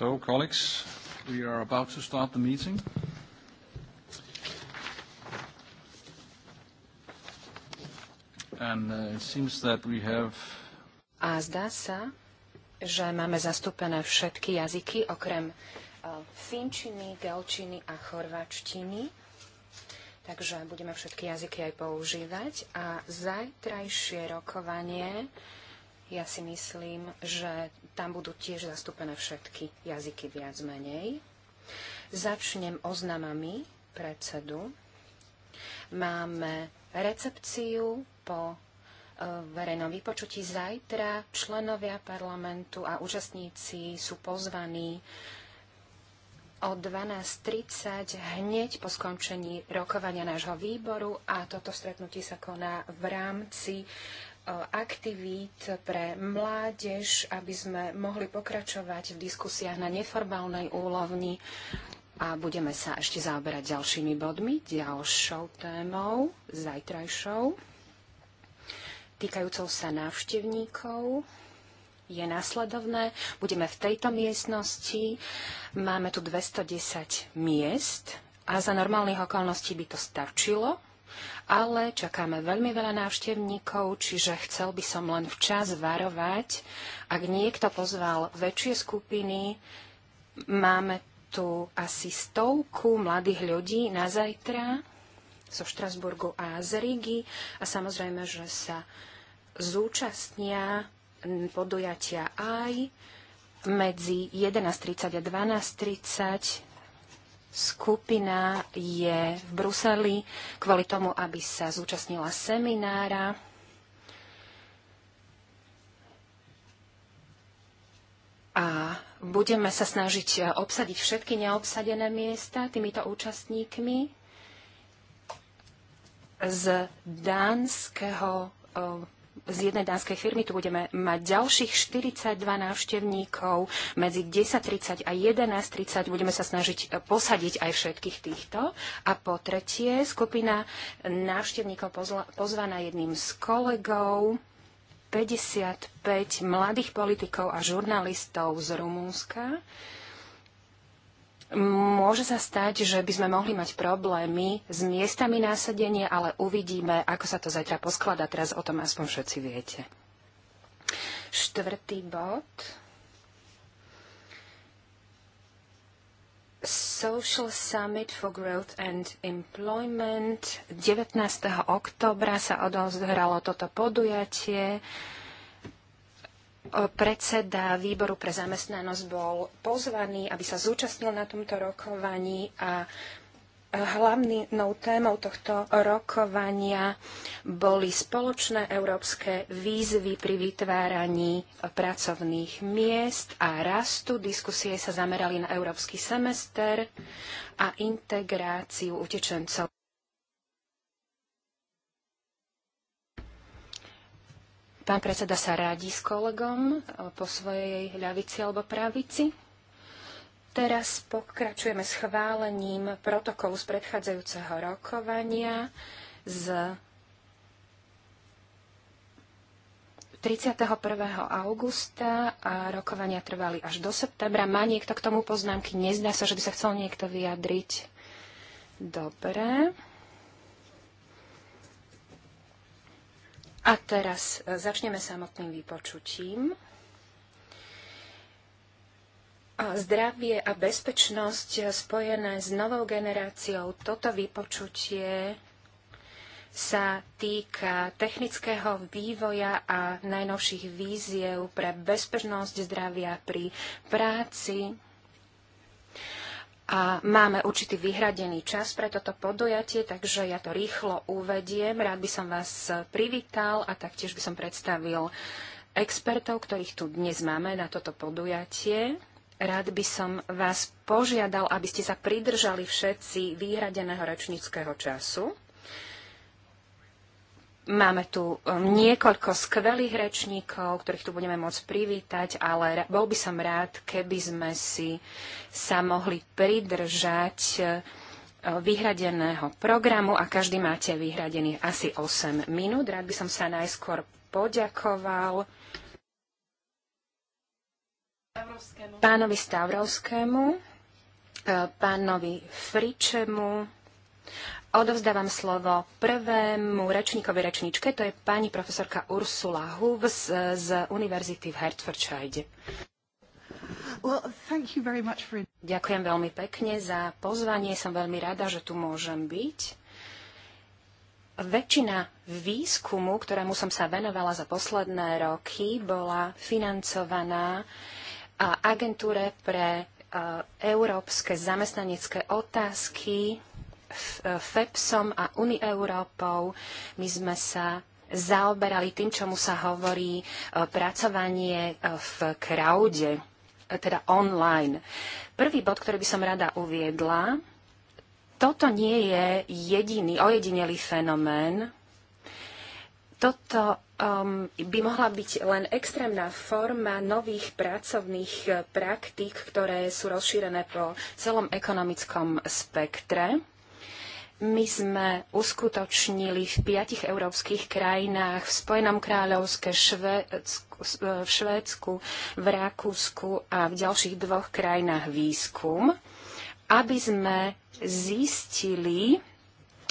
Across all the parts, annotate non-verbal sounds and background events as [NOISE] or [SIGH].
So, colleagues, we are about to start the meeting. And uh, it seems that we have... A zdá sa, že máme zastúpené všetky jazyky, okrem uh, finčiny, gelčiny a chorvačtiny. Takže budeme všetky jazyky aj používať. A zajtrajšie rokovanie uh, ja si myslím, že tam budú tiež zastúpené všetky jazyky viac menej. Začnem oznamami predsedu. Máme recepciu po e, verejnom vypočutí zajtra. Členovia parlamentu a účastníci sú pozvaní o 12.30 hneď po skončení rokovania nášho výboru a toto stretnutie sa koná v rámci aktivít pre mládež, aby sme mohli pokračovať v diskusiách na neformálnej úrovni a budeme sa ešte zaoberať ďalšími bodmi, ďalšou témou, zajtrajšou, týkajúcou sa návštevníkov je následovné. Budeme v tejto miestnosti, máme tu 210 miest a za normálnych okolností by to stačilo, ale čakáme veľmi veľa návštevníkov, čiže chcel by som len včas varovať, ak niekto pozval väčšie skupiny, máme tu asi stovku mladých ľudí na zajtra zo Štrasburgu a z Rigi a samozrejme, že sa zúčastnia podujatia aj medzi 11.30 a 12.30 skupina je v Bruseli kvôli tomu, aby sa zúčastnila seminára. A budeme sa snažiť obsadiť všetky neobsadené miesta týmito účastníkmi z dánskeho eh, z jednej dánskej firmy. Tu budeme mať ďalších 42 návštevníkov medzi 10.30 a 11.30. Budeme sa snažiť e, posadiť aj všetkých týchto. A po tretie, skupina návštevníkov pozvaná jedným z kolegov 55 mladých politikov a žurnalistov z Rumúnska Môže sa stať, že by sme mohli mať problémy s miestami násadenia, ale uvidíme, ako sa to zajtra posklada, Teraz o tom aspoň všetci viete. Štvrtý bod. Social Summit for Growth and Employment. 19. oktobra sa odozhralo toto podujatie. Predseda výboru pre zamestnanosť bol pozvaný, aby sa zúčastnil na tomto rokovaní a hlavnou témou tohto rokovania boli spoločné európske výzvy pri vytváraní pracovných miest a rastu. Diskusie sa zamerali na európsky semester a integráciu utečencov. Pán predseda sa rádi s kolegom e, po svojej ľavici alebo pravici. Teraz pokračujeme s chválením protokolu z predchádzajúceho rokovania z 31. augusta a rokovania trvali až do septembra. Má niekto k tomu poznámky? Nezdá sa, že by sa chcel niekto vyjadriť. Dobre. A teraz e, začneme samotným vypočutím. Zdravie a bezpečnosť e, spojené s novou generáciou. Toto vypočutie sa týka technického vývoja a najnovších víziev pre bezpečnosť zdravia pri práci a máme určitý vyhradený čas pre toto podujatie, takže ja to rýchlo uvediem. Rád by som vás privítal a taktiež by som predstavil expertov, ktorých tu dnes máme na toto podujatie. Rád by som vás požiadal, aby ste sa pridržali všetci výhradeného rečníckého času. Máme tu um, niekoľko skvelých rečníkov, ktorých tu budeme môcť privítať, ale bol by som rád, keby sme si sa mohli pridržať uh, vyhradeného programu a každý máte vyhradených asi 8 minút. Rád by som sa najskôr poďakoval pánovi Stavrovskému, uh, pánovi Fričemu, Odovzdávam slovo prvému rečníkovi rečníčke, to je pani profesorka Ursula Hubs z Univerzity v Hertfordshire. Well, for... Ďakujem veľmi pekne za pozvanie. Som veľmi rada, že tu môžem byť. Väčšina výskumu, ktorému som sa venovala za posledné roky, bola financovaná agentúre pre e, európske zamestnanecké otázky FEPSom a Unieurópou. My sme sa zaoberali tým, čomu sa hovorí e, pracovanie e, v kraude, e, teda online. Prvý bod, ktorý by som rada uviedla, toto nie je jediný, ojedinelý fenomén. Toto um, by mohla byť len extrémna forma nových pracovných praktík, ktoré sú rozšírené po celom ekonomickom spektre my sme uskutočnili v piatich európskych krajinách, v Spojenom kráľovstve, e, v Švédsku, v Rakúsku a v ďalších dvoch krajinách výskum, aby sme zistili,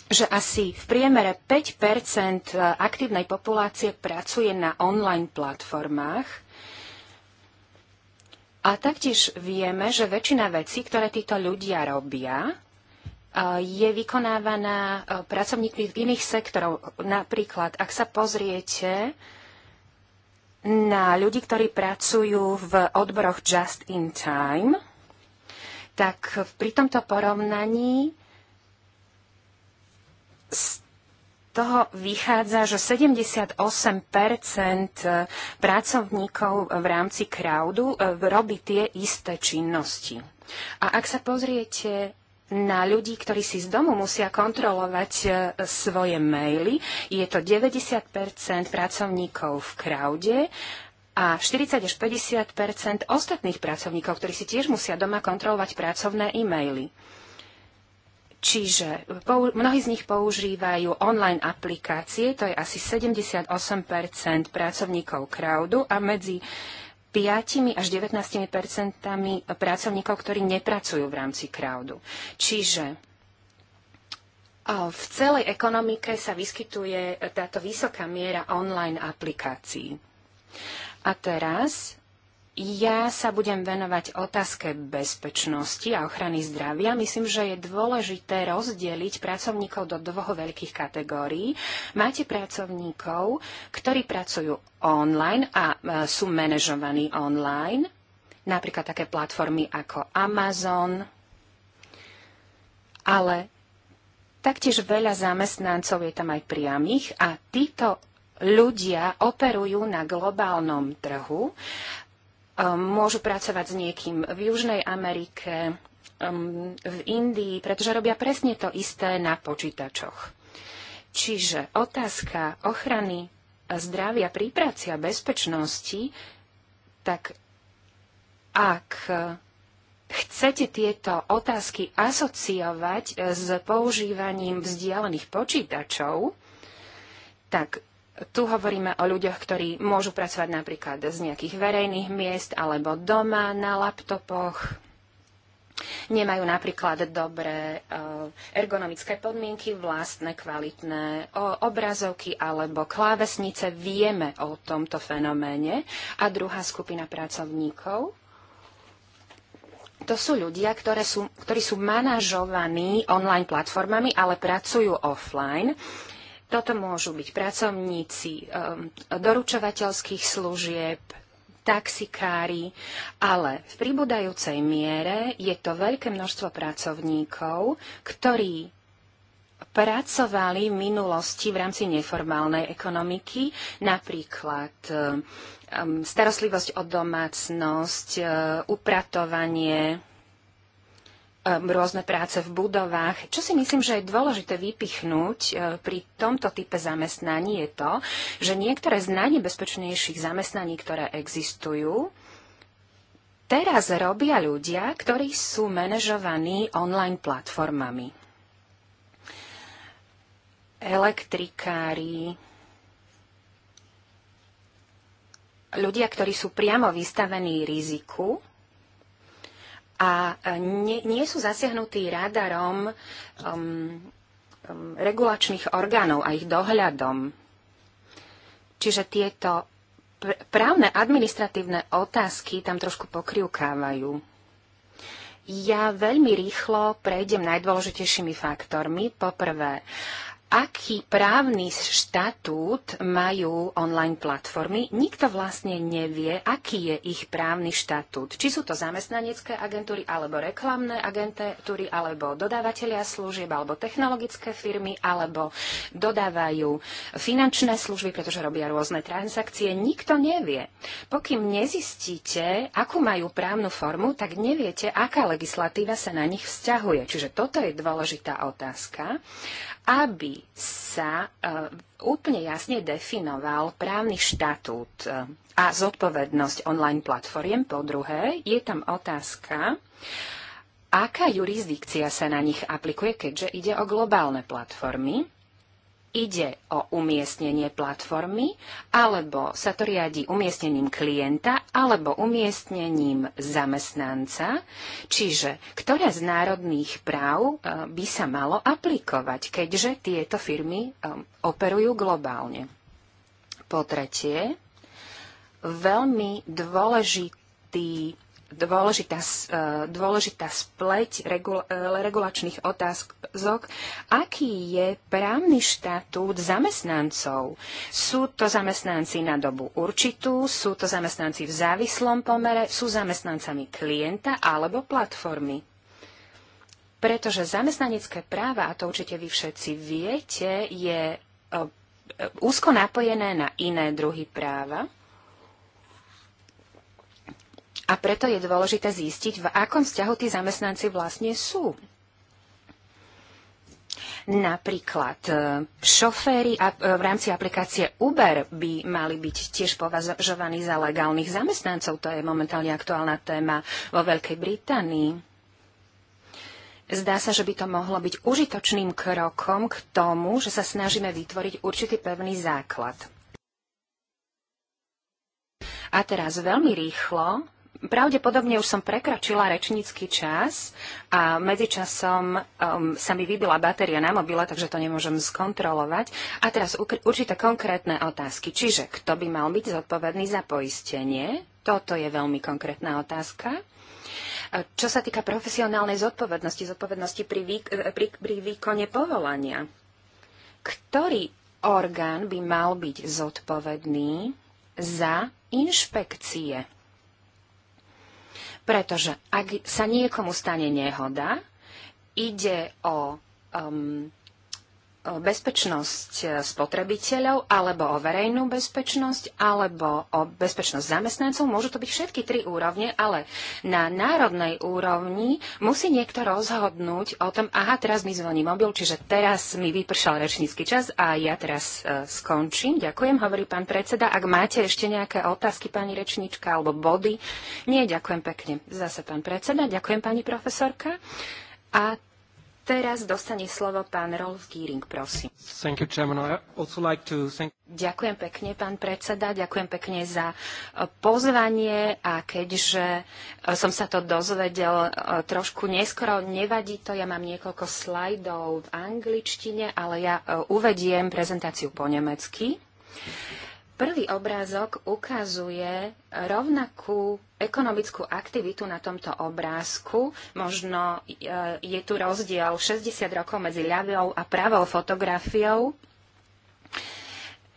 že asi v priemere 5 e, aktívnej populácie pracuje na online platformách. A taktiež vieme, že väčšina vecí, ktoré títo ľudia robia, je vykonávaná e, pracovníkmi v iných sektorov. Napríklad, ak sa pozriete na ľudí, ktorí pracujú v odboroch just in time, tak pri tomto porovnaní z toho vychádza, že 78 e, pracovníkov v rámci crowdu e, robí tie isté činnosti. A ak sa pozriete na ľudí, ktorí si z domu musia kontrolovať e, svoje maily. Je to 90 pracovníkov v kraude a 40 až 50 ostatných pracovníkov, ktorí si tiež musia doma kontrolovať pracovné e-maily. Čiže mnohí z nich používajú online aplikácie, to je asi 78 pracovníkov crowdu a medzi 5 až 19 percentami pracovníkov, ktorí nepracujú v rámci crowdu. Čiže v celej ekonomike sa vyskytuje táto vysoká miera online aplikácií. A teraz ja sa budem venovať otázke bezpečnosti a ochrany zdravia. Myslím, že je dôležité rozdeliť pracovníkov do dvoch veľkých kategórií. Máte pracovníkov, ktorí pracujú online a e, sú manažovaní online, napríklad také platformy ako Amazon, ale taktiež veľa zamestnancov je tam aj priamých a títo ľudia operujú na globálnom trhu Um, môžu pracovať s niekým v Južnej Amerike, um, v Indii, pretože robia presne to isté na počítačoch. Čiže otázka ochrany zdravia prípraci a bezpečnosti, tak ak chcete tieto otázky asociovať s používaním vzdialených počítačov, tak tu hovoríme o ľuďoch, ktorí môžu pracovať napríklad z nejakých verejných miest alebo doma na laptopoch. Nemajú napríklad dobré eh, ergonomické podmienky, vlastné kvalitné obrazovky alebo klávesnice. Vieme o tomto fenoméne. A druhá skupina pracovníkov, to sú ľudia, ktoré sú, ktorí sú manažovaní online platformami, ale pracujú offline. Toto môžu byť pracovníci um, doručovateľských služieb, taxikári, ale v pribúdajúcej miere je to veľké množstvo pracovníkov, ktorí pracovali v minulosti v rámci neformálnej ekonomiky, napríklad um, um, starostlivosť o domácnosť, uh, upratovanie, Um, rôzne práce v budovách. Čo si myslím, že je dôležité vypichnúť uh, pri tomto type zamestnaní je to, že niektoré z najnebezpečnejších zamestnaní, ktoré existujú, teraz robia ľudia, ktorí sú manažovaní online platformami. Elektrikári, ľudia, ktorí sú priamo vystavení riziku, a e, nie, nie sú zasiahnutí radarom um, um, regulačných orgánov a ich dohľadom. Čiže tieto pr- právne administratívne otázky tam trošku pokrivkávajú. Ja veľmi rýchlo prejdem najdôležitejšími faktormi. Poprvé, uh, aký právny štatút majú online platformy. Nikto vlastne nevie, aký je ich právny štatút. Či sú to zamestnanecké agentúry, alebo reklamné agentúry, alebo dodávateľia služieb, alebo technologické firmy, alebo dodávajú finančné služby, pretože robia rôzne transakcie. Nikto nevie. Pokým nezistíte, akú majú právnu formu, tak neviete, aká legislatíva sa na nich vzťahuje. Čiže toto je dôležitá otázka, aby sa eh, úplne jasne definoval právny štatút eh, a zodpovednosť online platformiem. Po druhé, je tam otázka, aká jurisdikcia sa na nich aplikuje, keďže ide o globálne platformy ide o umiestnenie platformy, alebo sa to riadi umiestnením klienta, alebo umiestnením zamestnanca. Čiže ktoré z národných práv eh, by sa malo aplikovať, keďže tieto firmy eh, operujú globálne. Po tretie, veľmi dôležitý dôležitá, e, dôležitá spleť regula- e, regulačných otázok, aký je právny štatút zamestnancov. Sú to zamestnanci na dobu určitú, sú to zamestnanci v závislom pomere, sú zamestnancami klienta alebo platformy. Pretože zamestnanecké práva, a to určite vy všetci viete, je e, úzko napojené na iné druhy práva a preto je dôležité zistiť, v akom vzťahu tí zamestnanci vlastne sú. Napríklad e, šoféry e, v rámci aplikácie Uber by mali byť tiež považovaní za legálnych zamestnancov. To je momentálne aktuálna téma vo Veľkej Británii. Zdá sa, že by to mohlo byť užitočným krokom k tomu, že sa snažíme vytvoriť určitý pevný základ. A teraz veľmi rýchlo Pravdepodobne už som prekračila rečnícky čas a medzičasom um, sa mi vybila batéria na mobile, takže to nemôžem skontrolovať. A teraz určité konkrétne otázky. Čiže kto by mal byť zodpovedný za poistenie? Toto je veľmi konkrétna otázka. E, čo sa týka profesionálnej zodpovednosti, zodpovednosti pri, vý- e, pri, pri výkone povolania, ktorý orgán by mal byť zodpovedný za inšpekcie? Pretože ak sa niekomu stane nehoda, ide o um, bezpečnosť eh, spotrebiteľov, alebo o verejnú bezpečnosť, alebo o bezpečnosť zamestnancov. Môžu to byť všetky tri úrovne, ale na národnej úrovni musí niekto rozhodnúť o tom, aha, teraz mi zvoní mobil, čiže teraz mi vypršal rečnícky čas a ja teraz uh, skončím. Ďakujem, hovorí pán predseda. Ak máte ešte nejaké otázky, pani rečníčka, alebo body, nie, ďakujem pekne. Zase pán predseda, ďakujem pani profesorka. A Teraz dostane slovo pán Rolf Gíring, prosím. Thank you, Chairman. Also like to thank... Ďakujem pekne, pán predseda, ďakujem pekne za e, pozvanie a keďže e, som sa to dozvedel e, trošku neskoro, nevadí to, ja mám niekoľko slajdov v angličtine, ale ja uvediem prezentáciu po nemecky. Prvý obrázok ukazuje rovnakú ekonomickú aktivitu na tomto obrázku. Možno e, je tu rozdiel 60 rokov medzi ľavou a pravou fotografiou.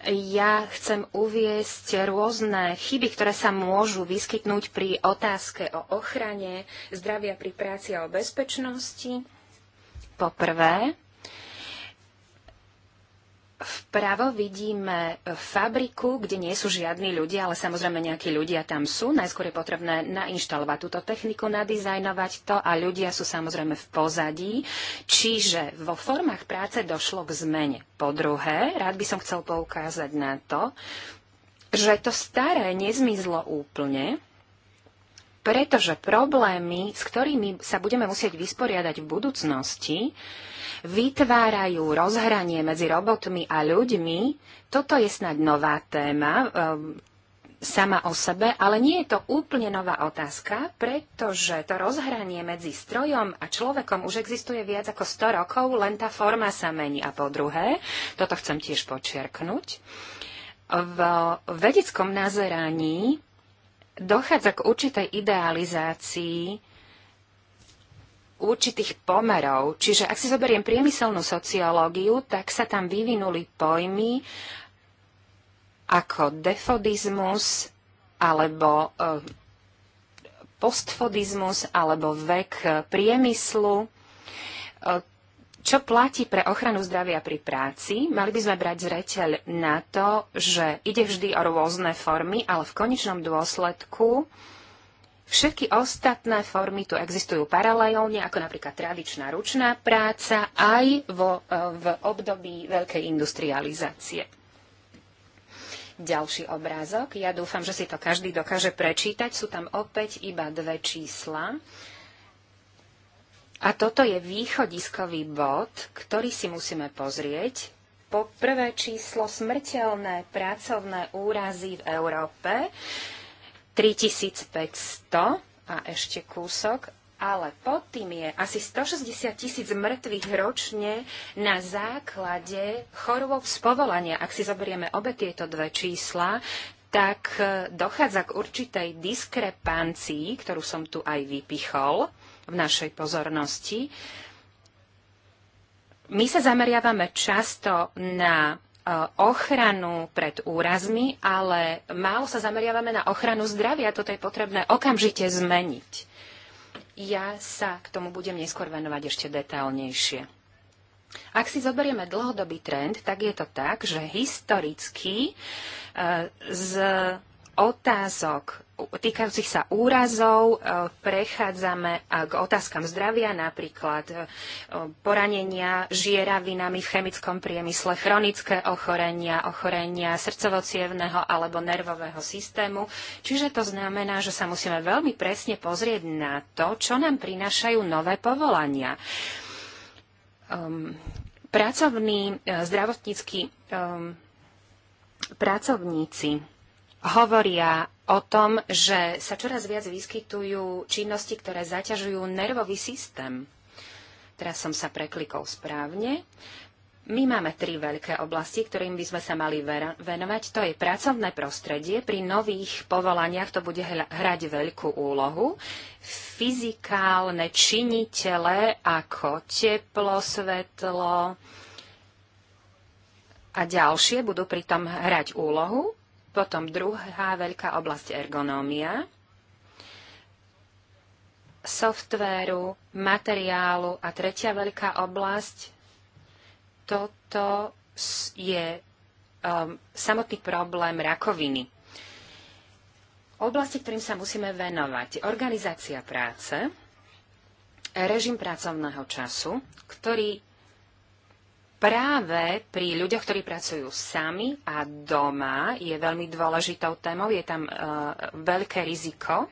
Ja chcem uviesť rôzne chyby, ktoré sa môžu vyskytnúť pri otázke o ochrane zdravia pri práci a o bezpečnosti. poprvé, Vpravo vidíme fabriku, kde nie sú žiadni ľudia, ale samozrejme nejakí ľudia tam sú. Najskôr je potrebné nainštalovať túto techniku, nadizajnovať to a ľudia sú samozrejme v pozadí. Čiže vo formách práce došlo k zmene. Po druhé, rád by som chcel poukázať na to, že to staré nezmizlo úplne, pretože problémy, s ktorými sa budeme musieť vysporiadať v budúcnosti, vytvárajú rozhranie medzi robotmi a ľuďmi, toto je snad nová téma eh, sama o sebe, ale nie je to úplne nová otázka, pretože to rozhranie medzi strojom a človekom už existuje viac ako 100 rokov, len tá forma sa mení. A po druhé, toto chcem tiež počiarknúť, v vedeckom nazeraní dochádza k určitej idealizácii určitých pomerov. Čiže ak si zoberiem priemyselnú sociológiu, tak sa tam vyvinuli pojmy ako defodizmus alebo e, postfodizmus alebo vek priemyslu. E, čo platí pre ochranu zdravia pri práci? Mali by sme brať zreteľ na to, že ide vždy o rôzne formy, ale v konečnom dôsledku uh, Všetky ostatné formy tu existujú paralelne, ako napríklad tradičná ručná práca, aj vo, e, v období veľkej industrializácie. Ďalší obrázok. Ja dúfam, že si to každý dokáže prečítať. Sú tam opäť iba dve čísla. A toto je východiskový bod, ktorý si musíme pozrieť. Po prvé číslo smrteľné pracovné úrazy v Európe 3500 a ešte kúsok, ale pod tým je asi 160 tisíc mŕtvych ročne na základe chorôb z povolania. Ak si zoberieme obe tieto dve čísla, tak e, dochádza k určitej diskrepancii, ktorú som tu aj vypichol v našej pozornosti. My sa zameriavame často na Eh, ochranu pred úrazmi, ale málo sa zameriavame na ochranu zdravia. Toto je potrebné okamžite zmeniť. Ja sa k tomu budem neskôr venovať ešte detálnejšie. Ak si zoberieme dlhodobý trend, tak je to tak, že historicky eh, z otázok týkajúcich sa úrazov e, prechádzame e, k otázkam zdravia, napríklad e, poranenia žieravinami v chemickom priemysle, chronické ochorenia, ochorenia srdcovocievného alebo nervového systému. Čiže to znamená, že sa musíme veľmi presne pozrieť na to, čo nám prinášajú nové povolania. Um, pracovný, zdravotnícky um, pracovníci hovoria o tom, že sa čoraz viac vyskytujú činnosti, ktoré zaťažujú nervový systém. Teraz som sa preklikol správne. My máme tri veľké oblasti, ktorým by sme sa mali venovať. To je pracovné prostredie. Pri nových povolaniach to bude hrať veľkú úlohu. Fyzikálne činitele ako teplo, svetlo a ďalšie budú pritom hrať úlohu. Potom druhá veľká oblasť ergonómia, softvéru, materiálu a tretia veľká oblasť, toto je um, samotný problém rakoviny. Oblasti, ktorým sa musíme venovať, organizácia práce, režim pracovného času, ktorý práve pri ľuďoch, ktorí pracujú sami a doma, je veľmi dôležitou témou, je tam uh, veľké riziko.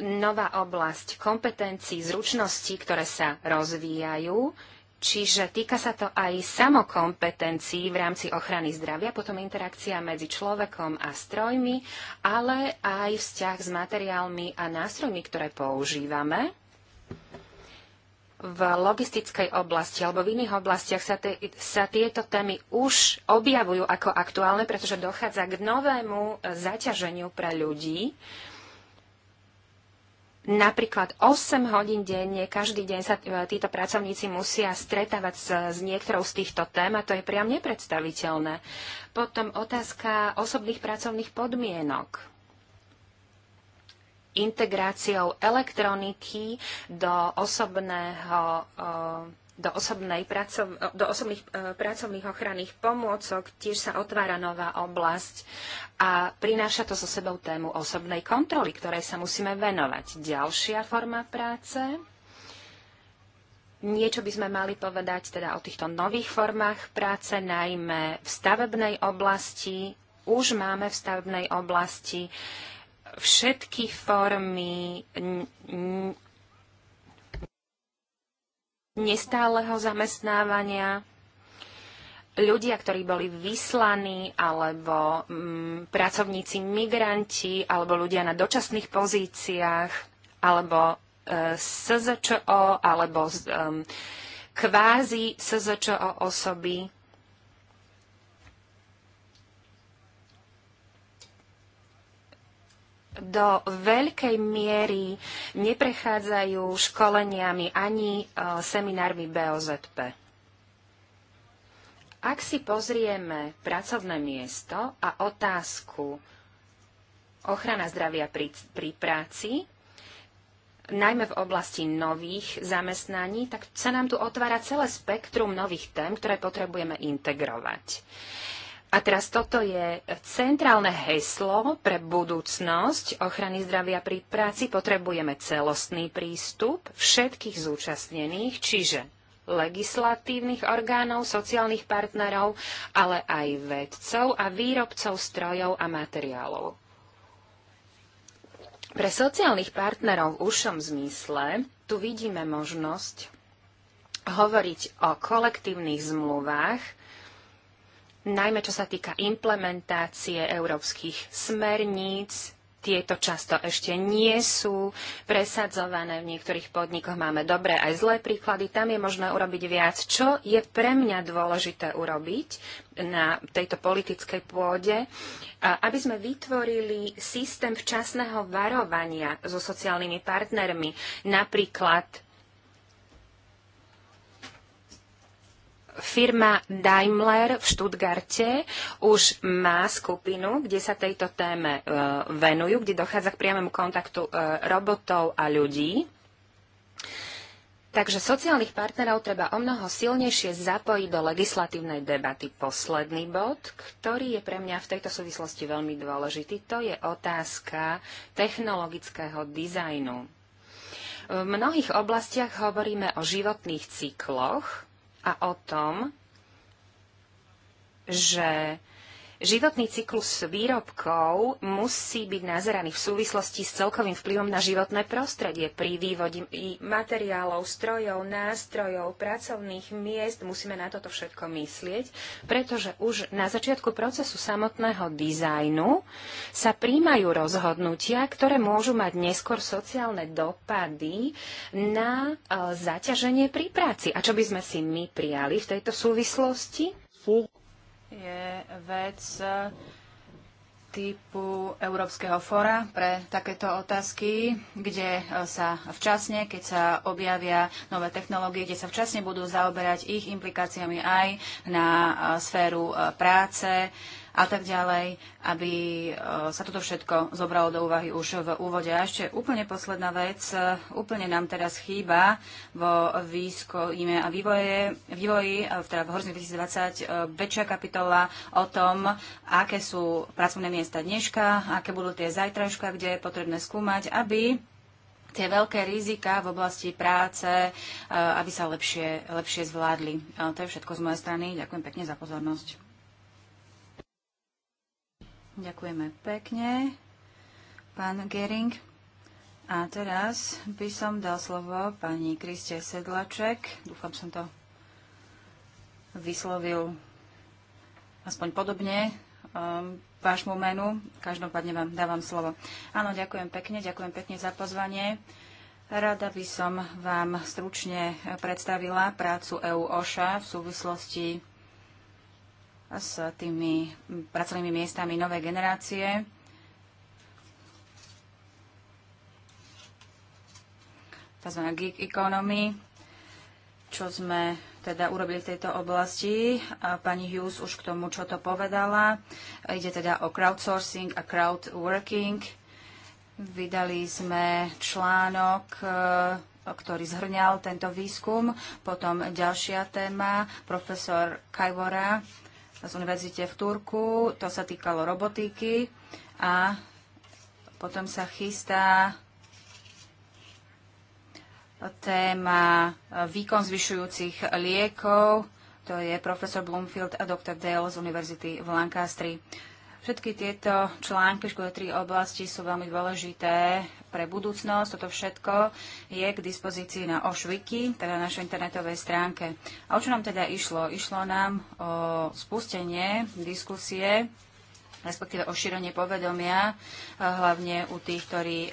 Nová oblasť kompetencií, zručností, ktoré sa rozvíjajú, čiže týka sa to aj samokompetencií v rámci ochrany zdravia, potom interakcia medzi človekom a strojmi, ale aj vzťah s materiálmi a nástrojmi, ktoré používame v logistickej oblasti alebo v iných oblastiach sa, te, sa tieto témy už objavujú ako aktuálne, pretože dochádza k novému e, zaťaženiu pre ľudí. Napríklad 8 hodín denne, každý deň sa e, títo pracovníci musia stretávať s, s niektorou z týchto tém a to je priam nepredstaviteľné. Potom otázka osobných pracovných podmienok integráciou elektroniky do osobného eh, do, osobnej, eh, do osobných eh, pracovných ochranných pomôcok tiež sa otvára nová oblasť a prináša to so sebou tému osobnej kontroly, ktorej sa musíme venovať. Ďalšia forma práce. Niečo by sme mali povedať teda o týchto nových formách práce, najmä v stavebnej oblasti. Už máme v stavebnej oblasti uh, všetky formy nestáleho zamestnávania, ľudia, ktorí boli vyslaní, alebo mm, pracovníci migranti, alebo ľudia na dočasných pozíciách, alebo e, SZČO, alebo e, kvázi SZČO osoby do veľkej miery neprechádzajú školeniami ani e, seminármi BOZP. Ak si pozrieme pracovné miesto a otázku ochrana zdravia pri, pri práci, najmä v oblasti nových zamestnaní, tak sa nám tu otvára celé spektrum nových tém, ktoré potrebujeme integrovať. A teraz toto je centrálne heslo pre budúcnosť ochrany zdravia pri práci. Potrebujeme celostný prístup všetkých zúčastnených, čiže legislatívnych orgánov, sociálnych partnerov, ale aj vedcov a výrobcov strojov a materiálov. Pre sociálnych partnerov v užšom zmysle tu vidíme možnosť hovoriť o kolektívnych zmluvách, najmä čo sa týka implementácie európskych smerníc, tieto často ešte nie sú presadzované. V niektorých podnikoch máme dobré aj zlé príklady. Tam je možné urobiť viac. Čo je pre mňa dôležité urobiť na tejto politickej pôde, aby sme vytvorili systém včasného varovania so sociálnymi partnermi, napríklad Firma Daimler v Štutgarte už má skupinu, kde sa tejto téme e, venujú, kde dochádza k priamému kontaktu e, robotov a ľudí. Takže sociálnych partnerov treba o mnoho silnejšie zapojiť do legislatívnej debaty. Posledný bod, ktorý je pre mňa v tejto súvislosti veľmi dôležitý, to je otázka technologického dizajnu. V mnohých oblastiach hovoríme o životných cykloch, a o tom, že Životný cyklus výrobkov musí byť nazeraný v súvislosti s celkovým vplyvom na životné prostredie pri vývodi materiálov, strojov, nástrojov, pracovných miest. Musíme na toto všetko myslieť, pretože už na začiatku procesu samotného dizajnu sa príjmajú rozhodnutia, ktoré môžu mať neskôr sociálne dopady na e, zaťaženie pri práci. A čo by sme si my prijali v tejto súvislosti? je vec eh, typu Európskeho fóra pre takéto otázky, kde eh, sa včasne, keď sa objavia nové technológie, kde sa včasne budú zaoberať ich implikáciami aj na eh, sféru práce, a tak ďalej, aby e, sa toto všetko zobralo do úvahy už v úvode. A ešte úplne posledná vec, e, úplne nám teraz chýba vo výskume a vývoje, vývoji, e, teda v Horizon 2020, väčšia kapitola o tom, aké sú pracovné miesta dneška, aké budú tie zajtražka, kde je potrebné skúmať, aby tie veľké rizika v oblasti práce, aby sa lepšie, lepšie zvládli. To je všetko z mojej strany. Ďakujem pekne za pozornosť. Ďakujeme pekne, pán Gering. A teraz by som dal slovo pani Kriste Sedlaček. Dúfam, som to vyslovil aspoň podobne um, vášmu menu. Každopádne vám dávam slovo. Áno, ďakujem pekne, ďakujem pekne za pozvanie. Rada by som vám stručne predstavila prácu EU OŠA v súvislosti s tými pracovnými miestami novej generácie. tzv. gig economy, čo sme teda urobili v tejto oblasti. pani Hughes už k tomu, čo to povedala. Ide teda o crowdsourcing a crowdworking. Vydali sme článok, e, ktorý zhrňal tento výskum. Potom ďalšia téma, profesor Kajvora z univerzite v Turku. To sa týkalo robotiky a potom sa chystá téma výkon zvyšujúcich liekov. To je profesor Bloomfield a dr. Dale z univerzity v Lancastri. Všetky tieto články, škoda tri oblasti sú veľmi dôležité pre budúcnosť. Toto všetko je k dispozícii na Ošviki, teda na našej internetovej stránke. A o čo nám teda išlo? Išlo nám o spustenie diskusie respektíve o šírenie povedomia, eh, hlavne u tých, ktorí eh,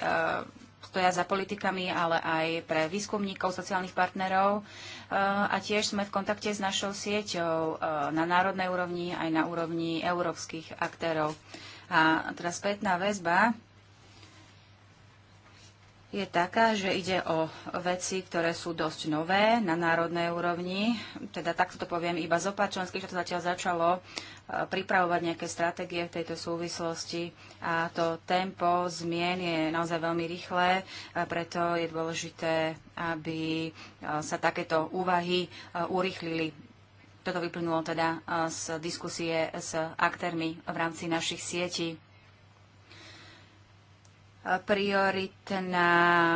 stoja za politikami, ale aj pre výskumníkov, sociálnych partnerov, a tiež sme v kontakte s našou sieťou e, na národnej úrovni aj na úrovni európskych aktérov. A teraz spätná väzba je taká, že ide o veci, ktoré sú dosť nové na národnej úrovni. Teda takto to poviem, iba z opačlenských, že to zatiaľ začalo e, pripravovať nejaké stratégie v tejto súvislosti a to tempo zmien je naozaj veľmi rýchle, e, preto je dôležité, aby e, sa takéto úvahy urýchlili. Toto vyplynulo teda z diskusie s aktérmi v rámci našich sietí prioritná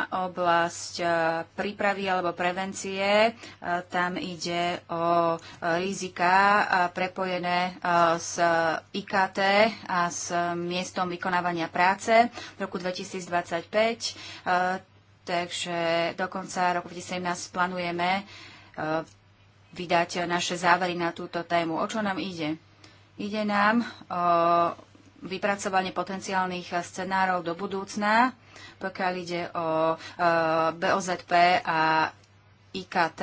oblasť eh, prípravy alebo prevencie. Eh, tam ide o rizika eh, prepojené s IKT a s miestom vykonávania práce v roku 2025. Takže do konca roku 2017 plánujeme vydať naše závery na túto tému. O čo nám ide? Ide nám o vypracovanie potenciálnych scenárov do budúcna, pokiaľ ide o e, BOZP a IKT.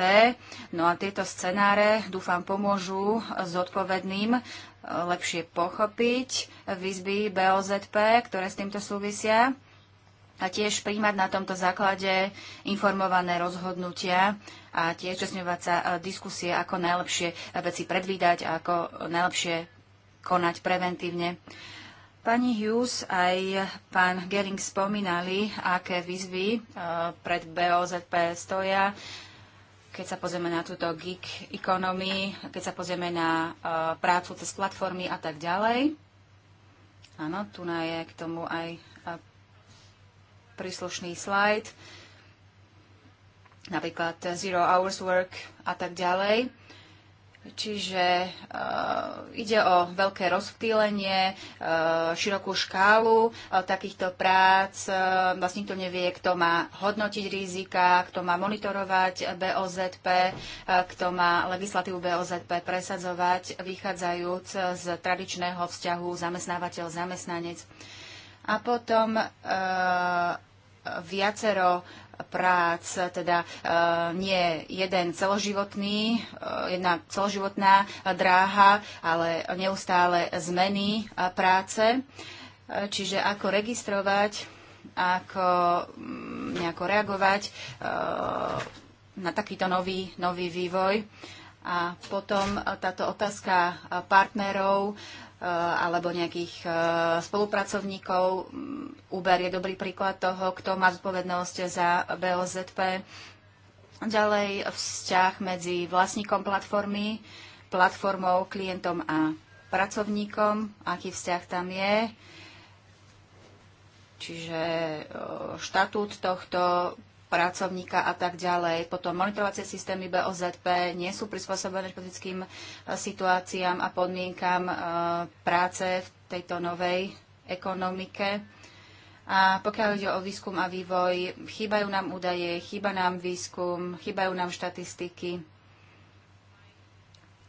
No a tieto scenáre, dúfam, pomôžu zodpovedným e, lepšie pochopiť výzby BOZP, ktoré s týmto súvisia a tiež príjmať na tomto základe informované rozhodnutia a tiež časňovať sa e, diskusie, ako najlepšie veci predvídať a ako najlepšie konať preventívne. Pani Hughes aj pán Gering spomínali, aké výzvy e, pred BOZP stoja. Keď sa pozrieme na túto gig economy, keď sa pozrieme na e, prácu cez platformy a tak ďalej. Áno, tu je k tomu aj e, príslušný slajd, napríklad Zero Hours Work a tak ďalej. Čiže uh, ide o veľké rozptýlenie, uh, širokú škálu uh, takýchto prác. Uh, vlastne nikto nevie, kto má hodnotiť rizika, kto má monitorovať BOZP, uh, kto má legislatívu BOZP presadzovať, vychádzajúc z tradičného vzťahu zamestnávateľ-zamestnanec. A potom uh, viacero prác, teda eh, nie jeden celoživotný, eh, jedna celoživotná eh, dráha, ale neustále zmeny práce. Čiže ako registrovať, ako mm, nejako reagovať na takýto nový, nový vývoj. A potom táto otázka partnerov, Eh, alebo nejakých eh, spolupracovníkov. Mm, Uber je dobrý príklad toho, kto má zodpovednosť za BOZP. Ďalej vzťah medzi vlastníkom platformy, platformou, klientom a pracovníkom, aký vzťah tam je. Čiže eh, štatút tohto pracovníka a tak ďalej. Potom monitorovacie systémy BOZP nie sú prispôsobené špecifickým e, situáciám a podmienkam e, práce v tejto novej ekonomike. A pokiaľ ide o výskum a vývoj, chýbajú nám údaje, chýba nám výskum, chýbajú nám štatistiky.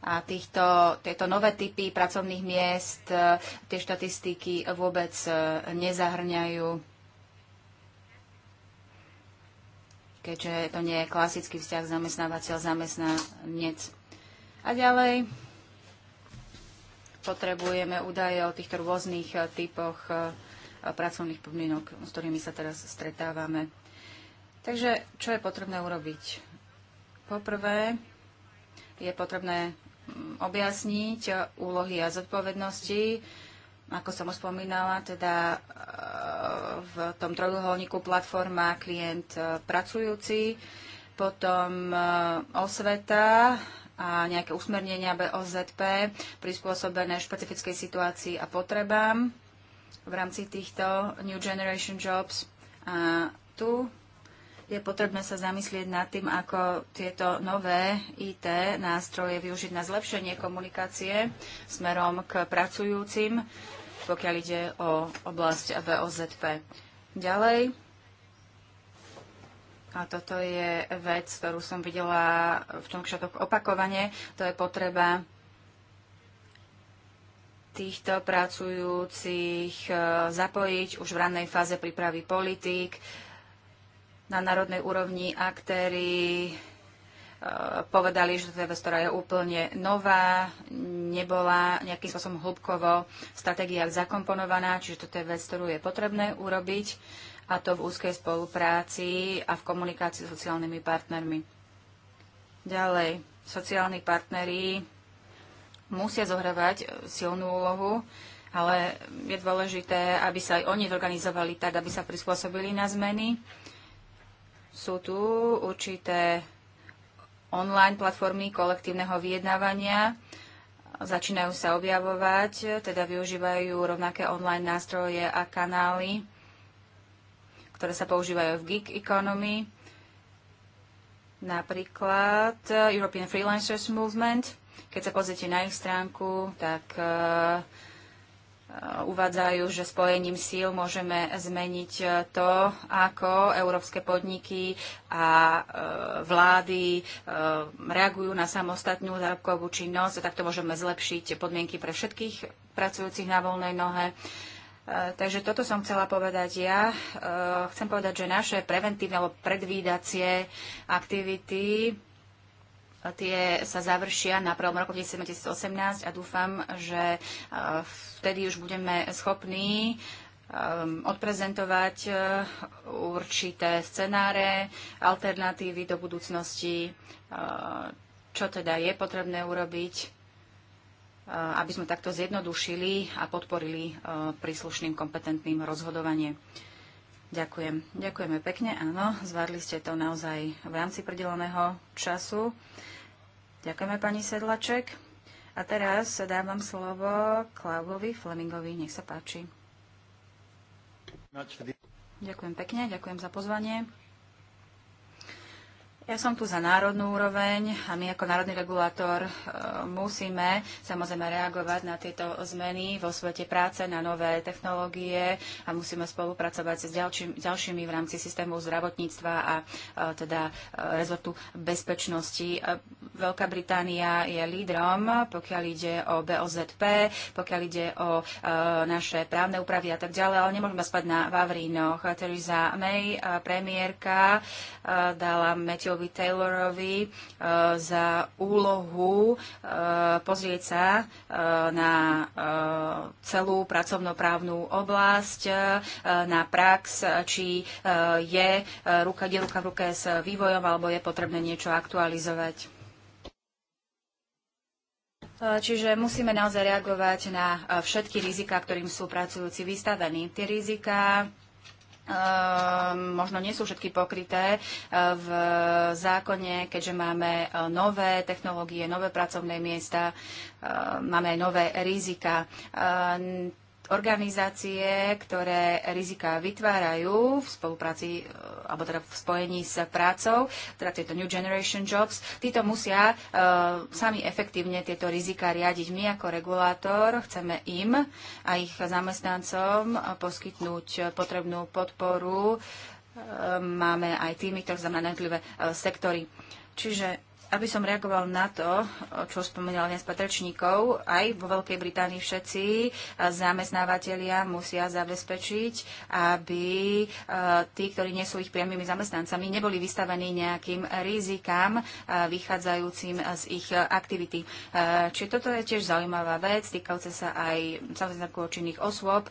A týchto, tieto nové typy pracovných miest e, tie štatistiky vôbec nezahrňajú. keďže to nie je klasický vzťah zamestnávateľ-zamestnanec. A ďalej potrebujeme údaje o týchto rôznych eh, typoch eh, pracovných podmienok, s ktorými sa teraz stretávame. Takže čo je potrebné urobiť? Poprvé je potrebné mm, objasniť eh, úlohy a zodpovednosti ako som už spomínala, teda eh, v tom trojuholníku platforma klient eh, pracujúci, potom eh, osveta a nejaké usmernenia BOZP prispôsobené špecifickej situácii a potrebám v rámci týchto New Generation Jobs. A tu je potrebné sa zamyslieť nad tým, ako tieto nové IT nástroje využiť na zlepšenie komunikácie smerom k pracujúcim, pokiaľ ide o oblasť VOZP. Ďalej, a toto je vec, ktorú som videla v tom kšatok opakovane, to je potreba týchto pracujúcich eh, zapojiť už v rannej fáze prípravy politík, na národnej úrovni aktéry e, povedali, že teda ktorá je úplne nová, nebola nejakým spôsobom hlubkovo v stratégiách zakomponovaná, čiže toto je vec, ktorú je potrebné urobiť a to v úzkej spolupráci a v komunikácii s sociálnymi partnermi. Ďalej, sociálni partneri musia zohrávať e, silnú úlohu, ale je dôležité, aby sa aj oni zorganizovali tak, aby sa prispôsobili na zmeny sú tu určité online platformy kolektívneho vyjednávania, začínajú sa objavovať, teda využívajú rovnaké online nástroje a kanály, ktoré sa používajú v gig economy, napríklad European Freelancers Movement. Keď sa pozrite na ich stránku, tak uh, uvádzajú, že spojením síl môžeme zmeniť eh, to, ako európske podniky a eh, vlády eh, reagujú na samostatnú zárobkovú činnosť. a Takto môžeme zlepšiť podmienky pre všetkých pracujúcich na voľnej nohe. Takže toto som chcela povedať ja. Chcem povedať, že naše preventívne alebo predvídacie aktivity tie sa završia na prvom roku 2018 a dúfam, že e, vtedy už budeme schopní e, odprezentovať e, určité scenáre, alternatívy do budúcnosti, čo teda je potrebné urobiť, aby sme takto zjednodušili a podporili príslušným kompetentným rozhodovanie. Ďakujem. Ďakujeme pekne. Áno, zvládli ste to naozaj v rámci predeleného času. Ďakujeme, pani Sedlaček. A teraz dávam slovo Klaubovi Flemingovi. Nech sa páči. Ďakujem pekne, ďakujem za pozvanie. Ja som tu za národnú úroveň a my ako národný regulátor e, musíme samozrejme reagovať na tieto zmeny vo svete práce, na nové technológie a musíme spolupracovať s ďalšími v rámci systému zdravotníctva a e, teda e, rezortu bezpečnosti. Veľká Británia je lídrom, pokiaľ ide o BOZP, pokiaľ ide o naše právne úpravy a tak ďalej, ale nemôžeme spať na Vavrínoch. Teresa May, premiérka, dala metil Davidovi Taylorovi e, za úlohu e, pozrieť sa e, na celú pracovnoprávnu oblasť, na prax, či je ruka, je ruka v ruke s vývojom, alebo je potrebné niečo aktualizovať. Čiže musíme naozaj reagovať na všetky rizika, ktorým sú pracujúci vystavení. Tie rizika Ehm, možno nie sú všetky pokryté eh, v zákone, keďže máme eh, nové technológie, nové pracovné miesta, eh, máme aj nové rizika. Ehm, organizácie, ktoré rizika vytvárajú v spolupráci, e, alebo teda v spojení s prácou, teda tieto New Generation Jobs, títo musia uh, sami efektívne tieto rizika riadiť. My ako regulátor chceme im a ich zamestnancom poskytnúť potrebnú podporu. Uh, máme aj týmy, ktoré znamená jednotlivé uh, sektory. Čiže aby som reagoval na to, čo spomínal jeden z patrčníkov, aj vo Veľkej Británii všetci eh, zamestnávateľia musia zabezpečiť, aby eh, tí, ktorí nie sú ich priamými zamestnancami, neboli vystavení nejakým rizikám eh, vychádzajúcim z ich aktivity. Čiže toto je tiež zaujímavá vec, týkajúce sa aj samozrejme činných osôb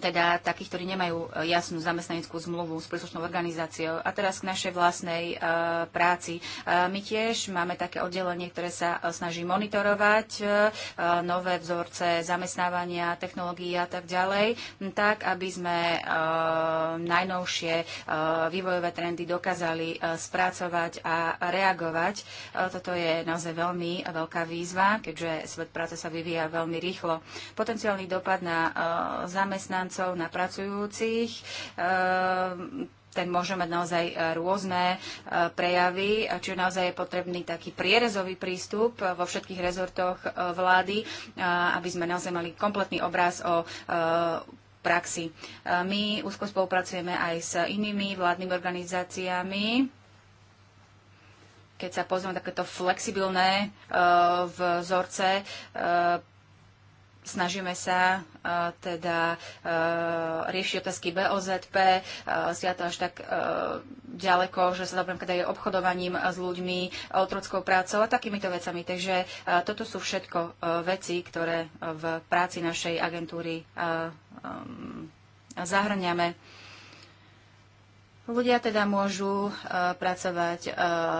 teda takých, ktorí nemajú e, jasnú zamestnaneckú zmluvu s príslušnou organizáciou. A teraz k našej vlastnej e, práci. E, my tiež máme také oddelenie, ktoré sa e, snaží monitorovať e, e, nové vzorce zamestnávania, technológií a tak ďalej, tak aby sme najnovšie vývojové trendy dokázali spracovať a reagovať. Toto je naozaj veľmi veľká výzva, keďže svet práce sa vyvíja veľmi rýchlo. Potenciálny dopad na zamestnanie zamestnancov, na pracujúcich. Ehm, ten môže mať naozaj e, rôzne e, prejavy, či naozaj je potrebný taký prierezový prístup e, vo všetkých rezortoch vlády, aby sme naozaj mali kompletný obraz o praxi. My úzko spolupracujeme aj s inými vládnymi organizáciami. Keď sa pozrieme takéto flexibilné vzorce Snažíme sa e, teda e, riešiť otázky BOZP, e, si to až tak ďaleko, že sa napríklad teda aj obchodovaním s ľuďmi, otrockou prácou a takýmito vecami. Takže toto sú všetko veci, ktoré v práci našej agentúry zahrňame. Ľudia teda môžu e, pracovať e,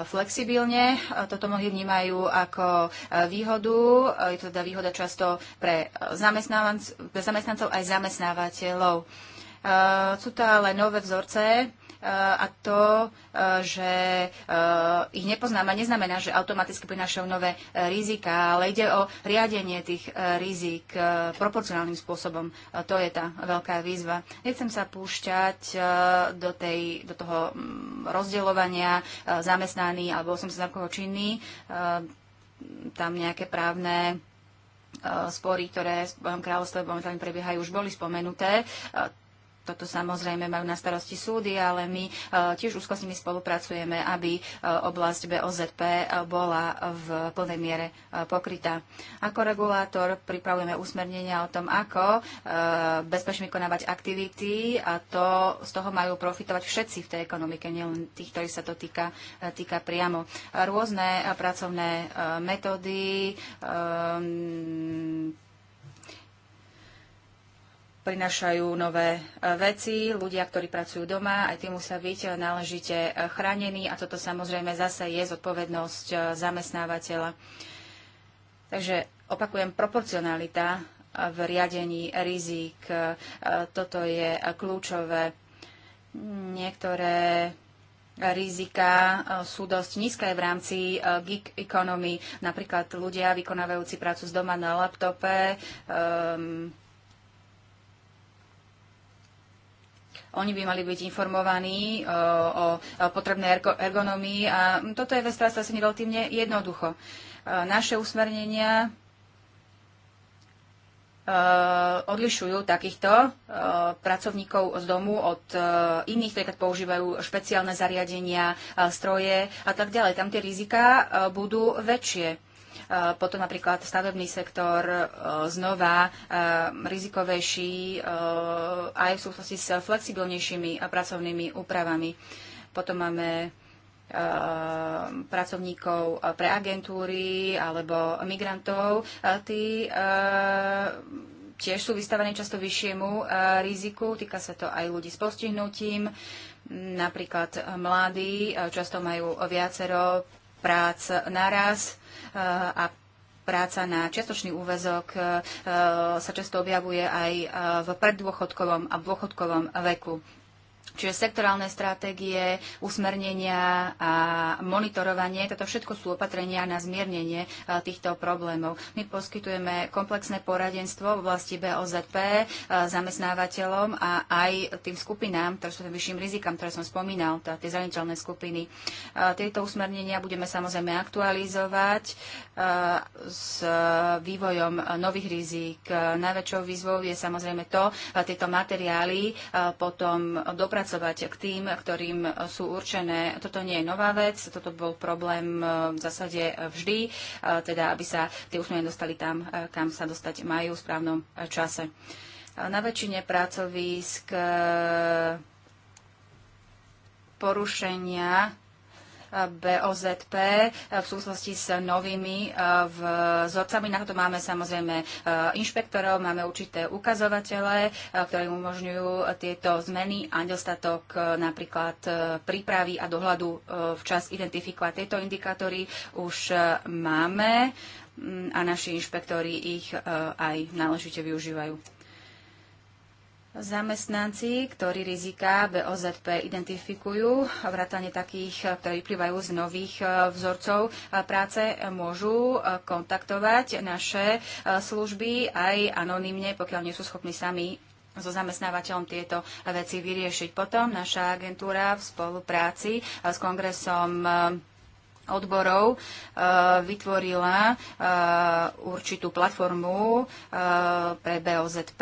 flexibilne. E, toto mnohí vnímajú ako výhodu. Je to teda výhoda často pre, zamestnancov aj zamestnávateľov. Sú to ale nové vzorce a to, eh, že eh, ich nepoznáme, neznamená, že automaticky prinášajú nové eh, rizika, ale ide o riadenie tých rizik proporcionálnym spôsobom. To je tá veľká výzva. Nechcem sa púšťať do, tej, do toho mm, rozdeľovania zamestnaný alebo som sa činný, tam nejaké právne spory, ktoré v Spojenom kráľovstve momentálne prebiehajú, už boli spomenuté. Toto samozrejme majú na starosti súdy, ale my e, tiež úzko s nimi spolupracujeme, aby e, oblasť BOZP e, bola v plnej miere pokrytá. Ako regulátor pripravujeme usmernenia o tom, ako bezpečne vykonávať aktivity a to, z toho majú profitovať všetci v tej ekonomike, nielen tých, ktorých sa to týka, týka priamo. Rôzne pracovné metódy, prinášajú nové e, veci. Ľudia, ktorí pracujú doma, aj tí musia byť e, náležite e, chránení a toto samozrejme zase je zodpovednosť zamestnávateľa. Takže opakujem, proporcionalita v riadení rizik, toto je kľúčové. Niektoré rizika sú dosť nízke v rámci gig economy. Napríklad ľudia vykonávajúci prácu z doma na laptope, um, Oni by mali byť informovaní e, o, o potrebnej ergonomii a toto je vec, ktorá sa asi relatívne jednoducho. E, naše usmernenia e, odlišujú takýchto pracovníkov z domu od iných, ktorí používajú špeciálne zariadenia, stroje a tak ďalej. Tam tie rizika budú väčšie. Eh, potom napríklad stavebný sektor eh, znova eh, rizikovejší aj v súvislosti s flexibilnejšími pracovnými úpravami. Potom máme pracovníkov pre agentúry alebo migrantov. Tí tiež sú vystavení často vyššiemu riziku. Týka sa to aj ľudí s postihnutím. Napríklad mladí často majú viacero prác naraz eh, a práca na čiastočný úvezok eh, eh, sa často objavuje aj v preddôchodkovom a dôchodkovom veku. Čiže sektorálne stratégie, usmernenia a monitorovanie, toto všetko sú opatrenia na zmiernenie e, týchto problémov. My poskytujeme komplexné poradenstvo v oblasti BOZP e, zamestnávateľom a aj tým skupinám, ktoré sú tým vyšším rizikám, ktoré som spomínal, teda tie zraniteľné skupiny. E, tieto usmernenia budeme samozrejme aktualizovať s vývojom nových rizik. Najväčšou výzvou je samozrejme to, tieto materiály potom do dopracovať k tým, ktorým sú určené. Toto nie je nová vec, toto bol problém e, v zásade e, vždy, e, teda aby sa tie usmernenia dostali tam, kam sa dostať majú v správnom čase. Na väčšine pracovisk porušenia BOZP eh, v súvislosti s novými eh, vzorcami. Na to máme samozrejme eh, inšpektorov, máme určité ukazovatele, ktoré umožňujú tieto zmeny a nedostatok napríklad prípravy a dohľadu včas identifikovať. Tieto indikátory už máme mm, a naši inšpektori ich aj náležite využívajú. Zamestnanci, ktorí rizika BOZP identifikujú, vrátane takých, ktorí plývajú z nových e, vzorcov e, práce, e, môžu kontaktovať naše služby aj anonymne, pokiaľ nie sú schopní sami so zamestnávateľom tieto veci vyriešiť. Potom naša agentúra v spolupráci s kongresom odborov e, vytvorila e, určitú platformu e, pre BOZP,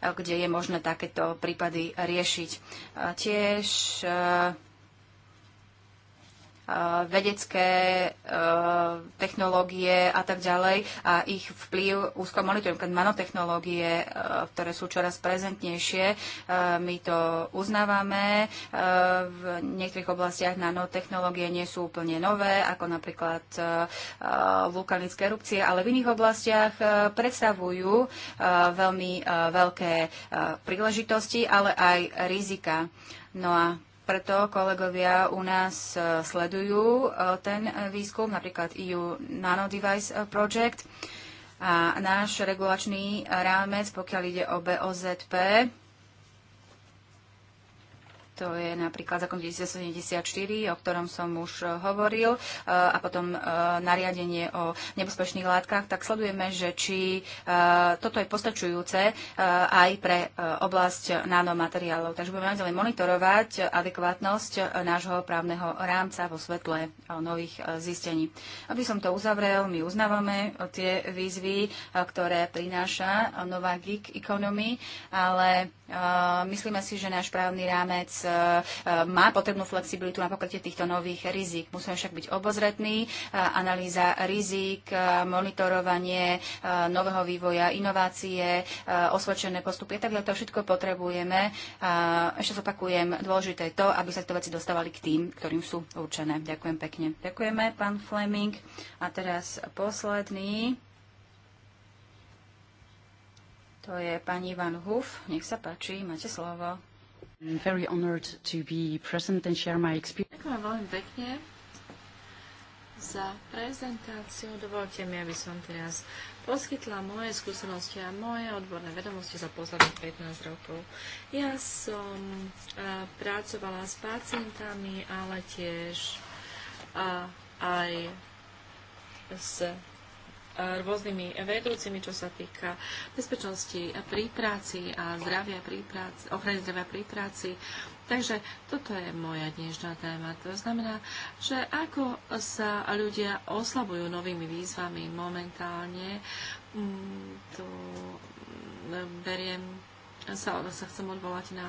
kde je možné takéto prípady riešiť. Tiež vedecké technológie a tak ďalej a ich vplyv úzko monitorujem, keď nanotechnológie, ktoré sú čoraz prezentnejšie, my to uznávame. V niektorých oblastiach nanotechnológie nie sú úplne nové, ako napríklad vulkanické erupcie, ale v iných oblastiach predstavujú veľmi veľké príležitosti, ale aj rizika. No a preto kolegovia u nás e, sledujú e, ten e, výskum, napríklad EU Nanodevice Project. A náš regulačný rámec, pokiaľ ide o BOZP, to je napríklad zákon 1974, o ktorom som už e, hovoril, e, a potom e, nariadenie o nebezpečných látkach, tak sledujeme, že či toto je postačujúce aj pre oblasť nanomateriálov. Takže budeme naďalej monitorovať adekvátnosť nášho právneho rámca vo svetle nových zistení. Aby som to uzavrel, my uznávame tie výzvy, ktoré prináša nová gig economy, ale Eh, myslíme si, že náš právny rámec eh, eh, má potrebnú flexibilitu na pokrytie týchto nových rizik. Musíme však byť obozretní. Analýza rizik, monitorovanie nového vývoja, inovácie, osvedčené postupy, tak to všetko potrebujeme. Ešte zopakujem, dôležité je to, aby sa tieto veci dostávali k tým, ktorým sú určené. Ďakujem pekne. Ďakujeme, pán Fleming. A teraz posledný to je pani Ivan Huf. Nech sa páči, máte slovo. I'm very honored to be present and share my experience. Ďakujem veľmi pekne za prezentáciu. Dovolte mi, aby som teraz poskytla moje skúsenosti a moje odborné vedomosti za posledných 15 rokov. Ja som pracovala s pacientami, ale tiež aj s rôznymi vedúcimi, čo sa týka bezpečnosti pri práci a zdravia pri práci, ochrany zdravia pri práci. Takže toto je moja dnešná téma. To znamená, že ako sa ľudia oslabujú novými výzvami momentálne, mm, to mm, beriem, sa, sa chcem odvolať na,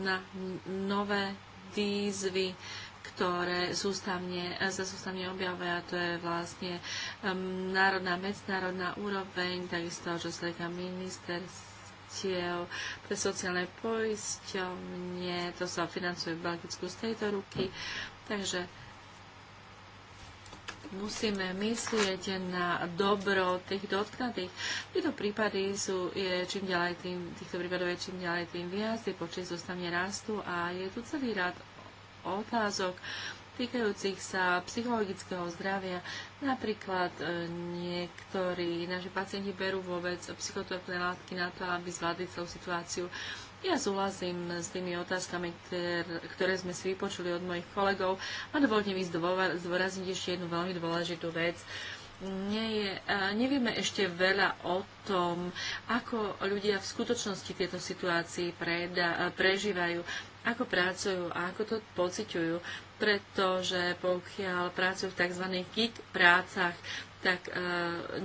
na nové výzvy, ktoré sústavne, sa sústavne objavia, to je vlastne um, národná, medzinárodná úroveň, takisto, čo sa týka ministerstiev pre sociálne poisťovne, to sa financuje v Belgicku z tejto ruky, takže musíme myslieť na dobro tých dotknutých. Tieto prípady sú je čím ďalej tým, týchto prípadov je čím ďalej tým viac, tie počty zostane rastú a je tu celý rád otázok týkajúcich sa psychologického zdravia. Napríklad e, niektorí naši pacienti berú vôbec psychotropné látky na to, aby zvládli celú situáciu. Ja súhlasím s tými otázkami, ktoré sme si vypočuli od mojich kolegov a dovolte mi zdôrazniť ešte jednu veľmi dôležitú vec. Nie je, e, nevieme ešte veľa o tom, ako ľudia v skutočnosti tieto situácii preda, prežívajú ako pracujú a ako to pociťujú, pretože pokiaľ pracujú v tzv. Git prácach, tak e,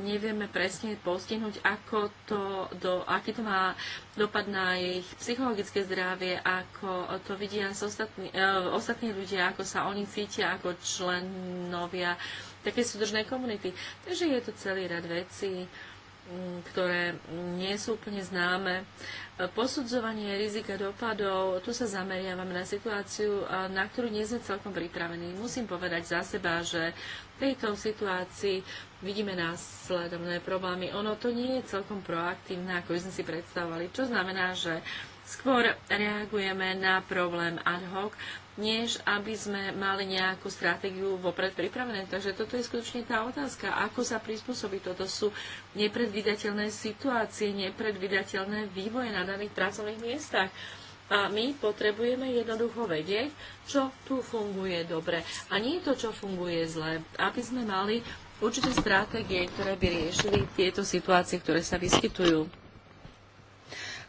nevieme presne postihnúť, ako to, do, aký to má dopad na ich psychologické zdravie, ako to vidia ostatní, e, ostatní ľudia, ako sa oni cítia ako členovia také súdržnej komunity. Takže je to celý rad vecí, m, ktoré nie sú úplne známe Posudzovanie rizika dopadov, tu sa zameriavam na situáciu, na ktorú nie sme celkom pripravení. Musím povedať za seba, že v tejto situácii vidíme následovné problémy. Ono to nie je celkom proaktívne, ako by sme si predstavovali, čo znamená, že skôr reagujeme na problém ad hoc, než aby sme mali nejakú stratégiu vopred pripravené. Takže toto je skutočne tá otázka, ako sa prispôsobiť. Toto sú nepredvydateľné situácie, nepredvydateľné vývoje na daných pracovných miestach. A my potrebujeme jednoducho vedieť, čo tu funguje dobre. A nie to, čo funguje zle. Aby sme mali určité stratégie, ktoré by riešili tieto situácie, ktoré sa vyskytujú.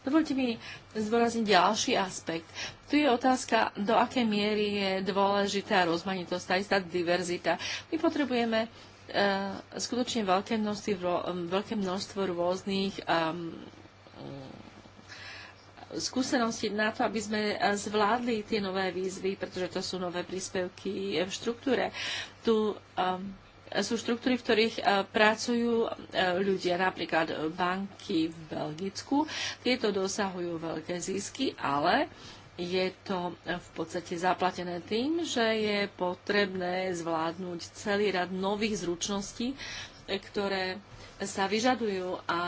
Dovolte mi zdôrazniť ďalší aspekt. Tu je otázka, do akej miery je dôležitá rozmanitosť, aj tá diverzita. My potrebujeme uh, skutočne veľké množstvo, veľké množstvo rôznych um, ehm, eh, skúsenosti na to, aby sme eh, zvládli tie nové výzvy, pretože to sú nové príspevky v štruktúre. Tu um, sú štruktúry, v ktorých e, pracujú e, ľudia, napríklad banky v Belgicku. Tieto dosahujú veľké zisky, ale je to v podstate zaplatené tým, že je potrebné zvládnuť celý rad nových zručností, e, ktoré sa vyžadujú a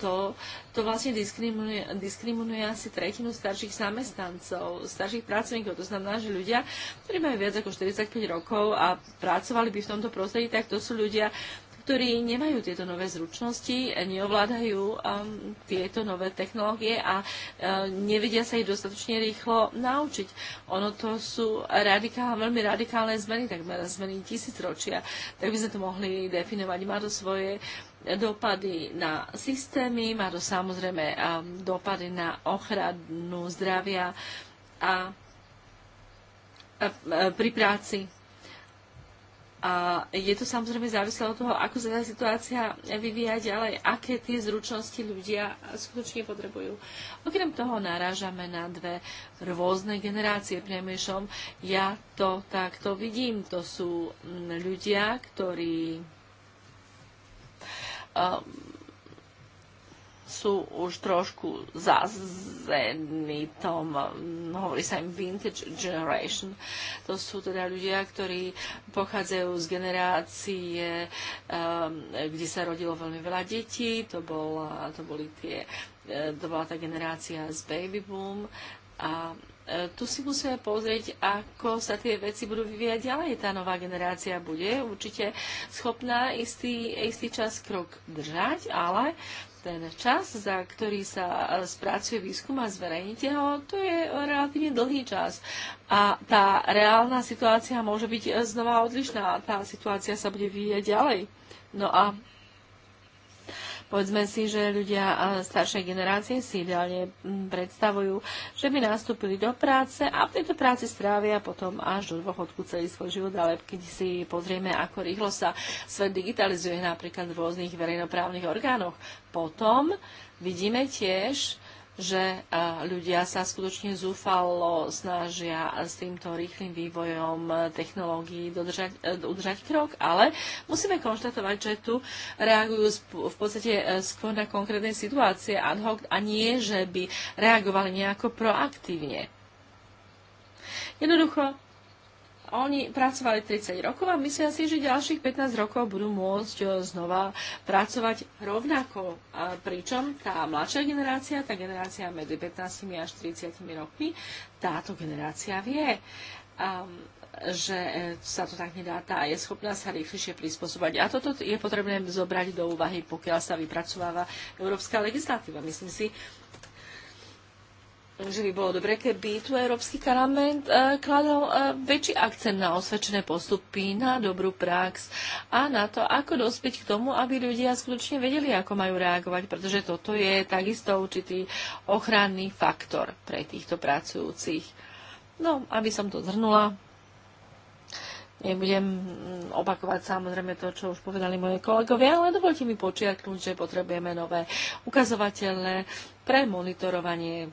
to, to vlastne diskriminuje, diskriminuje asi tretinu starších zamestnancov, starších pracovníkov. To znamená, že ľudia, ktorí majú viac ako 45 rokov a pracovali by v tomto prostredí, tak to sú ľudia, ktorí nemajú tieto nové zručnosti, neovládajú um, tieto nové technológie a um, nevedia sa ich dostatočne rýchlo naučiť. Ono to sú radikál, veľmi radikálne zmeny, takmer zmeny tisícročia. Tak by sme to mohli definovať. Má to svoje dopady na systémy, má to samozrejme um, dopady na ochranu zdravia a, pri práci. A je to samozrejme závislé od toho, ako sa tá situácia vyvíja ďalej, aké tie zručnosti ľudia skutočne potrebujú. Okrem toho narážame na dve rôzne generácie priemyšom. Ja to takto vidím. To sú ľudia, ktorí Ehm, sú už trošku zazení, zenitom, ehm, hovorí sa im vintage generation. To sú teda ľudia, ktorí pochádzajú z generácie, ehm, kde sa rodilo veľmi veľa detí, to, bola, to, boli tie, e, to bola tá generácia z baby boom a E, tu si musíme pozrieť, ako sa tie veci budú vyvíjať ďalej. Tá nová generácia bude určite schopná istý, istý čas krok držať, ale ten čas, za ktorý sa e, spracuje výskum a zverejnite, ho, to je relatívne dlhý čas. A tá reálna situácia môže byť e, znova odlišná. Tá situácia sa bude vyvíjať ďalej. No a Povedzme si, že ľudia staršej generácie si ideálne mm, predstavujú, že by nastúpili do práce a v tejto práci strávia potom až do dôchodku celý svoj život, ale keď si pozrieme, ako rýchlo sa svet digitalizuje napríklad v rôznych verejnoprávnych orgánoch, potom vidíme tiež, že e, ľudia sa skutočne zúfalo snažia s týmto rýchlým vývojom e, technológií e, udržať krok, ale musíme konštatovať, že tu reagujú v podstate skôr na konkrétne situácie ad hoc a nie, že by reagovali nejako proaktívne. Jednoducho, oni pracovali 30 rokov a myslia si, že ďalších 15 rokov budú môcť e, znova pracovať rovnako. A pričom tá mladšia generácia, tá generácia medzi 15 až 30 rokmi, táto generácia vie, že e, sa to tak nedá a je schopná sa rýchlejšie prispôsobať. A toto je potrebné zobrať do úvahy, pokiaľ sa vypracováva európska legislatíva. Myslím si, že by bolo dobre, keby tu Európsky parlament e, kladol e, väčší akcent na osvedčené postupy, na dobrú prax a na to, ako dospieť k tomu, aby ľudia skutočne vedeli, ako majú reagovať, pretože toto je takisto určitý ochranný faktor pre týchto pracujúcich. No, aby som to zhrnula, Nebudem mm, opakovať samozrejme to, čo už povedali moje kolegovia, ale dovolte mi počiarknúť, že potrebujeme nové ukazovatele pre monitorovanie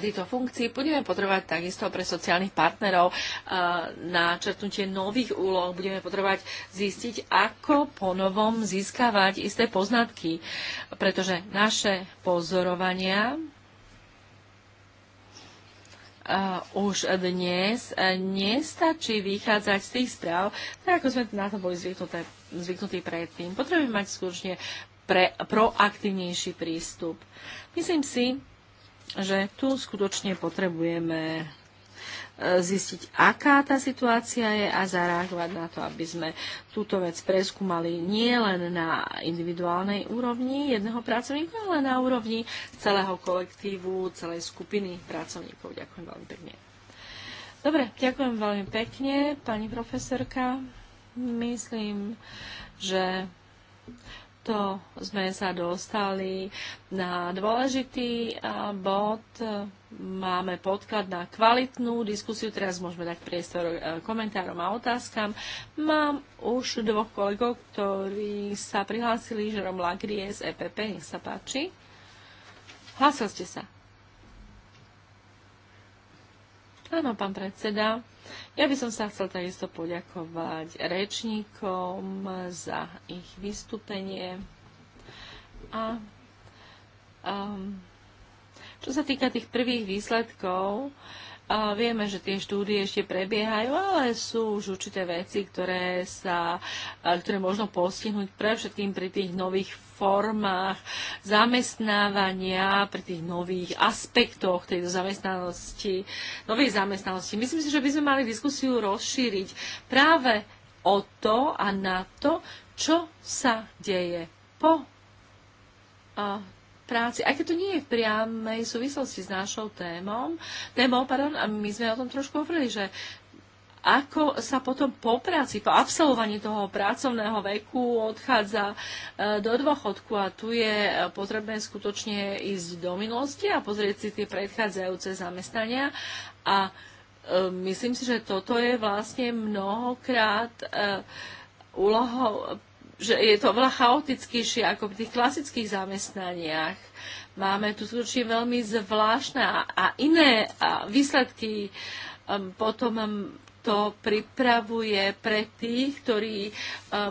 týchto funkcií budeme potrebovať takisto pre sociálnych partnerov eh, na črtnutie nových úloh. Budeme potrebovať zistiť, ako ponovom získavať isté poznatky, pretože naše pozorovania eh, už dnes eh, nestačí vychádzať z tých správ, tak ako sme na to boli zvyknuté, zvyknutí predtým. Potrebujeme mať skutočne pre, proaktívnejší prístup. Myslím si, že tu skutočne potrebujeme e, zistiť, aká tá situácia je a zareagovať na to, aby sme túto vec preskúmali nie len na individuálnej úrovni jedného pracovníka, ale na úrovni celého kolektívu, celej skupiny pracovníkov. Ďakujem veľmi pekne. Dobre, ďakujem veľmi pekne, pani profesorka. Myslím, že to sme sa dostali na dôležitý bod. Máme podklad na kvalitnú diskusiu. Teraz môžeme dať priestor e, komentárom a otázkam. Mám už dvoch kolegov, ktorí sa prihlásili. Žerom Lagrie z EPP, nech sa páči. Hlásil ste sa. Áno, pán predseda. Ja by som sa chcel takisto poďakovať rečníkom za ich vystúpenie. A um, čo sa týka tých prvých výsledkov, uh, a vieme, že tie štúdie ešte prebiehajú, ale sú už určité veci, ktoré, sa, ktoré možno postihnúť pre všetkým pri tých nových formách zamestnávania, pri tých nových aspektoch tejto zamestnanosti, novej zamestnanosti. Myslím si, že by sme mali diskusiu rozšíriť práve o to a na to, čo sa deje po práci, aj keď to nie je v priamej súvislosti s našou témom, témou, pardon, a my sme o tom trošku hovorili, že ako sa potom po práci, po absolvovaní toho pracovného veku odchádza e, do dôchodku a tu je potrebné skutočne ísť do minulosti a pozrieť si tie predchádzajúce zamestnania a e, myslím si, že toto je vlastne mnohokrát e, úlohou že je to veľa chaotickejšie ako v tých klasických zamestnaniach. Máme tu skutočne veľmi zvláštne a iné výsledky. Um, potom um, to pripravuje pre tých, ktorí um,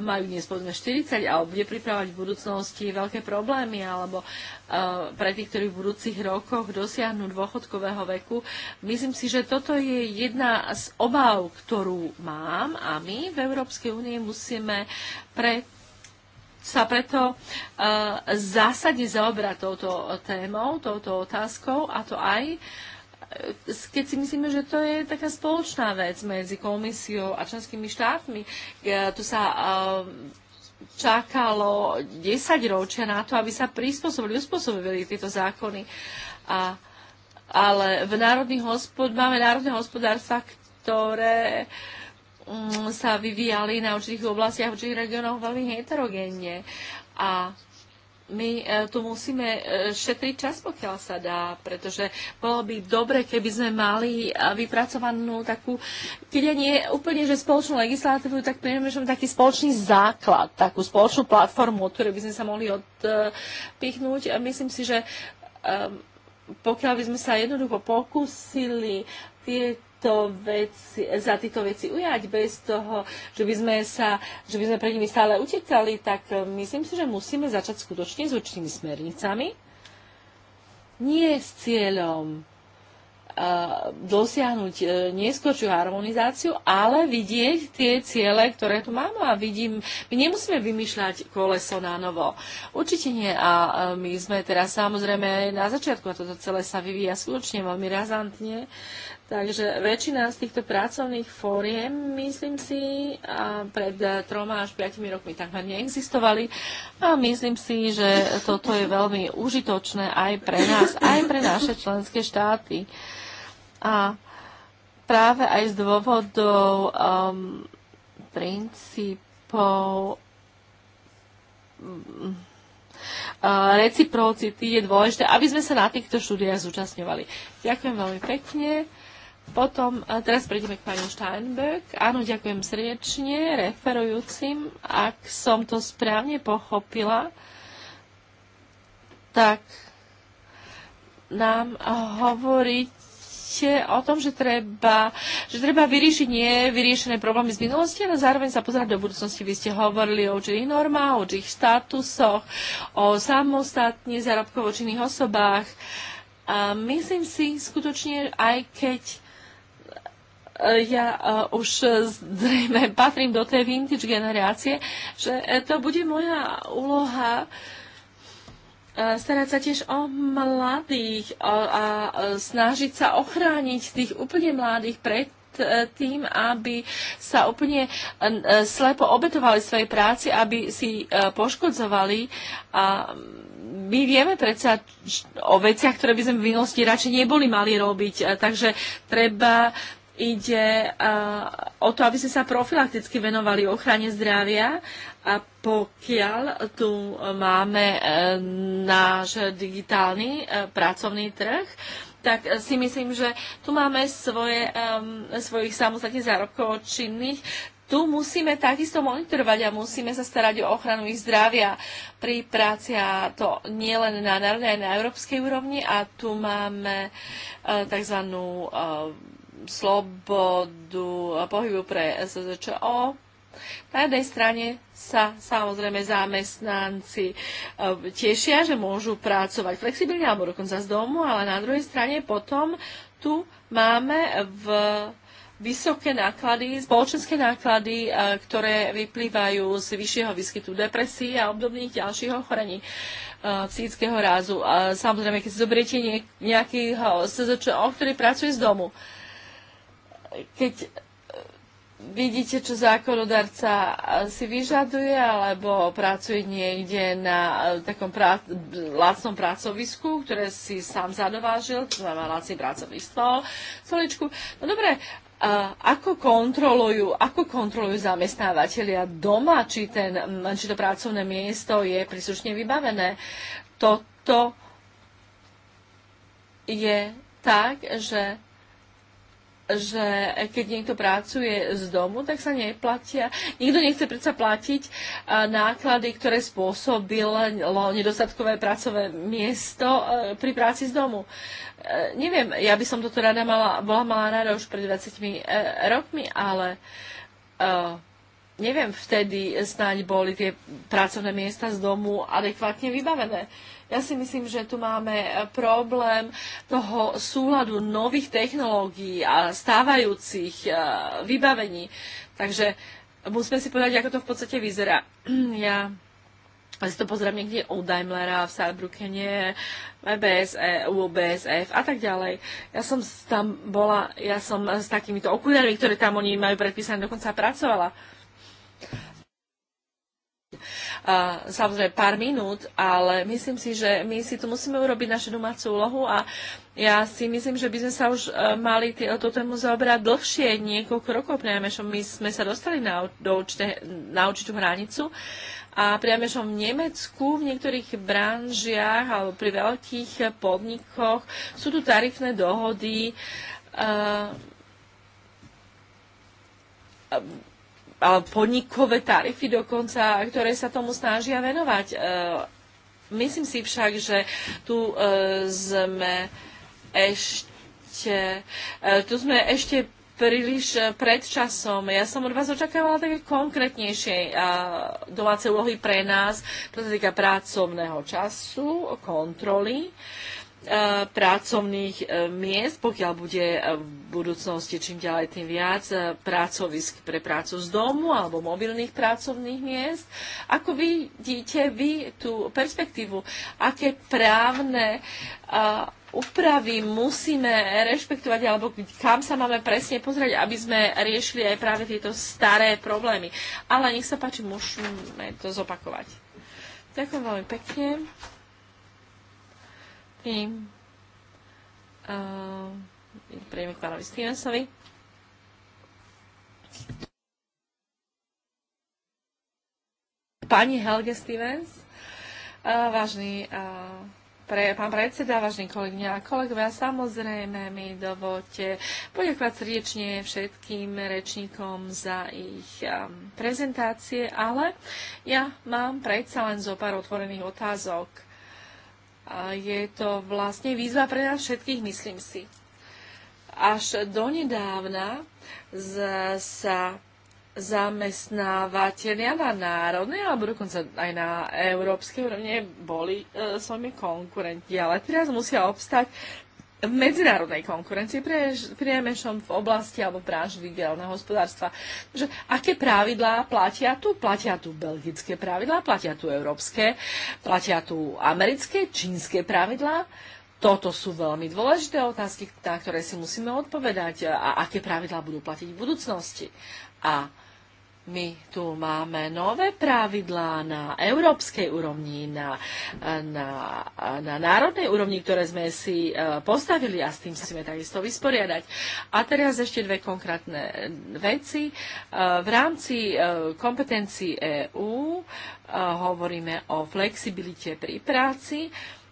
majú dnes povedzme 40 alebo bude pripravať v budúcnosti veľké problémy alebo uh, pre tých, ktorí v budúcich rokoch dosiahnu dôchodkového veku. Myslím si, že toto je jedna z obav, ktorú mám a my v Európskej únie musíme pre sa preto e, zásadne zaoberá touto témou, touto otázkou a to aj e, keď si myslíme, že to je taká spoločná vec medzi komisiou a členskými štátmi, e, tu sa čakalo 10 ročia na to, aby sa prispôsobili, uspôsobili tieto zákony. A, ale v národných hospod, máme národné hospodárstva, ktoré uh, Mm, sa vyvíjali na určitých oblastiach, v určitých regiónoch veľmi heterogénne. A my e, tu musíme e, šetriť čas, pokiaľ sa dá, pretože bolo by dobre, keby sme mali e, vypracovanú takú, keď nie úplne, že spoločnú legislatívu, tak prinúmešom taký spoločný základ, takú spoločnú platformu, od ktorej by sme sa mohli odpichnúť. Myslím si, že pokiaľ by sme sa jednoducho pokúsili tie tieto veci, za tieto veci ujať bez toho, že by sme, sa, že by sme pred nimi stále utekali, tak eh, myslím si, že musíme začať skutočne s určitými smernicami. Nie s cieľom Eh, dosiahnuť eh, neskôršiu harmonizáciu, ale vidieť tie ciele, ktoré tu máme a vidím, my nemusíme vymýšľať koleso na novo. Určite nie a eh, my sme teraz samozrejme na začiatku a toto celé sa vyvíja skutočne veľmi razantne, takže väčšina z týchto pracovných fóriem, myslím si, pred troma až piatimi rokmi takmer neexistovali a myslím si, že toto je veľmi užitočné aj pre nás, aj pre naše členské štáty. Uh, a práve aj z dôvodov um, princípov mm, reciprocity je dôležité, aby sme sa na týchto štúdiách zúčastňovali. Ďakujem veľmi pekne. Potom, teraz prejdeme k pani Steinberg. Áno, ďakujem srdečne referujúcim. Ak som to správne pochopila, tak nám hovoriť o tom, že treba, že treba vyriešiť nevyriešené problémy z minulosti, ale zároveň sa pozerať do budúcnosti. Vy ste hovorili o určitých normách, o určitých statusoch, o samostatne zárobkovo činných osobách. A myslím si skutočne, aj keď e, ja uh, už zrejme patrím do tej vintage generácie, že e, to bude moja úloha uh, Eh, starať sa tiež o mladých o, a e, snažiť sa ochrániť tých úplne mladých pred e, tým, aby sa úplne e, slepo obetovali svojej práci, aby si poškodzovali. A my vieme predsa o veciach, ktoré by sme v minulosti radšej neboli mali robiť. Takže treba ide o to, aby sme sa profilakticky venovali ochrane zdravia a pokiaľ tu máme e, náš digitálny e, pracovný trh, tak si myslím, že tu máme svoje, svojich samostatne zárobkovo činných, tu musíme takisto monitorovať a musíme sa starať o ochranu ich zdravia pri práci a to nie len na národnej, aj na európskej úrovni a tu máme e, tzv. slobodu pohybu pre SZČO na jednej strane sa samozrejme zamestnanci e, tešia, že môžu pracovať flexibilne alebo dokonca z domu, ale na druhej strane potom tu máme v vysoké náklady, spoločenské náklady, e, ktoré vyplývajú z vyššieho výskytu depresí a obdobných ďalších ochorení e, psychického rázu. A samozrejme, keď si zoberiete nejakého SZČO, ktorý pracuje z domu, keď vidíte, čo zákonodarca si vyžaduje, alebo pracuje niekde na takom prá- lacnom pracovisku, ktoré si sám zadovážil, to znamená lacný pracovný stôl, stoličku. No dobre, a ako kontrolujú, ako kontrolujú zamestnávateľia doma, či, ten, či to pracovné miesto je príslušne vybavené. Toto je tak, že že keď niekto pracuje z domu, tak sa neplatia. Nikto nechce predsa platiť eh, náklady, ktoré spôsobilo nedostatkové pracové miesto eh, pri práci z domu. Eh, neviem, ja by som toto rada mala, bola malá rada už pred 20 rokmi, ale neviem, vtedy snáď boli tie pracovné miesta z domu adekvátne vybavené. Ja si myslím, že tu máme e, problém toho súladu nových technológií a stávajúcich e, vybavení. Takže musíme si povedať, ako to v podstate vyzerá. [CLEARS THROAT] Ja si to pozriem niekde u Daimlera, v Saarbrückene, BSE, u BSF a tak ďalej. Ja som tam bola, ja som s takýmito okuliarmi, ktoré tam oni majú predpísané, dokonca pracovala samozrejme pár minút, ale myslím si, že my si tu musíme urobiť našu domácu úlohu a ja si myslím, že by sme sa už e, mali tý, o tú tému zaoberať dlhšie, niekoľko rokov priamešom. My sme sa dostali na, do určite, na určitú hranicu a priamešom v Nemecku v niektorých branžiach alebo pri veľkých podnikoch sú tu tarifné dohody. uh podnikové tarify dokonca, ktoré sa tomu snažia venovať. E, myslím si však, že tu e, sme ešte, e, tu sme ešte príliš pred časom. Ja som od vás očakávala také konkrétnejšie domáce úlohy pre nás, čo sa týka pracovného času, kontroly. Uh, E, pracovných e, miest, pokiaľ bude e, v budúcnosti čím ďalej tým viac pracovisk pre prácu z domu alebo mobilných pracovných miest. Ako vidíte vy tú perspektívu, aké právne úpravy musíme rešpektovať, alebo kam sa máme presne pozrieť, aby sme riešili aj práve tieto staré problémy. Ale nech sa páči, môžeme to zopakovať. Ďakujem veľmi pekne. I uh, k pánovi Stevensovi. Pani Helge Stevens, uh, vážny uh, pre, pán predseda, vážení kolegyňa a kolegovia, samozrejme mi dovolte poďakovať srdečne všetkým rečníkom za ich um, prezentácie, ale ja mám predsa len zo pár otvorených otázok je to vlastne výzva pre nás všetkých, myslím si. Až donedávna sa zamestnávateľia na národnej alebo dokonca aj na európskej úrovne boli e, svojimi konkurenti, ale teraz musia obstať medzinárodnej konkurencie, priemešom v oblasti alebo práži liberálneho hospodárstva. Že aké právidlá platia tu? Platia tu belgické právidlá, platia tu európske, platia tu americké, čínske právidlá. Toto sú veľmi dôležité otázky, na ktoré si musíme odpovedať a aké pravidlá budú platiť v budúcnosti. A my tu máme nové pravidlá na európskej úrovni, na, na, na národnej úrovni, ktoré sme si e, postavili a s tým musíme takisto vysporiadať. A teraz ešte dve konkrétne veci. E, v rámci e, kompetencií EÚ hovoríme o flexibilite pri práci.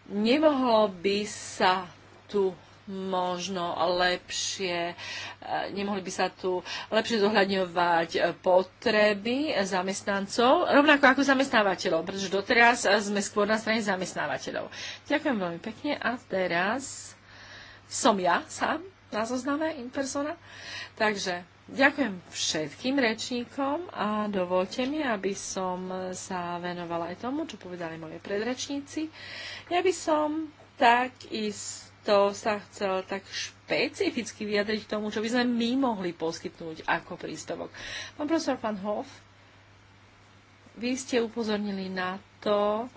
Nemohlo by sa tu možno lepšie, eh, nemohli by sa tu lepšie zohľadňovať eh, potreby zamestnancov, rovnako ako zamestnávateľov, pretože doteraz eh, sme skôr na strane zamestnávateľov. Ďakujem veľmi pekne a teraz som ja sám na zozname in persona. Takže ďakujem všetkým rečníkom a dovolte mi, aby som sa venovala aj tomu, čo povedali moje predrečníci. Ja by som isto to sa chcel tak špecificky vyjadriť k tomu, čo by sme my mohli poskytnúť ako príspevok. Pán profesor pan Hof, vy ste upozornili na to,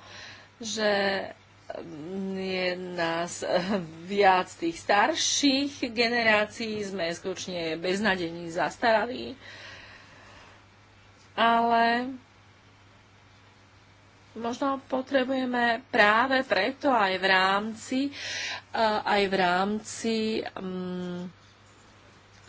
že mm, je nás eh, viac tých starších generácií, sme skutočne beznadení zastarali, ale možno potrebujeme práve preto aj v rámci, eh, aj v rámci um,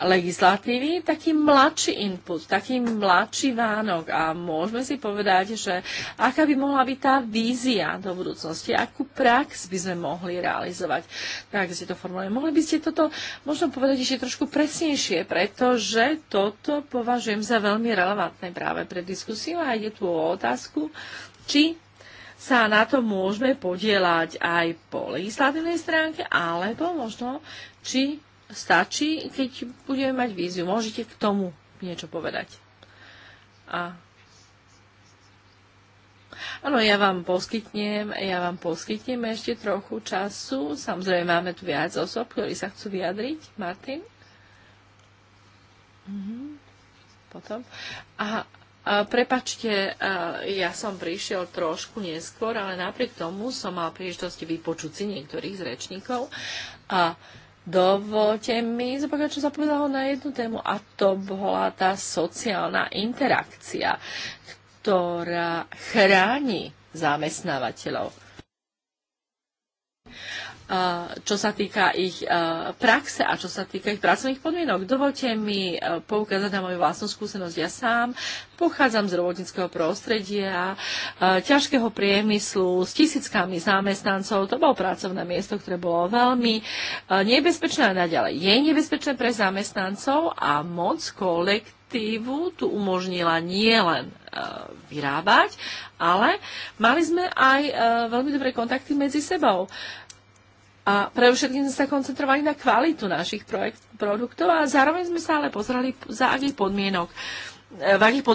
legislatívy taký mladší input, taký mladší Vánok a môžeme si povedať, že aká by mohla byť tá vízia do budúcnosti, akú prax by sme mohli realizovať. Tak si to formuluje. Mohli by ste toto možno povedať ešte trošku presnejšie, pretože toto považujem za veľmi relevantné práve pre diskusiu a ide tu o otázku, či sa na to môžeme podielať aj po legislatívnej stránke, alebo možno, či stačí, keď budeme mať víziu. Môžete k tomu niečo povedať. A Áno, ja vám poskytnem, ja vám poskytnem ešte trochu času. Samozrejme, máme tu viac osob, ktorí sa chcú vyjadriť. Martin? Mhm. Potom. A Prepačte, ja som prišiel trošku neskôr, ale napriek tomu som mal príležitosti vypočuť si niektorých z rečníkov a dovolte mi zopakovať, čo sa povedalo na jednu tému a to bola tá sociálna interakcia, ktorá chráni zamestnávateľov čo sa týka ich e, praxe a čo sa týka ich pracovných podmienok. Dovolte mi e, poukázať na moju vlastnú skúsenosť. Ja sám pochádzam z robotnického prostredia, e, ťažkého priemyslu s tisíckami zamestnancov. To bolo pracovné miesto, ktoré bolo veľmi nebezpečné a naďalej. Je nebezpečné pre zamestnancov a moc kolektív tu umožnila nielen e, vyrábať, ale mali sme aj e, veľmi dobré kontakty medzi sebou. E, a pre všetkým sme sa koncentrovali na kvalitu našich projekt, produktov a zároveň sme sa ale pozerali, za akých podmienok, e, v akých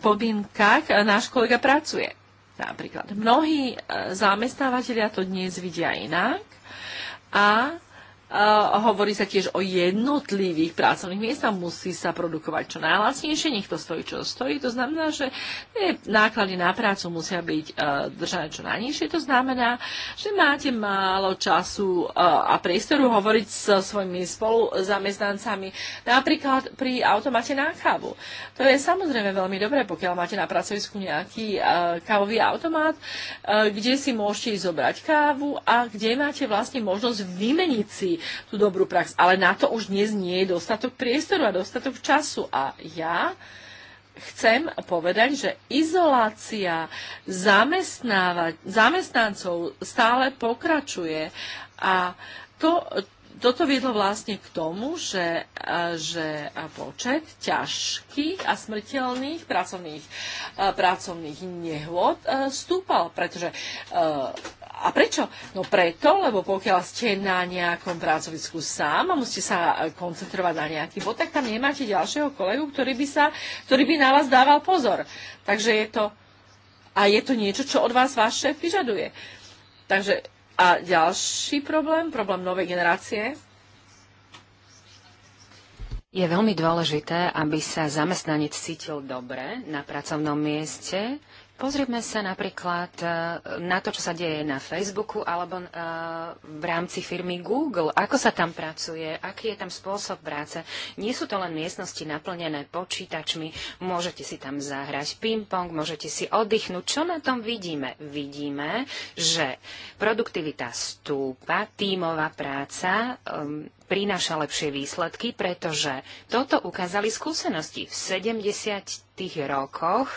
podmienkach e, náš kolega pracuje. Napríklad mnohí e, zamestnávateľia to dnes vidia inak a Eh, hovorí sa tiež o jednotlivých pracovných miestach, musí sa produkovať čo najlacnejšie, nech to stojí, čo stojí. To znamená, že náklady na prácu musia byť eh, držané čo najnižšie. To znamená, že máte málo času eh, a priestoru hovoriť so svojimi spoluzamestnancami. napríklad pri automate na kávu. To je samozrejme veľmi dobré, pokiaľ máte na pracovisku nejaký kávový automat, kde si môžete zobrať kávu a kde máte vlastne možnosť vymeniť si tú dobrú prax. Ale na to už dnes nie je dostatok priestoru a dostatok času. A ja chcem povedať, že izolácia zamestnancov stále pokračuje a to, toto viedlo vlastne k tomu, že, že počet ťažkých a smrteľných pracovných, pracovných nehôd stúpal, pretože a prečo? No preto, lebo pokiaľ ste na nejakom pracovisku sám a musíte sa e, koncentrovať na nejaký bod, tak tam nemáte ďalšieho kolegu, ktorý by, sa, ktorý by na vás dával pozor. Takže je to, a je to niečo, čo od vás váš šéf vyžaduje. Takže a ďalší problém, problém novej generácie, je veľmi dôležité, aby sa zamestnanec cítil dobre na pracovnom mieste Pozrieme sa napríklad e, na to, čo sa deje na Facebooku alebo e, v rámci firmy Google. Ako sa tam pracuje, aký je tam spôsob práce. Nie sú to len miestnosti naplnené počítačmi, môžete si tam zahrať ping-pong, môžete si oddychnúť. Čo na tom vidíme? Vidíme, že produktivita stúpa, tímová práca um, prináša lepšie výsledky, pretože toto ukázali skúsenosti v 70. rokoch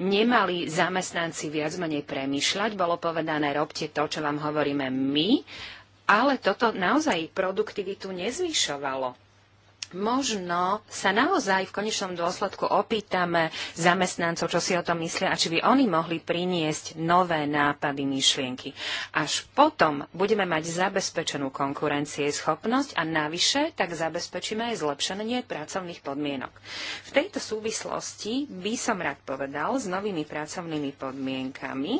nemali zamestnanci viac menej premýšľať. Bolo povedané, robte to, čo vám hovoríme my, ale toto naozaj produktivitu nezvyšovalo možno sa naozaj v konečnom dôsledku opýtame zamestnancov, čo si o tom myslia a či by oni mohli priniesť nové nápady, myšlienky. Až potom budeme mať zabezpečenú schopnosť a navyše tak zabezpečíme aj zlepšenie pracovných podmienok. V tejto súvislosti by som rád povedal s novými pracovnými podmienkami,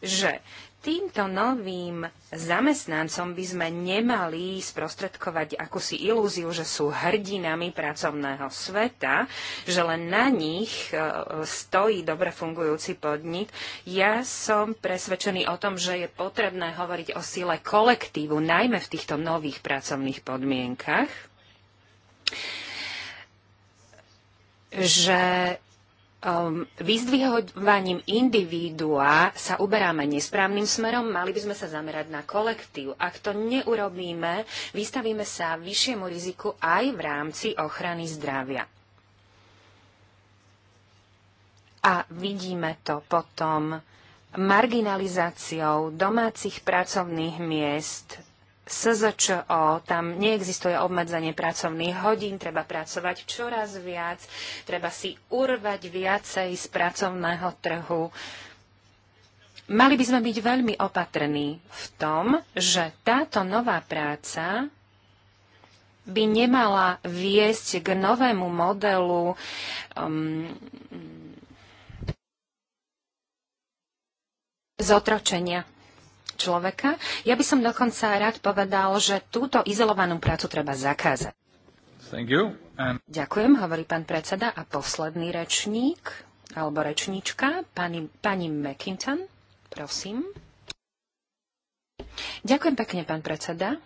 že týmto novým zamestnancom by sme nemali sprostredkovať akúsi ilúziu, že sú hrdinami pracovného sveta, že len na nich e, stojí dobre fungujúci podnik. Ja som presvedčený o tom, že je potrebné hovoriť o sile kolektívu, najmä v týchto nových pracovných podmienkach že um, vyzdvihovaním individua sa uberáme nesprávnym smerom, mali by sme sa zamerať na kolektív. Ak to neurobíme, vystavíme sa vyššiemu riziku aj v rámci ochrany zdravia. A vidíme to potom marginalizáciou domácich pracovných miest, SZČO, tam neexistuje obmedzenie pracovných hodín, treba pracovať čoraz viac, treba si urvať viacej z pracovného trhu. Mali by sme byť veľmi opatrní v tom, že táto nová práca by nemala viesť k novému modelu um, zotročenia človeka. Ja by som dokonca rád povedal, že túto izolovanú prácu treba zakázať. Thank you. And... Ďakujem, hovorí pán predseda. A posledný rečník, alebo rečníčka, pani, pani McInton, prosím. Ďakujem pekne, pán predseda.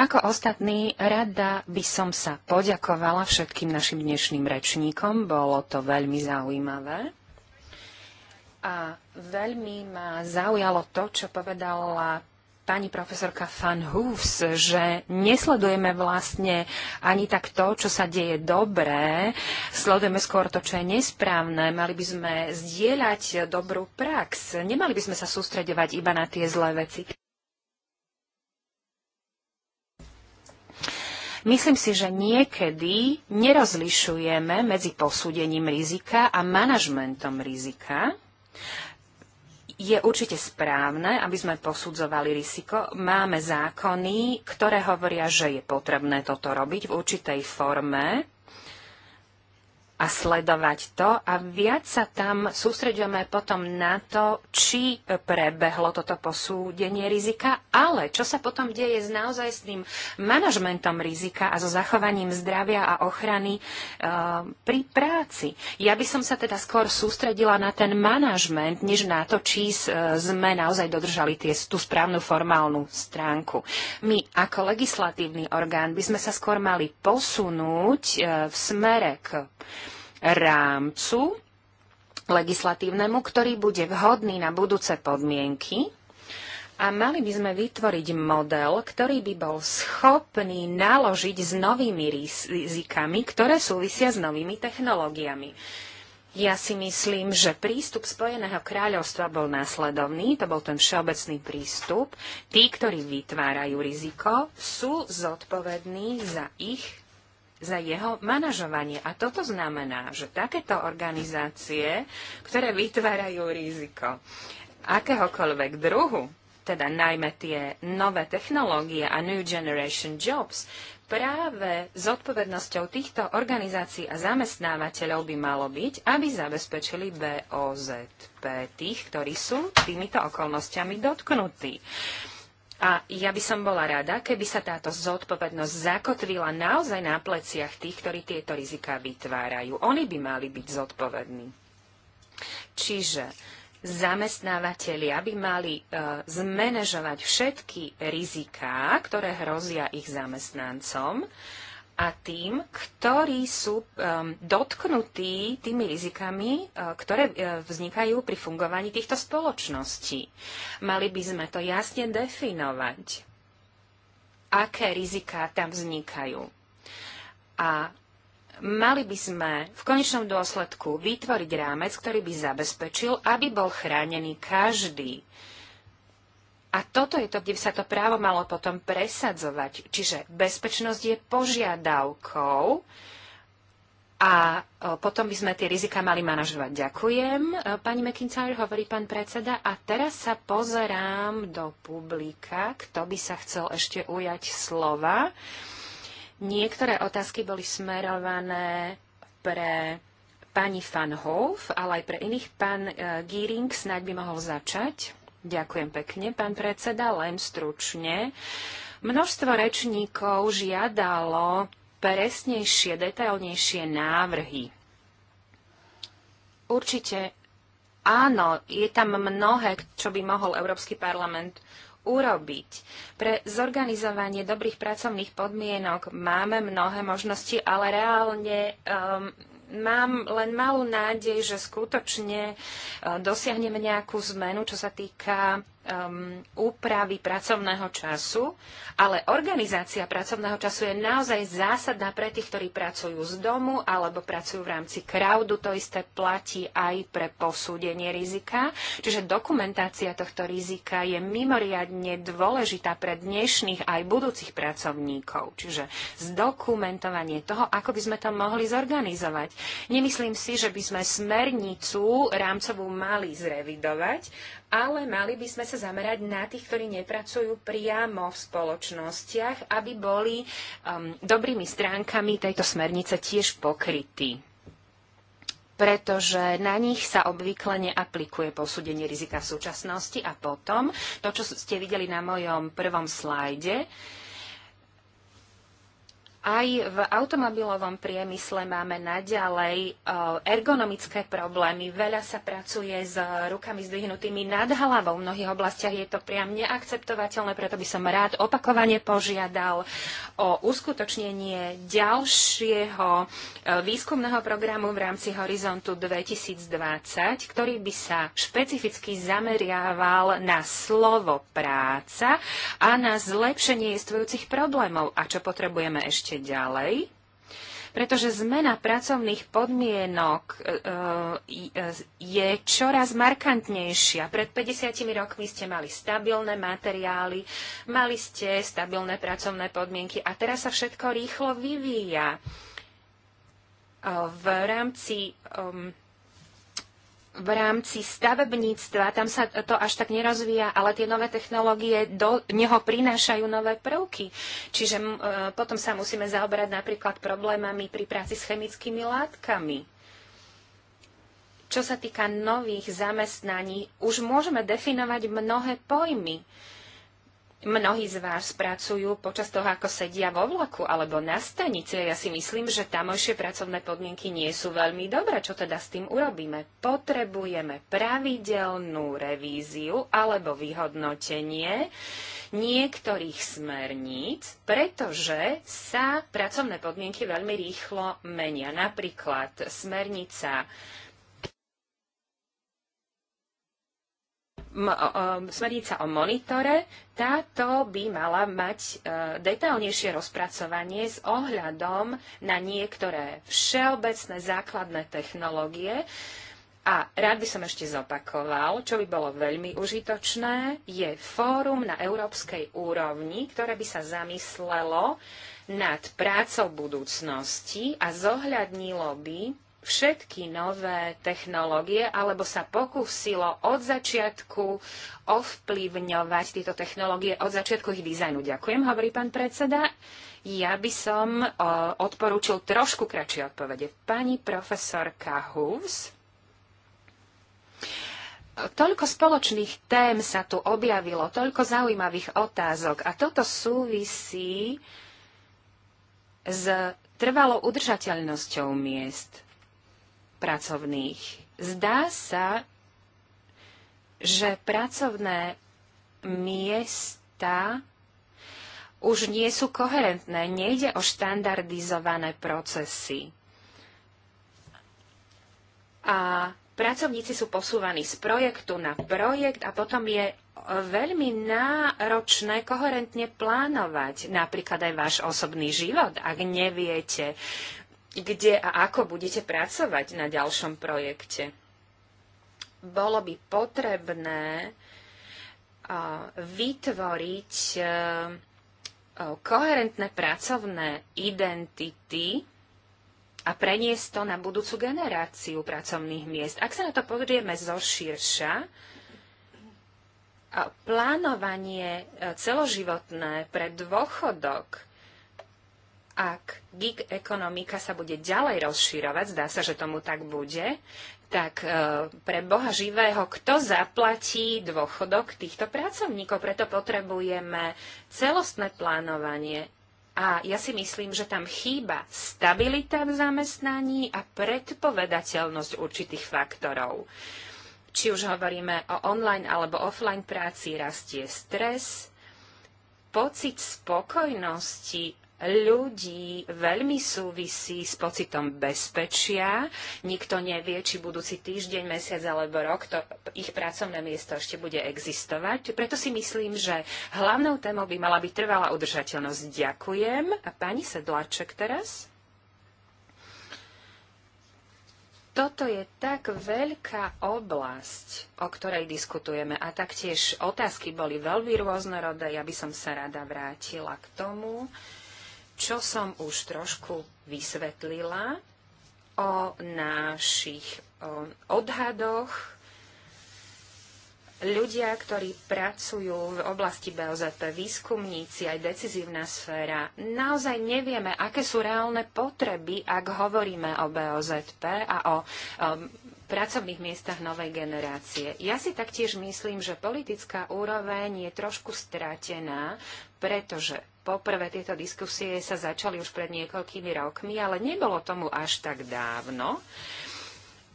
Ako ostatní, rada by som sa poďakovala všetkým našim dnešným rečníkom. Bolo to veľmi zaujímavé. A veľmi ma zaujalo to, čo povedala pani profesorka Van Hoofs, že nesledujeme vlastne ani tak to, čo sa deje dobré, sledujeme skôr to, čo je nesprávne. Mali by sme zdieľať dobrú prax. Nemali by sme sa sústredovať iba na tie zlé veci. Myslím si, že niekedy nerozlišujeme medzi posúdením rizika a manažmentom rizika je určite správne, aby sme posudzovali riziko. Máme zákony, ktoré hovoria, že je potrebné toto robiť v určitej forme, a sledovať to a viac sa tam sústreďujeme potom na to, či prebehlo toto posúdenie rizika, ale čo sa potom deje s naozaj s tým manažmentom rizika a so zachovaním zdravia a ochrany e, pri práci. Ja by som sa teda skôr sústredila na ten manažment, než na to, či e, sme naozaj dodržali tie, tú správnu formálnu stránku. My ako legislatívny orgán by sme sa skôr mali posunúť e, v smere k rámcu legislatívnemu, ktorý bude vhodný na budúce podmienky a mali by sme vytvoriť model, ktorý by bol schopný naložiť s novými rizikami, ktoré súvisia s novými technológiami. Ja si myslím, že prístup Spojeného kráľovstva bol následovný, to bol ten všeobecný prístup. Tí, ktorí vytvárajú riziko, sú zodpovední za ich za jeho manažovanie. A toto znamená, že takéto organizácie, ktoré vytvárajú riziko akéhokoľvek druhu, teda najmä tie nové technológie a New Generation Jobs, práve s odpovednosťou týchto organizácií a zamestnávateľov by malo byť, aby zabezpečili BOZP tých, ktorí sú týmito okolnostiami dotknutí. A ja by som bola rada, keby sa táto zodpovednosť zakotvila naozaj na pleciach tých, ktorí tieto riziká vytvárajú. Oni by mali byť zodpovední. Čiže zamestnávateľia by mali e, zmanéžovať všetky riziká, ktoré hrozia ich zamestnancom, a tým, ktorí sú um, dotknutí tými rizikami, uh, ktoré uh, vznikajú pri fungovaní týchto spoločností. Mali by sme to jasne definovať, aké rizika tam vznikajú. A mali by sme v konečnom dôsledku vytvoriť rámec, ktorý by zabezpečil, aby bol chránený každý. Uh, a toto je to, kde by sa to právo malo potom presadzovať. Čiže bezpečnosť je požiadavkou a e, potom by sme tie rizika mali manažovať. Ďakujem, e, pani McIntyre, hovorí pán predseda. A teraz sa pozerám do publika, kto by sa chcel ešte ujať slova. Niektoré otázky boli smerované pre pani Fanhof, ale aj pre iných. Pán e, Giering snáď by mohol začať. Ďakujem pekne, pán predseda, len stručne. Množstvo rečníkov žiadalo presnejšie, detailnejšie návrhy. Určite áno, je tam mnohé, čo by mohol Európsky parlament urobiť. Pre zorganizovanie dobrých pracovných podmienok máme mnohé možnosti, ale reálne um, mám len malú nádej, že skutočne eh, dosiahneme nejakú zmenu, čo sa týka um, úpravy pracovného času, ale organizácia pracovného času je naozaj zásadná pre tých, ktorí pracujú z domu alebo pracujú v rámci crowdu. To isté platí aj pre posúdenie rizika. Čiže dokumentácia tohto rizika je mimoriadne dôležitá pre dnešných aj budúcich pracovníkov. Čiže zdokumentovanie toho, ako by sme to mohli zorganizovať. Nemyslím si, že by sme smernicu rámcovú mali zrevidovať, ale mali by sme sa zamerať na tých, ktorí nepracujú priamo v spoločnostiach, aby boli um, dobrými stránkami tejto smernice tiež pokrytí pretože na nich sa obvykle neaplikuje posúdenie rizika súčasnosti a potom to, čo ste videli na mojom prvom slajde, uh, aj v automobilovom priemysle máme naďalej e, ergonomické problémy. Veľa sa pracuje s rukami zdvihnutými nad hlavou. V mnohých oblastiach je to priam neakceptovateľné, preto by som rád opakovane požiadal o uskutočnenie ďalšieho e, výskumného programu v rámci Horizontu 2020, ktorý by sa špecificky zameriaval na slovo práca a na zlepšenie existujúcich problémov a čo potrebujeme ešte ďalej, pretože zmena pracovných podmienok e, e, je čoraz markantnejšia. Pred 50 rokmi ste mali stabilné materiály, mali ste stabilné pracovné podmienky a teraz sa všetko rýchlo vyvíja. E, v rámci v rámci stavebníctva, tam sa to až tak nerozvíja, ale tie nové technológie do neho prinášajú nové prvky. Čiže e, potom sa musíme zaoberať napríklad problémami pri práci s chemickými látkami. Čo sa týka nových zamestnaní, už môžeme definovať mnohé pojmy. E, mnohí z vás pracujú počas toho, ako sedia vo vlaku alebo na stanici. Ja si myslím, že tamojšie pracovné podmienky nie sú veľmi dobré. Čo teda s tým urobíme? Potrebujeme pravidelnú revíziu alebo vyhodnotenie niektorých smerníc, pretože sa pracovné podmienky veľmi rýchlo menia. Napríklad smernica smernica o monitore, táto by mala mať e, detailnejšie rozpracovanie s ohľadom na niektoré všeobecné základné technológie. A rád by som ešte zopakoval, čo by bolo veľmi užitočné, je fórum na európskej úrovni, ktoré by sa zamyslelo nad prácou budúcnosti a zohľadnilo by všetky nové technológie, alebo sa pokúsilo od začiatku ovplyvňovať tieto technológie, od začiatku ich dizajnu. Ďakujem, hovorí pán predseda. Ja by som odporúčil trošku kratšie odpovede. Pani profesorka Hus. Toľko spoločných tém sa tu objavilo, toľko zaujímavých otázok a toto súvisí s trvalou udržateľnosťou miest pracovných. Zdá sa, že pracovné miesta už nie sú koherentné. Nejde o štandardizované procesy. A pracovníci sú posúvaní z projektu na projekt a potom je veľmi náročné koherentne plánovať napríklad aj váš osobný život, ak neviete, kde a ako budete pracovať na ďalšom projekte. Bolo by potrebné vytvoriť e, e, koherentné pracovné identity a preniesť to na budúcu generáciu pracovných miest. Ak sa na to pozrieme zo širša, plánovanie e, celoživotné pre dôchodok ak gig ekonomika sa bude ďalej rozširovať, zdá sa, že tomu tak bude, tak e, pre Boha živého, kto zaplatí dôchodok týchto pracovníkov? Preto potrebujeme celostné plánovanie. A ja si myslím, že tam chýba stabilita v zamestnaní a predpovedateľnosť určitých faktorov. Či už hovoríme o online alebo offline práci, rastie stres, pocit spokojnosti ľudí veľmi súvisí s pocitom bezpečia. Nikto nevie, či budúci týždeň, mesiac alebo rok to ich pracovné miesto ešte bude existovať. Preto si myslím, že hlavnou témou by mala byť trvalá udržateľnosť. Ďakujem. A pani Sedláček teraz? toto je tak veľká oblasť, o ktorej diskutujeme a taktiež otázky boli veľmi rôznorodé. Ja by som sa rada vrátila k tomu, čo som už trošku vysvetlila o našich odhadoch. Ľudia, ktorí pracujú v oblasti BOZP, výskumníci, aj decizívna sféra, naozaj nevieme, aké sú reálne potreby, ak hovoríme o BOZP a o o pracovných miestach novej generácie. Ja si taktiež myslím, že politická úroveň je trošku stratená, pretože Poprvé tieto diskusie sa začali už pred niekoľkými rokmi, ale nebolo tomu až tak dávno.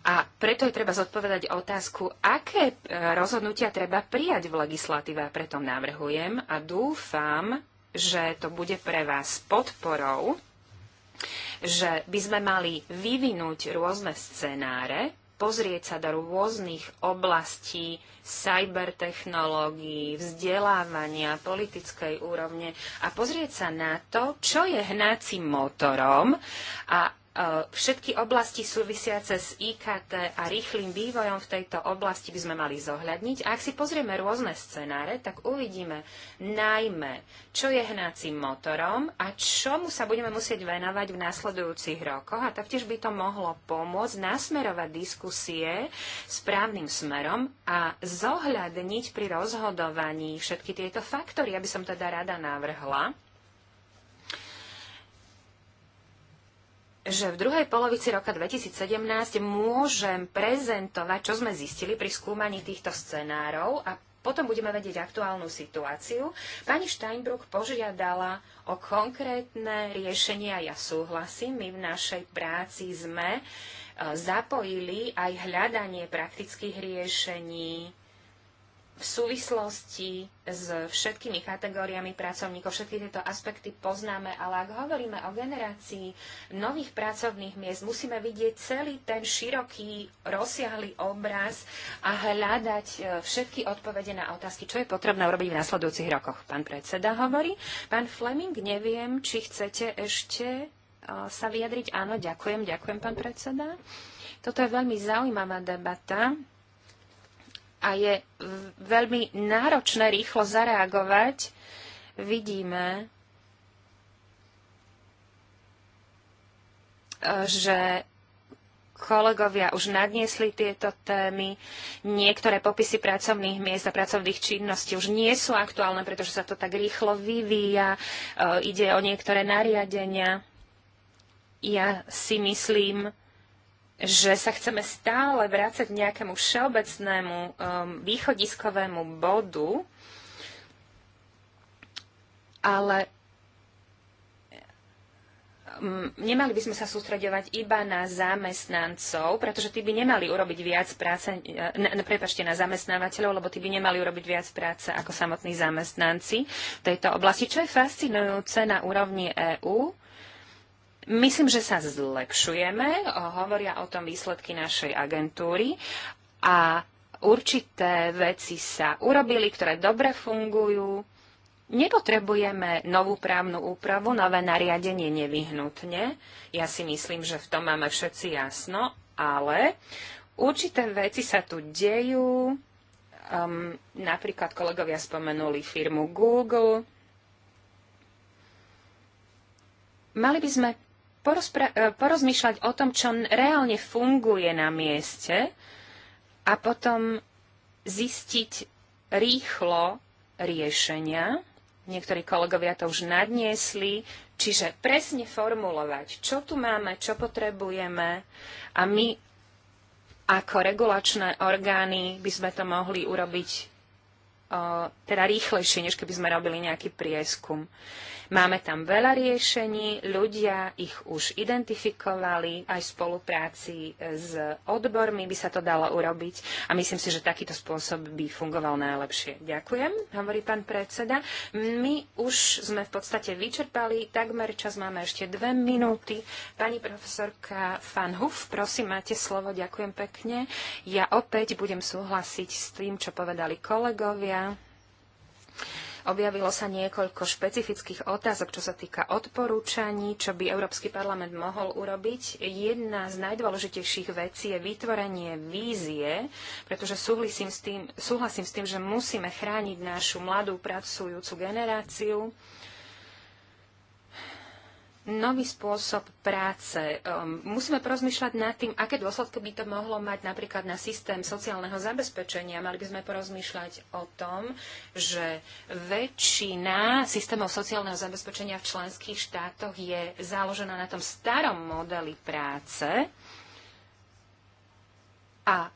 A preto je treba zodpovedať otázku, aké e, rozhodnutia treba prijať v legislatíve. A preto navrhujem a dúfam, že to bude pre vás podporou, že by sme mali vyvinúť rôzne scenáre, pozrieť sa do rôznych oblastí cybertechnológií, vzdelávania, politickej úrovne a pozrieť sa na to, čo je hnacím motorom a E, všetky oblasti súvisiace s IKT a rýchlým vývojom v tejto oblasti by sme mali zohľadniť. A ak si pozrieme rôzne scenáre, tak uvidíme najmä, čo je hnacím motorom a čomu sa budeme musieť venovať v následujúcich rokoch. A taktiež by to mohlo pomôcť nasmerovať diskusie správnym smerom a zohľadniť pri rozhodovaní všetky tieto faktory. Aby som teda rada navrhla, že v druhej polovici roka 2017 môžem prezentovať, čo sme zistili pri skúmaní týchto scenárov a potom budeme vedieť aktuálnu situáciu. Pani Steinbrück požiadala o konkrétne riešenia, ja súhlasím, my v našej práci sme e, zapojili aj hľadanie praktických riešení, v súvislosti s všetkými kategóriami pracovníkov, všetky tieto aspekty poznáme, ale ak hovoríme o generácii nových pracovných miest, musíme vidieť celý ten široký, rozsiahly obraz a hľadať e, všetky odpovede na otázky, čo je potrebné urobiť v nasledujúcich rokoch. Pán predseda hovorí. Pán Fleming, neviem, či chcete ešte e, sa vyjadriť. Áno, ďakujem, ďakujem, pán predseda. Toto je veľmi zaujímavá debata a je veľmi náročné rýchlo zareagovať, vidíme, že kolegovia už nadniesli tieto témy. Niektoré popisy pracovných miest a pracovných činností už nie sú aktuálne, pretože sa to tak rýchlo vyvíja. E, ide o niektoré nariadenia. Ja si myslím, že sa chceme stále vrácať k nejakému všeobecnému um, východiskovému bodu, ale um, nemali by sme sa sústredovať iba na zamestnancov, pretože tí by nemali urobiť viac práce, e, ne, ne, prepačte, na zamestnávateľov, lebo tí by nemali urobiť viac práce ako samotní zamestnanci v tejto oblasti, čo je fascinujúce na úrovni EÚ Myslím, že sa zlepšujeme, hovoria o tom výsledky našej agentúry a určité veci sa urobili, ktoré dobre fungujú. Nepotrebujeme novú právnu úpravu, nové nariadenie nevyhnutne. Ja si myslím, že v tom máme všetci jasno, ale určité veci sa tu dejú. Um, napríklad kolegovia spomenuli firmu Google. Mali by sme E, porozmýšľať o tom, čo reálne funguje na mieste a potom zistiť rýchlo riešenia. Niektorí kolegovia to už nadniesli, čiže presne formulovať, čo tu máme, čo potrebujeme a my ako regulačné orgány by sme to mohli urobiť o, teda rýchlejšie, než keby sme robili nejaký prieskum. Máme tam veľa riešení, ľudia ich už identifikovali, aj v spolupráci e, s odbormi by sa to dalo urobiť a myslím si, že takýto spôsob by fungoval najlepšie. Ďakujem, hovorí pán predseda. My už sme v podstate vyčerpali, takmer čas máme ešte dve minúty. Pani profesorka Fanhuf, prosím, máte slovo, ďakujem pekne. Ja opäť budem súhlasiť s tým, čo povedali kolegovia. Objavilo sa niekoľko špecifických otázok, čo sa týka odporúčaní, čo by Európsky parlament mohol urobiť. Jedna z najdôležitejších vecí je vytvorenie vízie, pretože súhlasím s tým, súhlasím s tým že musíme chrániť našu mladú pracujúcu generáciu nový spôsob práce. Ehm, musíme porozmýšľať nad tým, aké dôsledky by to mohlo mať napríklad na systém sociálneho zabezpečenia. Mali by sme porozmýšľať o tom, že väčšina systémov sociálneho zabezpečenia v členských štátoch je založená na tom starom modeli práce a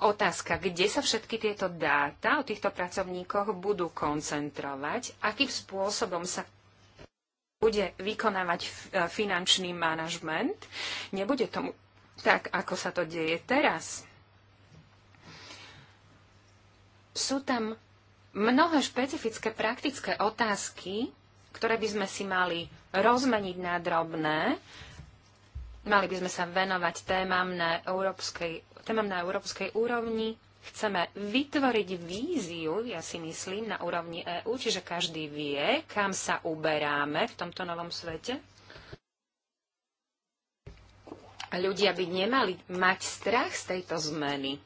Otázka, kde sa všetky tieto dáta o týchto pracovníkoch budú koncentrovať, akým spôsobom sa bude vykonávať eh, finančný manažment. Nebude tomu tak, ako sa to deje teraz. Sú tam mnohé špecifické praktické otázky, ktoré by sme si mali rozmeniť na drobné. Mali by sme sa venovať témam na európskej témam na európskej úrovni. Chceme vytvoriť víziu, ja si myslím, na úrovni EÚ, čiže každý vie, kam sa uberáme v tomto novom svete. Ľudia by nemali mať strach z tejto zmeny.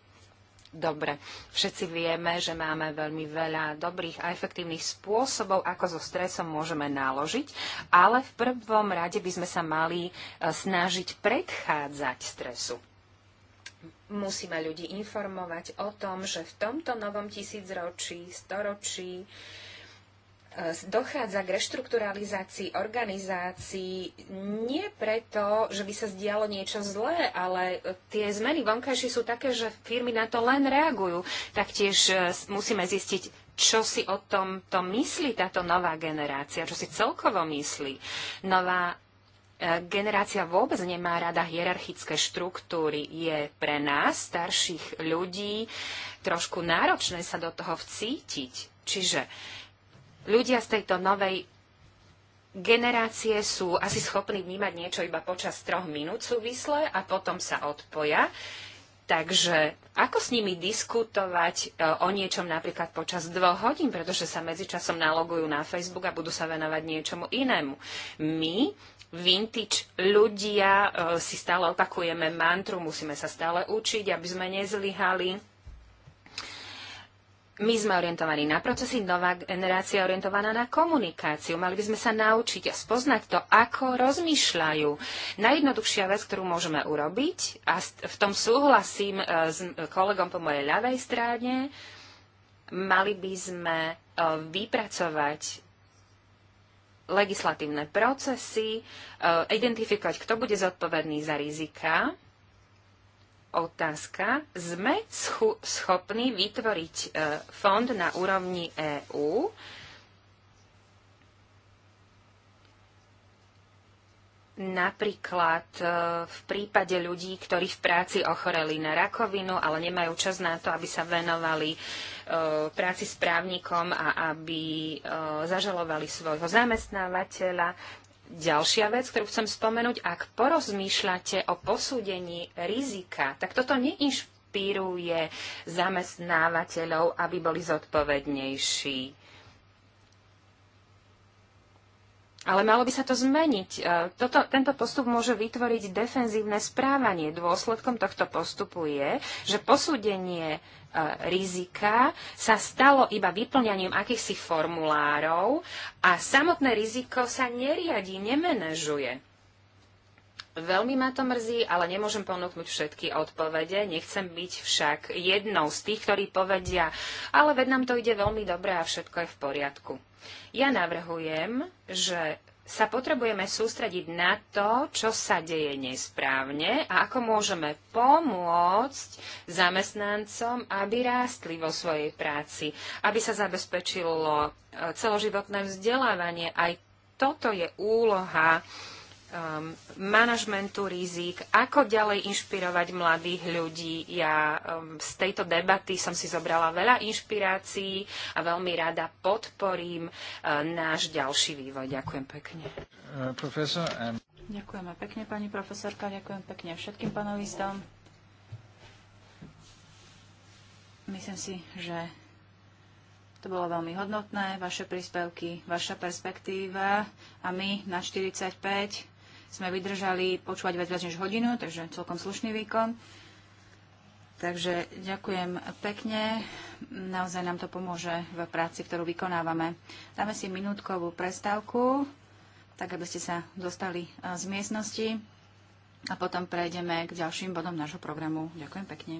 Dobre, všetci vieme, že máme veľmi veľa dobrých a efektívnych spôsobov, ako so stresom môžeme naložiť, ale v prvom rade by sme sa mali e, snažiť predchádzať stresu. Musíme ľudí informovať o tom, že v tomto novom tisícročí, storočí e, dochádza k reštrukturalizácii organizácií nie preto, že by sa zdialo niečo zlé, ale e, tie zmeny vonkajšie sú také, že firmy na to len reagujú. Taktiež e, musíme zistiť, čo si o tomto myslí táto nová generácia, čo si celkovo myslí. Nová generácia vôbec nemá rada hierarchické štruktúry. Je pre nás, starších ľudí, trošku náročné sa do toho vcítiť. Čiže ľudia z tejto novej generácie sú asi schopní vnímať niečo iba počas troch minút súvisle a potom sa odpoja. Takže ako s nimi diskutovať e, o niečom napríklad počas dvoch hodín, pretože sa medzičasom nalogujú na Facebook a budú sa venovať niečomu inému. My vintage ľudia, e, si stále opakujeme mantru, musíme sa stále učiť, aby sme nezlyhali. My sme orientovaní na procesy, nová generácia je orientovaná na komunikáciu. Mali by sme sa naučiť a spoznať to, ako rozmýšľajú. Najjednoduchšia vec, ktorú môžeme urobiť, a v tom súhlasím e, s kolegom po mojej ľavej strane, mali by sme e, vypracovať legislatívne procesy, e, identifikovať, kto bude zodpovedný za rizika. Otázka. Sme schopní vytvoriť e, fond na úrovni EÚ, Napríklad e, v prípade ľudí, ktorí v práci ochoreli na rakovinu, ale nemajú čas na to, aby sa venovali e, práci s právnikom a aby e, zažalovali svojho zamestnávateľa. Ďalšia vec, ktorú chcem spomenúť, ak porozmýšľate o posúdení rizika, tak toto neinšpiruje zamestnávateľov, aby boli zodpovednejší Ale malo by sa to zmeniť. E, toto, tento postup môže vytvoriť defenzívne správanie. Dôsledkom tohto postupu je, že posúdenie e, rizika sa stalo iba vyplňaním akýchsi formulárov a samotné riziko sa neriadi, nemenežuje. Veľmi ma to mrzí, ale nemôžem ponúknuť všetky odpovede. Nechcem byť však jednou z tých, ktorí povedia, ale ved nám to ide veľmi dobre a všetko je v poriadku. Ja navrhujem, že sa potrebujeme sústrediť na to, čo sa deje nesprávne a ako môžeme pomôcť zamestnancom, aby rástli vo svojej práci, aby sa zabezpečilo eh, celoživotné vzdelávanie. Aj toto je úloha um, manažmentu rizik, ako ďalej inšpirovať mladých ľudí. Ja um, z tejto debaty som si zobrala veľa inšpirácií a veľmi rada podporím uh, náš ďalší vývoj. Ďakujem pekne. Uh, profesor, um... Ďakujeme pekne, pani profesorka, ďakujem pekne všetkým panelistom. Myslím si, že to bolo veľmi hodnotné, vaše príspevky, vaša perspektíva a my na 45 sme vydržali počúvať viac než hodinu, takže celkom slušný výkon. Takže ďakujem pekne. Naozaj nám to pomôže v práci, ktorú vykonávame. Dáme si minútkovú prestávku, tak aby ste sa dostali e, z miestnosti a potom prejdeme k ďalším bodom nášho programu. Ďakujem pekne.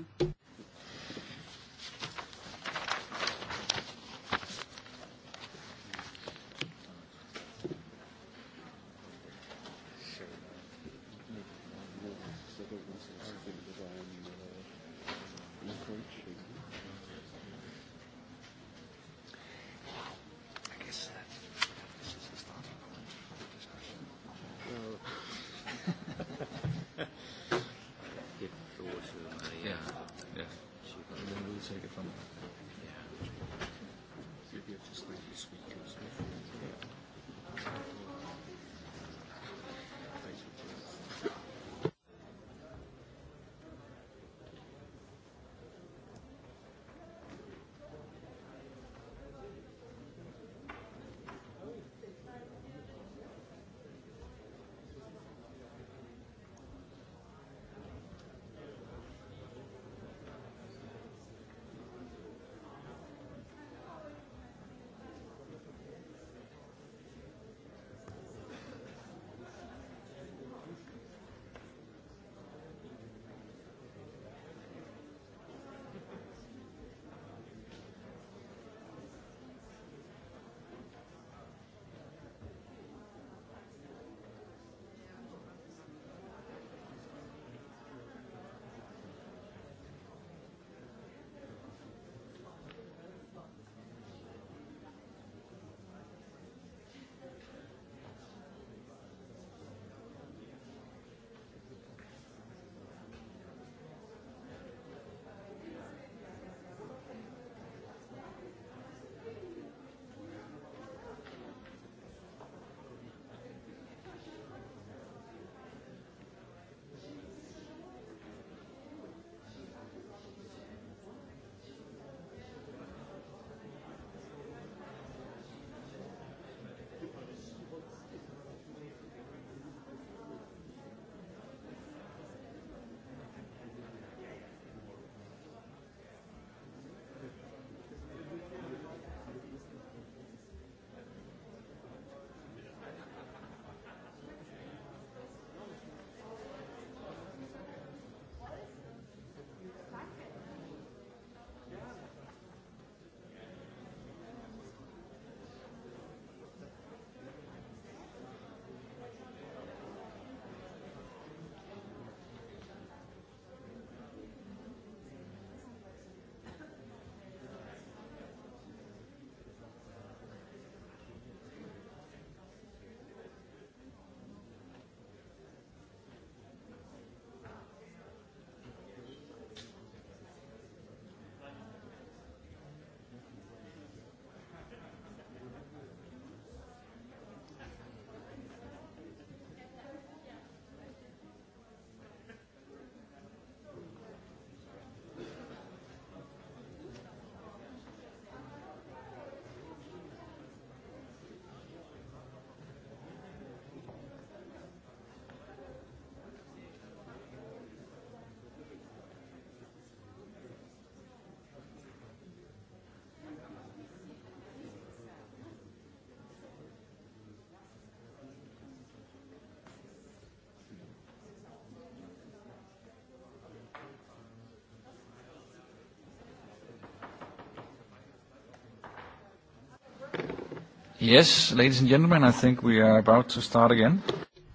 Yes, ladies and gentlemen, I think we are about to start again.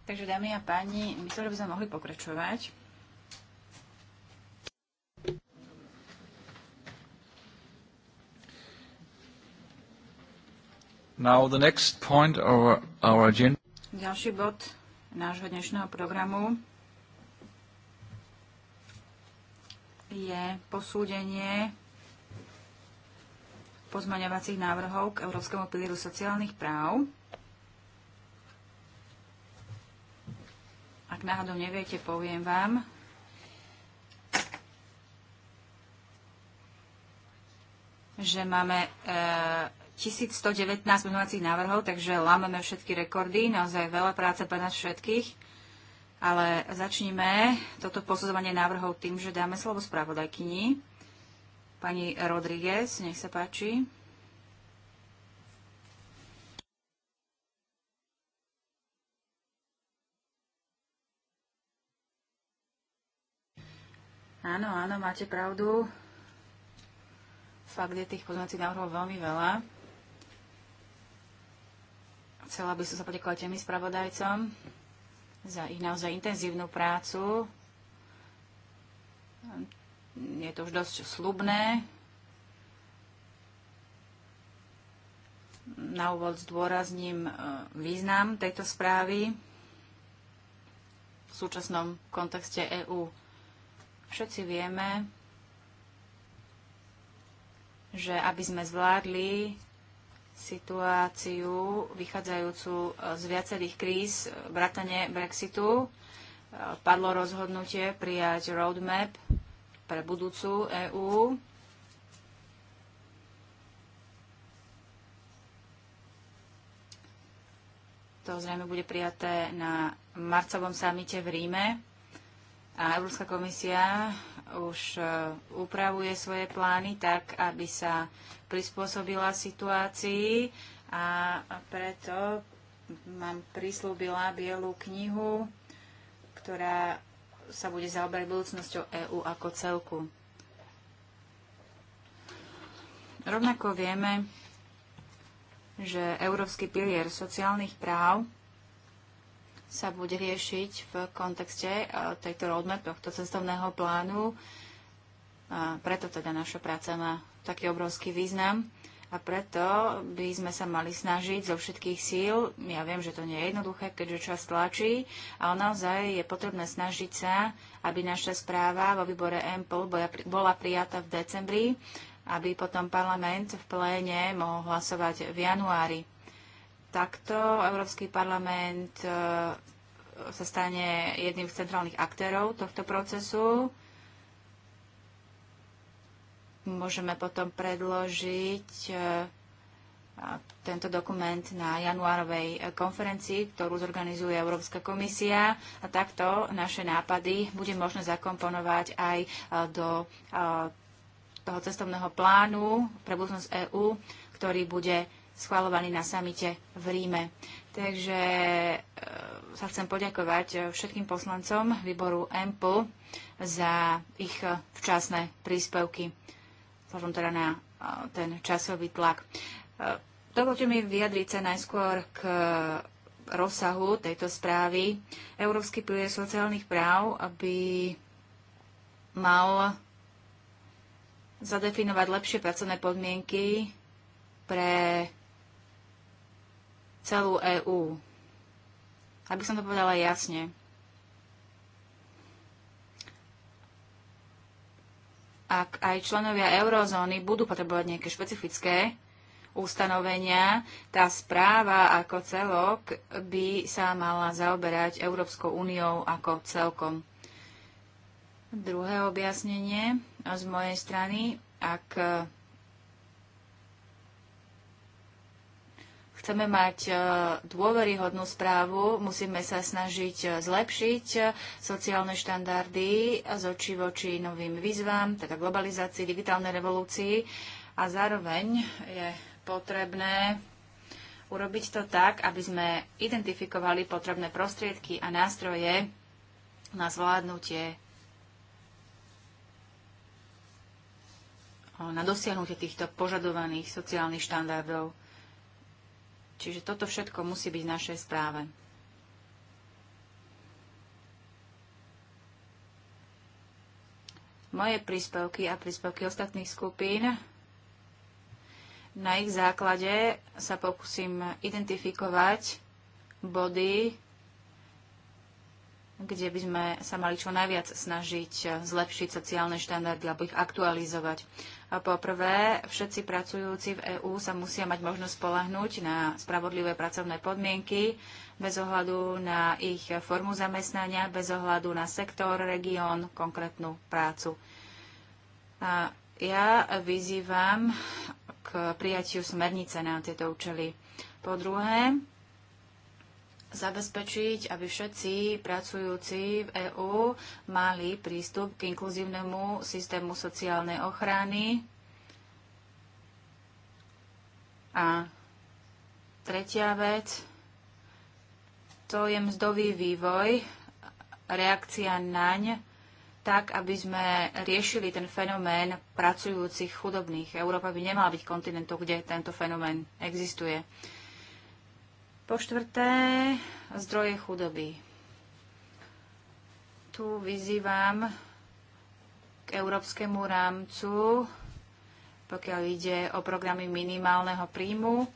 Takže dámy a páni, myslím, že by sme mohli pokračovať. Now the next point of our agenda. Ďalší bod nášho dnešného programu je posúdenie pozmaňovacích návrhov k Európskemu pilieru sociálnych práv. Ak náhodou neviete, poviem vám. že máme e, 1119 menovacích návrhov, takže lámeme všetky rekordy, naozaj veľa práce pre nás všetkých. Ale začníme toto posudzovanie návrhov tým, že dáme slovo spravodajkyni. Pani Rodriguez, nech sa páči. Áno, áno, máte pravdu. Fakt je tých pozmeňovacích návrhov veľmi veľa. Chcela by som sa podiekovať tými spravodajcom za ich naozaj intenzívnu prácu je to už dosť slubné. Na úvod zdôrazním e, význam tejto správy v súčasnom kontexte EÚ. Všetci vieme, že aby sme zvládli situáciu vychádzajúcu e, z viacerých kríz, e, vrátane Brexitu, padlo rozhodnutie prijať roadmap pre budúcu EÚ. To zrejme bude prijaté na marcovom samite v Ríme. A Európska komisia už e, upravuje svoje plány tak, aby sa prispôsobila situácii a preto mám prislúbila bielú knihu, ktorá sa bude zaoberať budúcnosťou EÚ ako celku. Rovnako vieme, že Európsky pilier sociálnych práv sa bude riešiť v kontexte e, tejto roadmap, tohto cestovného plánu. A preto teda naša práca má taký obrovský význam. A preto by sme sa mali snažiť zo všetkých síl, ja viem, že to nie je jednoduché, keďže čas tlačí, ale naozaj je potrebné snažiť sa, aby naša správa vo výbore MPL bola prijata v decembri, aby potom parlament v pléne mohol hlasovať v januári. Takto Európsky parlament e, sa stane jedným z centrálnych aktérov tohto procesu môžeme potom predložiť e, tento dokument na januárovej e, konferencii, ktorú zorganizuje Európska komisia. A takto naše nápady bude možné zakomponovať aj e, do toho cestovného plánu pre budúcnosť EÚ, ktorý bude schvalovaný na samite v Ríme. Takže sa chcem poďakovať všetkým poslancom výboru EMPL za ich včasné príspevky vzhľadom teda na ten časový tlak. E, dovolte mi vyjadriť sa najskôr k rozsahu tejto správy. Európsky pilier sociálnych práv by mal zadefinovať lepšie pracovné podmienky pre celú EÚ. Aby som to povedala jasne. ak aj členovia eurozóny budú potrebovať nejaké špecifické ustanovenia, tá správa ako celok by sa mala zaoberať Európskou úniou ako celkom. Druhé objasnenie z mojej strany, ak Chceme mať e, dôveryhodnú správu, musíme sa snažiť e, zlepšiť e, sociálne štandardy z očí voči novým výzvam, teda globalizácii, digitálnej revolúcii a zároveň je potrebné urobiť to tak, aby sme identifikovali potrebné prostriedky a nástroje na zvládnutie na dosiahnutie týchto požadovaných sociálnych štandardov. Čiže toto všetko musí byť v našej správe. Moje príspevky a príspevky ostatných skupín na ich základe sa pokúsim identifikovať body, kde by sme sa mali čo najviac snažiť zlepšiť sociálne štandardy alebo ich aktualizovať. Poprvé, všetci pracujúci v EÚ sa musia mať možnosť spolahnúť na spravodlivé pracovné podmienky, bez ohľadu na ich formu zamestnania, bez ohľadu na sektor, región, konkrétnu prácu. A ja vyzývam k prijatiu smernice na tieto účely. Po druhé, zabezpečiť, aby všetci pracujúci v EÚ mali prístup k inkluzívnemu systému sociálnej ochrany. A tretia vec, to je mzdový vývoj, reakcia naň, tak, aby sme riešili ten fenomén pracujúcich chudobných. Európa by nemala byť kontinentom, kde tento fenomén existuje. Po štvrté, zdroje chudoby. Tu vyzývam k európskemu rámcu, pokiaľ ide o programy minimálneho príjmu.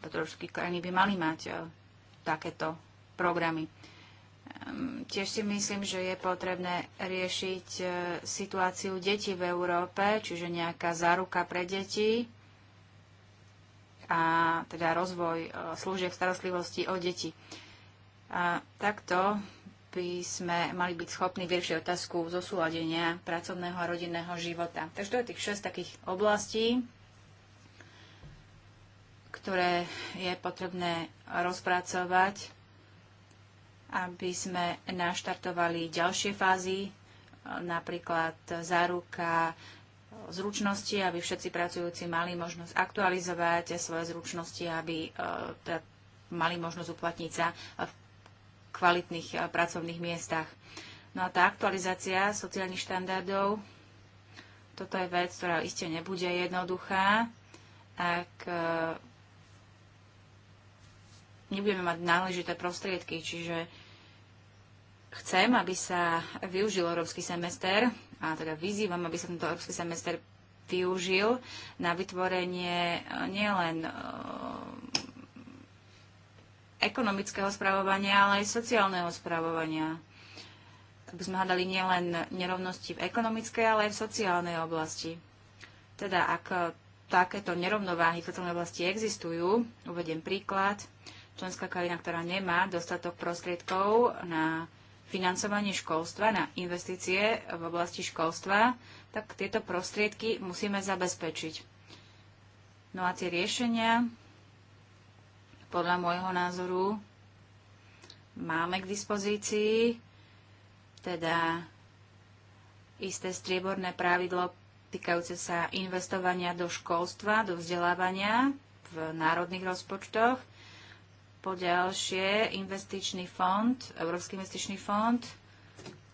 Trošky krajiny by mali mať e, takéto programy. Ehm, tiež si myslím, že je potrebné riešiť e, situáciu detí v Európe, čiže nejaká záruka pre deti a teda rozvoj e, služieb starostlivosti o deti. A takto by sme mali byť schopní vyriešiť otázku zosúladenia pracovného a rodinného života. Takže to je tých 6 takých oblastí, ktoré je potrebné rozpracovať, aby sme naštartovali ďalšie fázy, e, napríklad záruka zručnosti, aby všetci pracujúci mali možnosť aktualizovať svoje zručnosti, aby e, teda mali možnosť uplatniť sa v kvalitných e, pracovných miestach. No a tá aktualizácia sociálnych štandardov, toto je vec, ktorá iste nebude jednoduchá, ak e, nebudeme mať náležité prostriedky, čiže chcem, aby sa využil európsky semester a teda vyzývam, aby sa tento európsky semester využil na vytvorenie eh, nielen eh, ekonomického spravovania, ale aj sociálneho spravovania. Aby sme hľadali nielen nerovnosti v ekonomickej, ale aj v sociálnej oblasti. Teda ak eh, takéto nerovnováhy v sociálnej oblasti existujú, uvediem príklad, členská krajina, ktorá nemá dostatok prostriedkov na financovanie školstva, na investície v oblasti školstva, tak tieto prostriedky musíme zabezpečiť. No a tie riešenia, podľa môjho názoru, máme k dispozícii, teda isté strieborné pravidlo týkajúce sa investovania do školstva, do vzdelávania v národných rozpočtoch. Po ďalšie, investičný fond, Európsky investičný fond,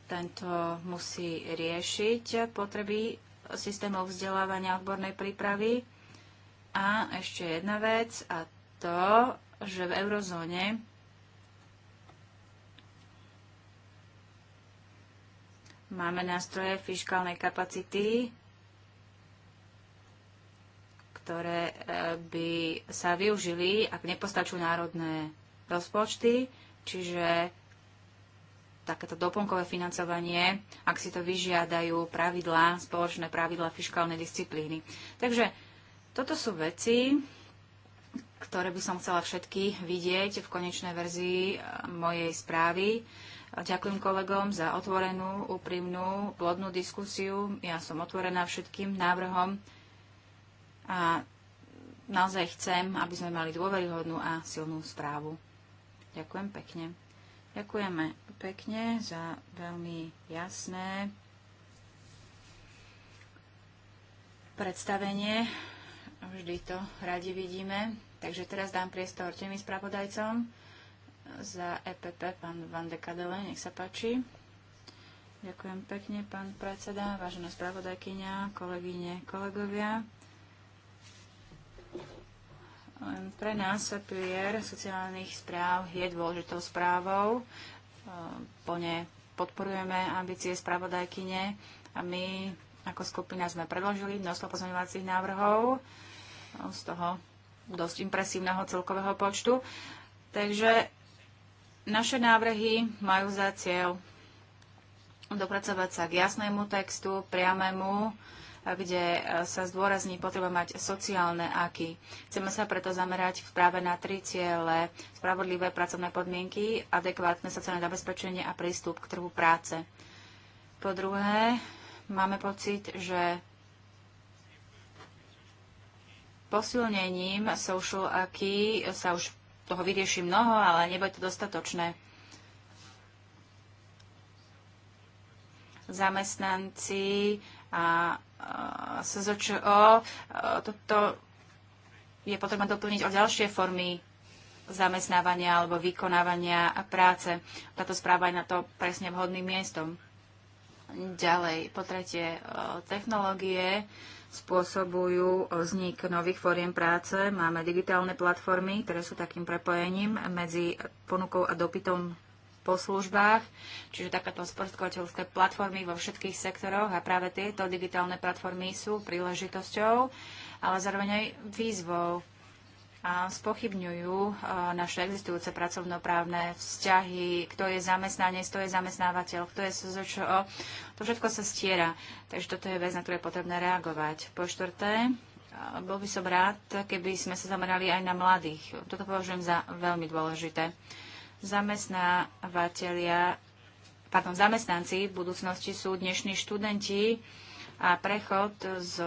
tento musí riešiť potreby systémov vzdelávania odbornej prípravy. A ešte jedna vec, a to, že v eurozóne máme nástroje fiskálnej kapacity, ktoré e, by sa využili, ak nepostačujú národné rozpočty, čiže takéto doplnkové financovanie, ak si to vyžiadajú pravidlá, spoločné pravidlá fiskálnej disciplíny. Takže toto sú veci, ktoré by som chcela všetky vidieť v konečnej verzii e, mojej správy. Ďakujem kolegom za otvorenú, úprimnú, plodnú diskusiu. Ja som otvorená všetkým návrhom a naozaj chcem, aby sme mali dôveryhodnú a silnú správu. Ďakujem pekne. Ďakujeme pekne za veľmi jasné predstavenie. Vždy to radi vidíme. Takže teraz dám priestor tým spravodajcom za EPP, pán Van de Kadele, nech sa páči. Ďakujem pekne, pán predseda, vážená spravodajkyňa, kolegyne, kolegovia. Len pre nás pilier sociálnych správ je dôležitou správou. E, ne podporujeme ambície spravodajkyne a my ako skupina sme predložili množstvo pozmeňovacích návrhov e, z toho dosť impresívneho celkového počtu. Takže naše návrhy majú za cieľ dopracovať sa k jasnému textu, priamému, kde e, sa zdôrazní potreba mať sociálne aky. Chceme sa preto zamerať práve na tri ciele. Spravodlivé pracovné podmienky, adekvátne sociálne zabezpečenie a prístup k trhu práce. Po druhé, máme pocit, že posilnením social aky sa už toho vyrieši mnoho, ale nebude to dostatočné. Zamestnanci a, a SZČO. E, toto je potrebné doplniť o ďalšie formy zamestnávania alebo vykonávania práce. Táto správa je na to presne vhodným miestom. Ďalej, po tretie, e, technológie spôsobujú vznik nových fóriem práce. Máme digitálne platformy, ktoré sú takým prepojením medzi ponukou a dopytom po službách, čiže takáto sprostkovateľské platformy vo všetkých sektoroch a práve tieto digitálne platformy sú príležitosťou, ale zároveň aj výzvou a spochybňujú e, naše existujúce pracovnoprávne vzťahy, kto je zamestnanec, kto je zamestnávateľ, kto je SZČO. To všetko sa stiera. Takže toto je vec, na ktorú je potrebné reagovať. Po štvrté, e, bol by som rád, keby sme sa zamerali aj na mladých. Toto považujem za veľmi dôležité. Zamestnávateľia, pardon, zamestnanci v budúcnosti sú dnešní študenti a prechod z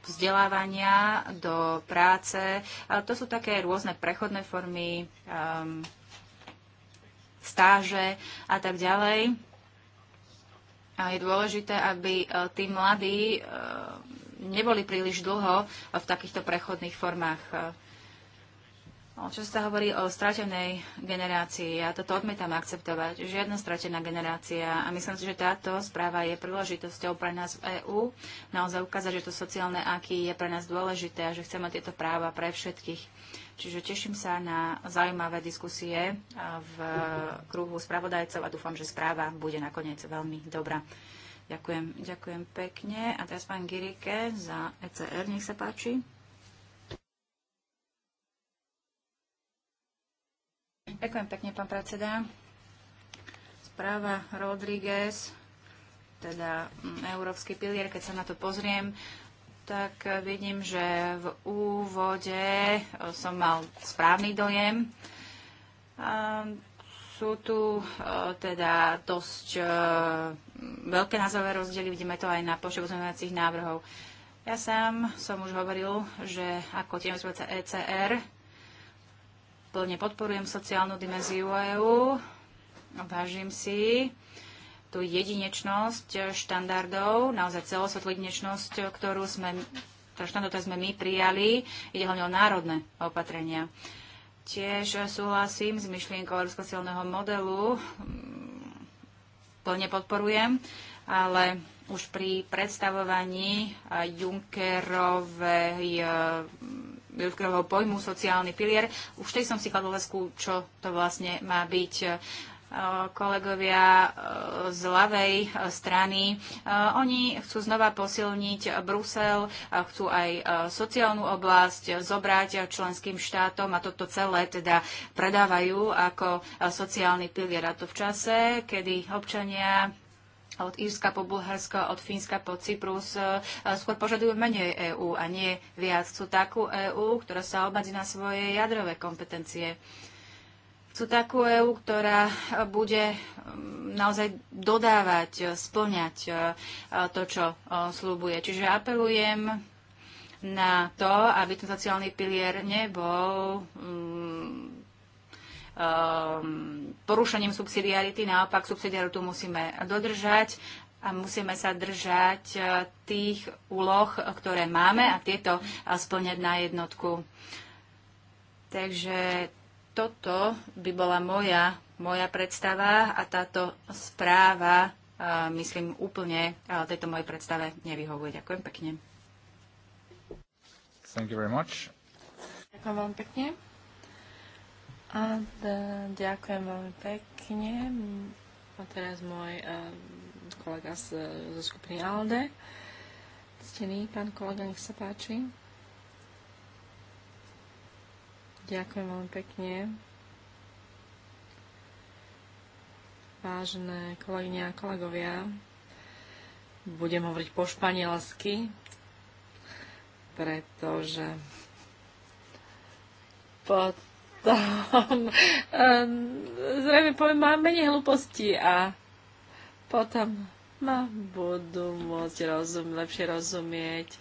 vzdelávania do práce. to sú také rôzne prechodné formy um, stáže a tak ďalej. A je dôležité, aby e, tí mladí e, neboli príliš dlho v takýchto prechodných formách čo sa hovorí o stratenej generácii, ja toto odmietam akceptovať. Žiadna stratená generácia. A myslím si, že táto správa je príležitosťou pre nás v EÚ naozaj ukázať, že to sociálne aký je pre nás dôležité a že chceme tieto práva pre všetkých. Čiže teším sa na zaujímavé diskusie v kruhu spravodajcov a dúfam, že správa bude nakoniec veľmi dobrá. Ďakujem, ďakujem pekne. A teraz pán Girike za ECR, nech sa páči. Ďakujem pekne, pán predseda. Správa Rodriguez, teda mm, Európsky pilier, keď sa na to pozriem, tak vidím, že v úvode e, som mal správny dojem. Sú tu e, teda dosť e, veľké názové rozdiely, vidíme to aj na poševozonovacích návrhov. Ja sám som už hovoril, že ako tiež ECR Plne podporujem sociálnu dimenziu EÚ. Vážim si tú jedinečnosť štandardov, naozaj celosvetlú jedinečnosť, ktorú sme, ktorú štandard sme my prijali, ide hlavne o národné opatrenia. Tiež súhlasím s myšlienkou európsko-silného modelu, plne podporujem, ale už pri predstavovaní Junckerovej Jurkerovho pojmu sociálny pilier. Už tej som si kladol, lesku, čo to vlastne má byť e, kolegovia e, z ľavej e, strany. Oni chcú znova posilniť Brusel, chcú aj sociálnu oblasť zobrať členským štátom a toto celé teda predávajú ako sociálny pilier. A to v čase, kedy občania od Írska po Bulharsko, od Fínska po Cyprus, e, e, skôr požadujú menej EÚ a nie viac. Chcú takú EÚ, ktorá sa obmedzí na svoje jadrové kompetencie. Chcú takú EÚ, ktorá bude mm, naozaj dodávať, e, splňať to, čo slúbuje. Čiže apelujem na to, aby ten sociálny pilier nebol mm, Um, porušením subsidiarity. Naopak subsidiaritu musíme dodržať a musíme sa držať uh, tých úloh, ktoré máme a tieto uh, splňať na jednotku. Takže toto by bola moja, moja predstava a táto správa, uh, myslím, úplne tejto mojej predstave nevyhovuje. Ďakujem pekne. Thank you very much. Ďakujem veľmi pekne. A ďakujem veľmi pekne. A teraz môj uh, kolega z, zo skupiny ALDE. Ctený pán kolega, nech sa páči. Ďakujem veľmi pekne. Vážené kolegyne a kolegovia, budem hovoriť po španielsky, pretože pod potom ehm, zrejme poviem, mám menej hlúpostí a potom ma budú môcť rozum, lepšie rozumieť,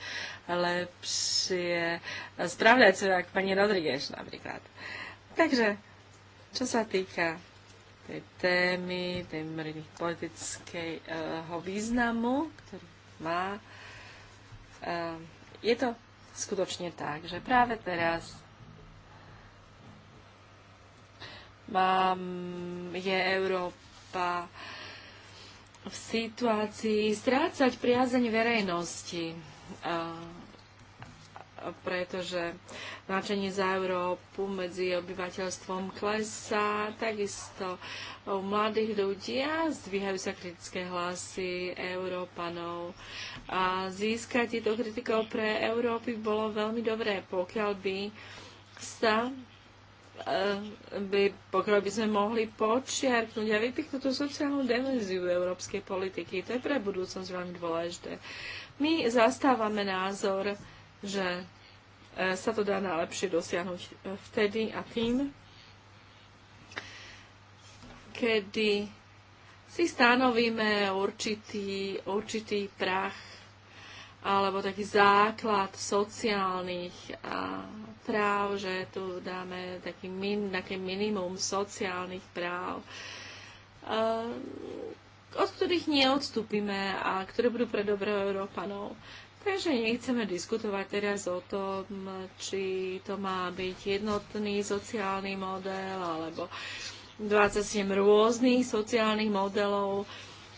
lepšie spravľať sa, ako pani Rodriguez napríklad. Takže, čo sa týka tej témy, tej mrných politického významu, ktorý má, ehm, je to skutočne tak, že práve teraz Mám, je Európa v situácii strácať priazeň verejnosti, eh, pretože značenie za Európu medzi obyvateľstvom klesá, takisto u mladých ľudí a zdvíhajú sa kritické hlasy Európanov. A získať tieto kritikov pre Európy bolo veľmi dobré, pokiaľ by sa Eh, by, pokiaľ by sme mohli počiarknúť a vypichnúť tú sociálnu dimenziu európskej politiky. To je pre budúcnosť veľmi dôležité. My zastávame názor, že eh, sa to dá najlepšie dosiahnuť eh, vtedy a tým, kedy si stanovíme určitý, určitý prach alebo taký základ sociálnych a, práv, že tu dáme taký min, také minimum sociálnych práv, a, od ktorých neodstúpime a ktoré budú pre dobro Európanov. Takže nechceme diskutovať teraz o tom, či to má byť jednotný sociálny model alebo 27 rôznych sociálnych modelov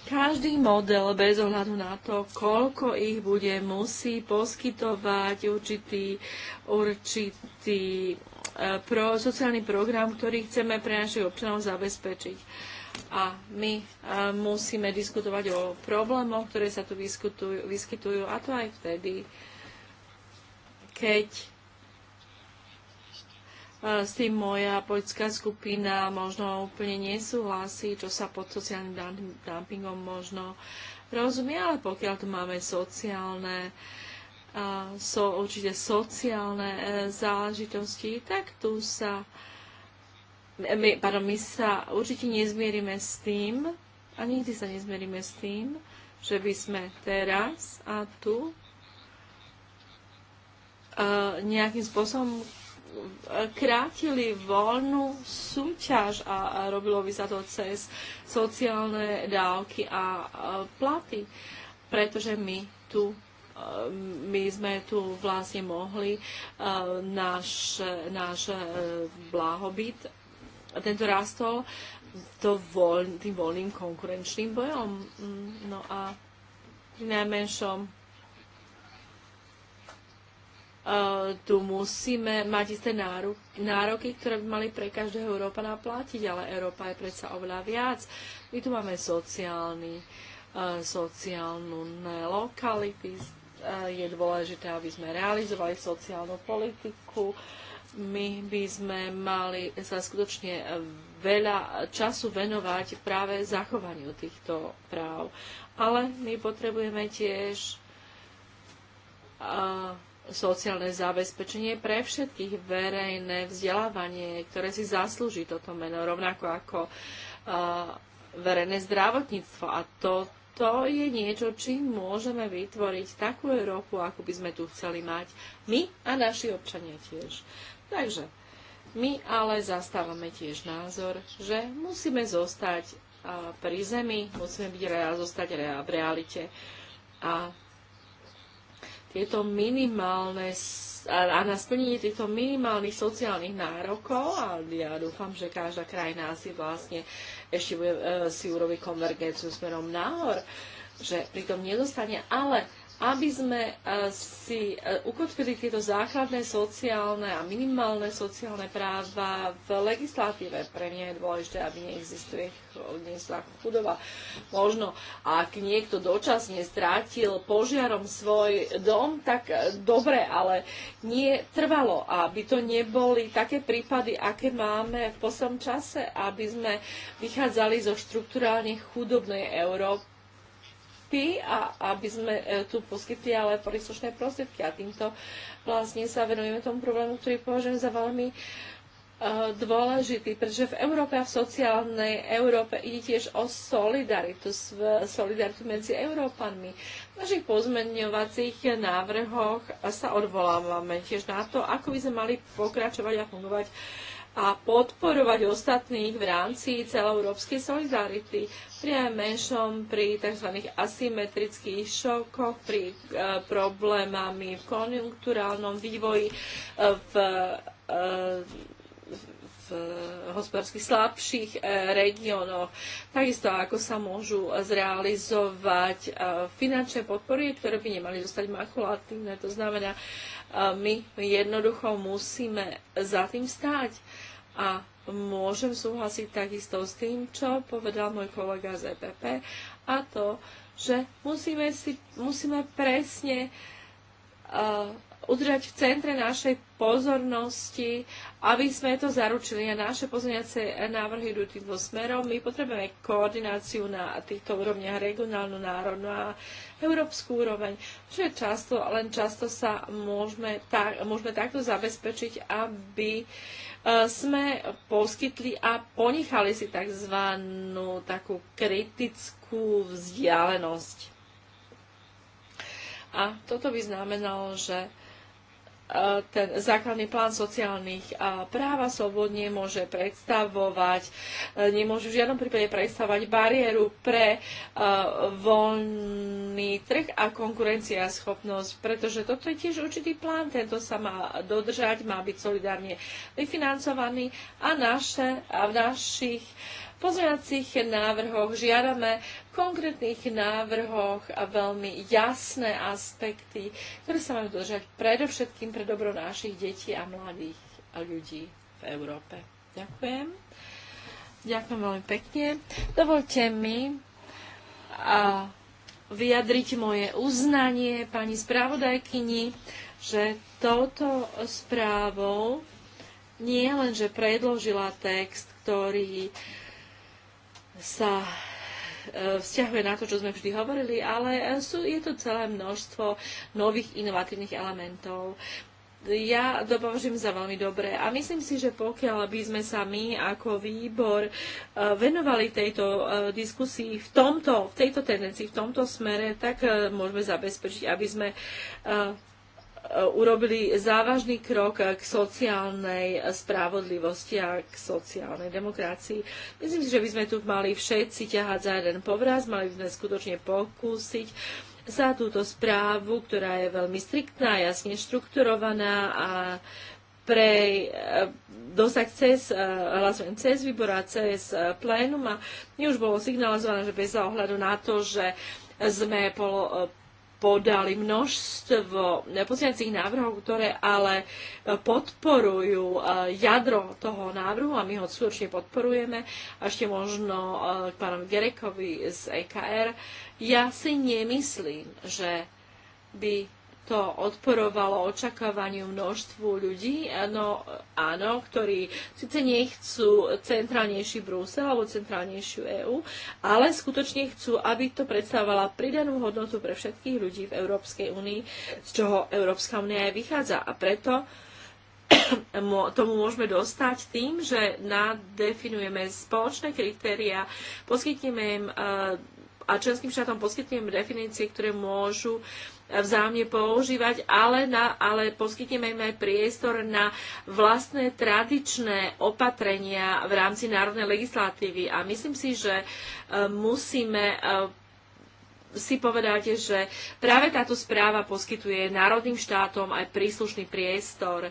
každý model, bez ohľadu na to, koľko ich bude, musí poskytovať určitý, určitý e, pro, sociálny program, ktorý chceme pre našich občanov zabezpečiť. A my e, musíme diskutovať o problémoch, ktoré sa tu vyskytujú, vyskytujú a to aj vtedy, keď E, s tým moja politická skupina možno úplne nesúhlasí, čo sa pod sociálnym dumpingom možno rozumie, ale pokiaľ tu máme sociálne sú so, určite sociálne e, záležitosti, tak tu sa e, my, pardon, my sa určite nezmierime s tým a nikdy sa nezmierime s tým, že by sme teraz a tu nejakým spôsobom krátili voľnú súťaž a, robilo by sa to cez sociálne dávky a, a platy, pretože my tu e, my sme tu vlastne mohli e, náš, náš e, blahobyt, tento rastol to voľ, tým voľným konkurenčným bojom. Mm, no a pri najmenšom Eh, tu musíme mať isté nároky, ktoré by mali pre každého Európana platiť, ale Európa je predsa oveľa viac. My tu máme sociálny, eh, sociálnu lokality, eh, je dôležité, aby sme realizovali sociálnu politiku. My by sme mali sa skutočne veľa času venovať práve zachovaniu týchto práv. Ale my potrebujeme tiež uh, sociálne zabezpečenie pre všetkých, verejné vzdelávanie, ktoré si zaslúži toto meno, rovnako ako verejné zdravotníctvo. A to, to je niečo, čím môžeme vytvoriť takú Európu, ako by sme tu chceli mať my a naši občania tiež. Takže my ale zastávame tiež názor, že musíme zostať pri zemi, musíme byť rea, zostať rea, v realite a tieto minimálne a na splnenie týchto minimálnych sociálnych nárokov a ja dúfam, že každá krajina si vlastne ešte bude, e, si urobiť konvergenciu smerom nahor, že pritom nedostane, ale aby sme e, si e, ukotvili tieto základné sociálne a minimálne sociálne práva v legislatíve. Pre mňa je dôležité, aby neexistuje dnes chudoba. Možno, ak niekto dočasne strátil požiarom svoj dom, tak e, dobre, ale nie trvalo, aby to neboli také prípady, aké máme v poslednom čase, aby sme vychádzali zo štruktúrálne chudobnej Európy postupy a aby sme e, tu poskytli ale príslušné prostriedky. A týmto vlastne sa venujeme tomu problému, ktorý považujem za veľmi e, dôležitý, pretože v Európe a v sociálnej Európe ide tiež o solidaritu, solidaritu medzi Európanmi. V našich pozmeňovacích návrhoch sa odvolávame tiež na to, ako by sme mali pokračovať a fungovať a podporovať ostatných v rámci celoeurópskej solidarity. Pri aj menšom pri tzv. asymetrických šokoch, pri e, problémami v konjunkturálnom vývoji, e, v, e, v hospodárských slabších e, regiónoch, takisto ako sa môžu zrealizovať e, finančné podpory, ktoré by nemali zostať makulatívne. To znamená, e, my jednoducho musíme za tým stáť a môžem súhlasiť takisto s tým, čo povedal môj kolega z EPP, a to, že musíme, si, musíme presne uh, udržať v centre našej pozornosti, aby sme to zaručili. A naše pozorniace návrhy idú týmto smerom. My potrebujeme koordináciu na týchto úrovniach, regionálnu, národnú a európsku úroveň. Že často, len často sa môžeme, tak, môžeme takto zabezpečiť, aby e, sme poskytli a ponechali si tzv. takú kritickú vzdialenosť. A toto by znamenalo, že E, ten základný plán sociálnych práv a slobod nemôže predstavovať, e, nemôže v žiadnom prípade predstavovať bariéru pre e, voľný trh a konkurencia schopnosť, pretože toto je tiež určitý plán, tento sa má dodržať, má byť solidárne vyfinancovaný a naše, a v našich uh, pozmeňacích návrhoch žiadame v konkrétnych návrhoch a veľmi jasné aspekty, ktoré sa majú dodržať predovšetkým pre dobro našich detí a mladých ľudí v Európe. Ďakujem. Ďakujem veľmi pekne. Dovolte mi a vyjadriť moje uznanie pani spravodajkyni, že touto správou nie len, že predložila text, ktorý uh, sa e, vzťahuje na to, čo sme vždy hovorili, ale sú, je to celé množstvo nových inovatívnych elementov. Ja to považujem za veľmi dobré a myslím si, že pokiaľ by sme sa my ako výbor e, venovali tejto e, diskusii v tomto, v tejto tendencii, v tomto smere, tak môžeme zabezpečiť, aby sme E, urobili závažný krok k sociálnej spravodlivosti a k sociálnej demokracii. Myslím si, že by sme tu mali všetci ťahať za jeden povraz, mali by sme skutočne pokúsiť za túto správu, ktorá je veľmi striktná, jasne štrukturovaná a pre e, dosah cez, e, hlasujem cez výbor a cez plénum a mne už bolo signalizované, že bez ohľadu na to, že sme podali množstvo pozmeňacích návrhov, ktoré ale e, podporujú e, jadro toho návrhu a my ho skutočne podporujeme. A ešte možno e, k pánom Gerekovi z EKR. Ja si nemyslím, že by to odporovalo očakávaniu množstvu ľudí, no áno, ktorí síce nechcú centrálnejší Brusel alebo centrálnejšiu EÚ, ale skutočne chcú, aby to predstavovala pridanú hodnotu pre všetkých ľudí v Európskej únii, z čoho Európska únia aj vychádza. A preto [COUGHS] tomu môžeme dostať tým, že nadefinujeme spoločné kritéria, poskytneme im a členským štátom poskytneme definície, ktoré môžu vzájomne používať, ale, na, ale poskytneme im aj priestor na vlastné tradičné opatrenia v rámci národnej legislatívy. A myslím si, že e, musíme e, si povedať, že práve táto správa poskytuje národným štátom aj príslušný priestor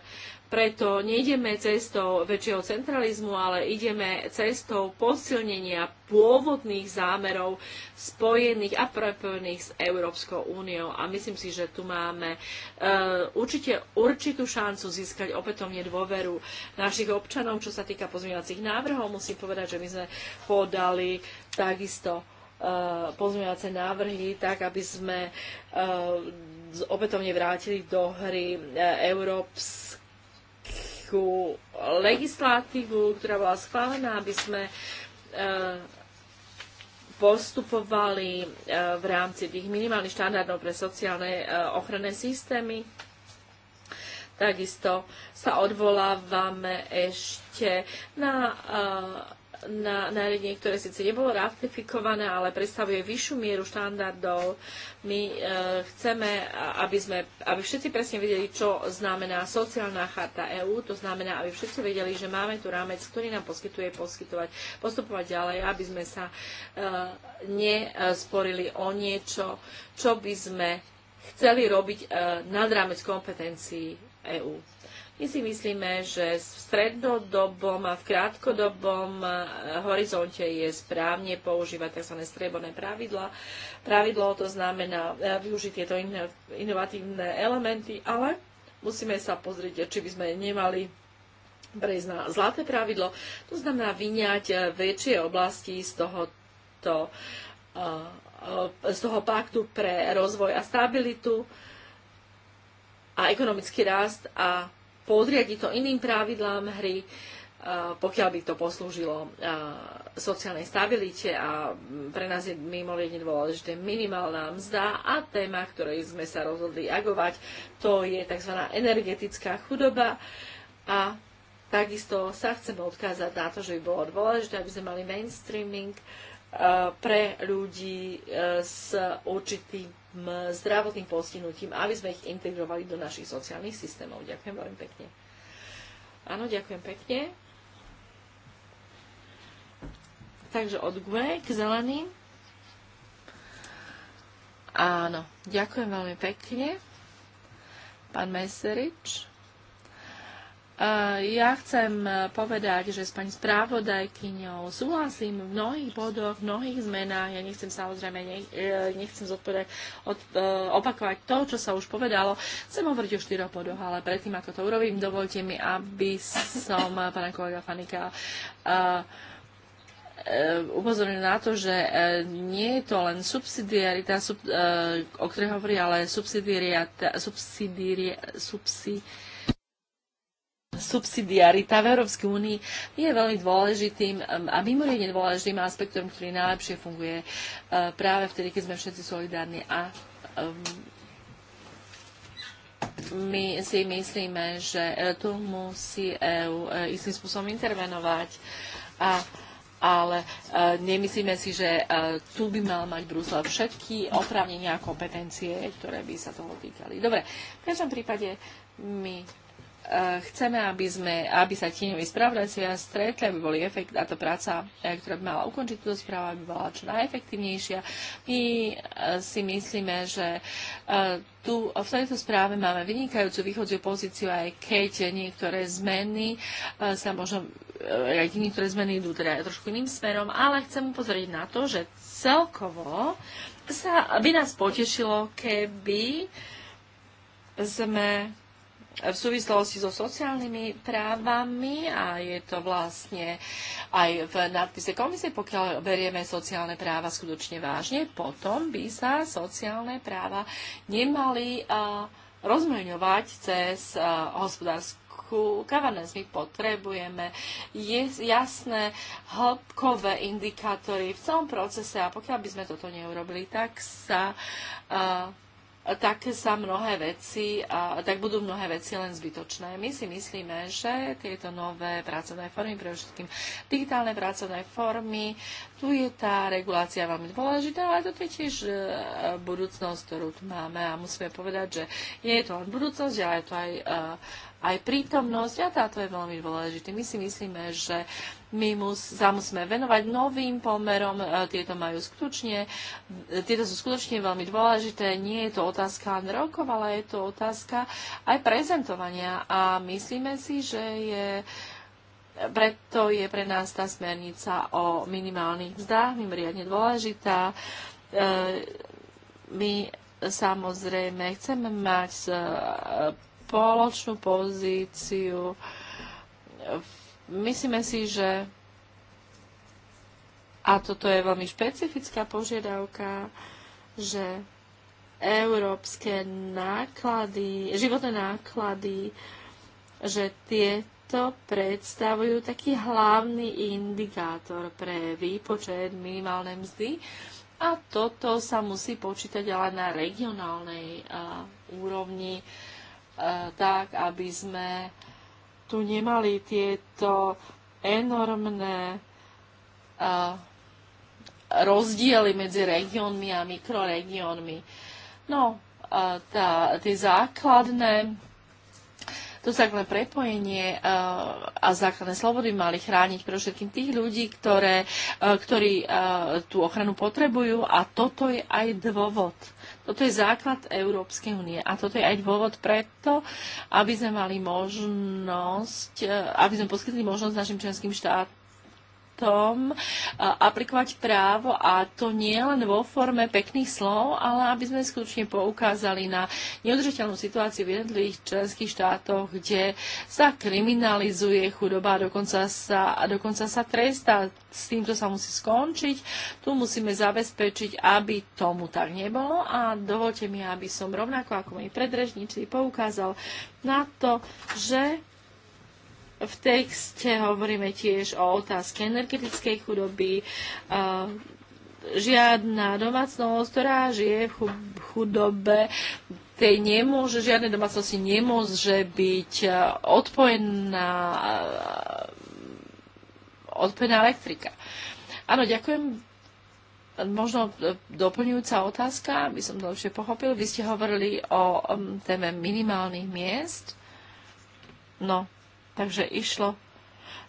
preto nejdeme cestou väčšieho centralizmu, ale ideme cestou posilnenia pôvodných zámerov spojených a prepojených s Európskou úniou. A myslím si, že tu máme uh, určite určitú šancu získať opätovne dôveru našich občanov, čo sa týka pozmeňovacích návrhov. Musím povedať, že my sme podali takisto uh, pozmeňovacie návrhy, tak aby sme uh, opätovne vrátili do hry európsky nejakú legislatívu, ktorá bola schválená, aby sme eh, postupovali eh, v rámci tých minimálnych štandardov pre sociálne eh, ochranné systémy. Takisto sa odvolávame ešte na na nariadenie, ktoré síce nebolo ratifikované, ale predstavuje vyššiu mieru štandardov. My e, chceme, aby, sme, aby všetci presne vedeli, čo znamená sociálna charta EÚ. To znamená, aby všetci vedeli, že máme tu rámec, ktorý nám poskytuje poskytovať, postupovať ďalej, aby sme sa e, nesporili o niečo, čo by sme chceli robiť e, nad rámec kompetencií EÚ. My si myslíme, že v strednodobom a v krátkodobom e, horizonte je správne používať tzv. strieborné pravidla. Pravidlo to znamená e, využiť tieto inovatívne elementy, ale musíme sa pozrieť, či by sme nemali prejsť na zlaté pravidlo. To znamená vyňať e, väčšie oblasti z tohoto z toho paktu pre rozvoj a stabilitu a ekonomický rast a podriadiť to iným pravidlám hry, pokiaľ by to poslúžilo sociálnej stabilite a pre nás je mimoriadne dôležité minimálna mzda a téma, ktorej sme sa rozhodli agovať, to je tzv. energetická chudoba a takisto sa chceme odkázať na to, že by bolo dôležité, aby sme mali mainstreaming Eh, pre ľudí eh, s určitým mm, zdravotným postihnutím, aby sme ich integrovali do našich sociálnych systémov. Ďakujem veľmi pekne. Áno, ďakujem pekne. Takže od GUE k zeleným. Áno, ďakujem veľmi pekne. Pán Meserič. Eh, ja chcem eh, povedať, že s pani správodajkyňou súhlasím v mnohých bodoch, v mnohých zmenách. Ja nechcem samozrejme, eh, nechcem zodpovedať, opakovať to, čo sa už povedalo. Chcem hovoriť o štyroch bodoch, ale predtým, ako to urobím, dovolte mi, aby som pána kolega Fanika upozorňujem na to, že nie je to len subsidiarita, sub, o ktorej hovorí, ale subsidiarita, subsidiarita, subsidiarita subsidiarita v Európskej únii je veľmi dôležitým um, a mimoriadne dôležitým aspektom, ktorý najlepšie funguje uh, práve vtedy, keď sme všetci solidárni a um, my si myslíme, že e, tu musí EU e, istým spôsobom intervenovať a ale e, nemyslíme si, že tu by mal mať Brusel všetky oprávnenia a kompetencie, ktoré by sa toho týkali. Dobre, v každom prípade my Chceme, aby, sme, aby sa tieňoví spravodajcovia stretli, aby boli efekt, táto práca, eh, ktorá by mala ukončiť túto správu, aby bola čo najefektívnejšia. My eh, si myslíme, že eh, tu v tejto správe máme vynikajúcu východziu pozíciu, aj keď niektoré zmeny sa možno aj niektoré zmeny idú teda trošku iným smerom, ale chcem upozoriť na to, že celkovo sa by nás potešilo, keby sme v súvislosti so sociálnymi právami a je to vlastne aj v nadpise komisie, pokiaľ berieme sociálne práva skutočne vážne, potom by sa sociálne práva nemali rozmeňovať cez hospodárskú governance. My potrebujeme jasné hĺbkové indikátory v celom procese a pokiaľ by sme toto neurobili, tak sa uh, tak sa mnohé veci, tak budú mnohé veci len zbytočné. My si myslíme, že tieto nové pracovné formy, pre všetkým digitálne pracovné formy, tu je tá regulácia veľmi dôležitá, ale to je tiež e, budúcnosť, ktorú tu máme a musíme povedať, že nie je to len budúcnosť, ale je to aj e, aj prítomnosť a táto je veľmi dôležitý. My si myslíme, že my mus, sa musíme venovať novým pomerom, e, tieto majú skutočne, e, tieto sú skutočne veľmi dôležité. Nie je to otázka len rokov, ale je to otázka aj prezentovania a myslíme si, že je preto je pre nás tá smernica o minimálnych mzdách mimoriadne dôležitá. E, my samozrejme chceme mať spoločnú pozíciu. Myslíme si, že a toto je veľmi špecifická požiadavka, že európske náklady, životné náklady, že tieto predstavujú taký hlavný indikátor pre výpočet minimálnej mzdy a toto sa musí počítať ale na regionálnej úrovni Eh, tak, aby sme tu nemali tieto enormné eh, rozdiely medzi regiónmi a mikroregiónmi. No, eh, tá, tie základné to základné prepojenie a základné slobody mali chrániť pre všetkým tých ľudí, ktoré, ktorí tú ochranu potrebujú a toto je aj dôvod, toto je základ Európskej únie a toto je aj dôvod preto, aby sme mali možnosť, e, aby sme poskytli možnosť našim členským štátom potom e, aplikovať právo a to nie len vo forme pekných slov, ale aby sme skutočne poukázali na neudržiteľnú situáciu v jednotlivých členských štátoch, kde sa kriminalizuje chudoba, dokonca sa, a dokonca sa trestá. S týmto sa musí skončiť. Tu musíme zabezpečiť, aby tomu tak nebolo a dovolte mi, aby som rovnako ako moji predrežníci poukázal na to, že v texte hovoríme tiež o otázke energetickej chudoby, žiadna domácnosť, ktorá žije v chudobe, tej nemôže, žiadne domácnosti nemôže byť e, odpojená, e, odpojená elektrika. Áno, ďakujem. Možno e, doplňujúca otázka, by som to lepšie pochopil. Vy ste hovorili o téme minimálnych miest. No, Takže išlo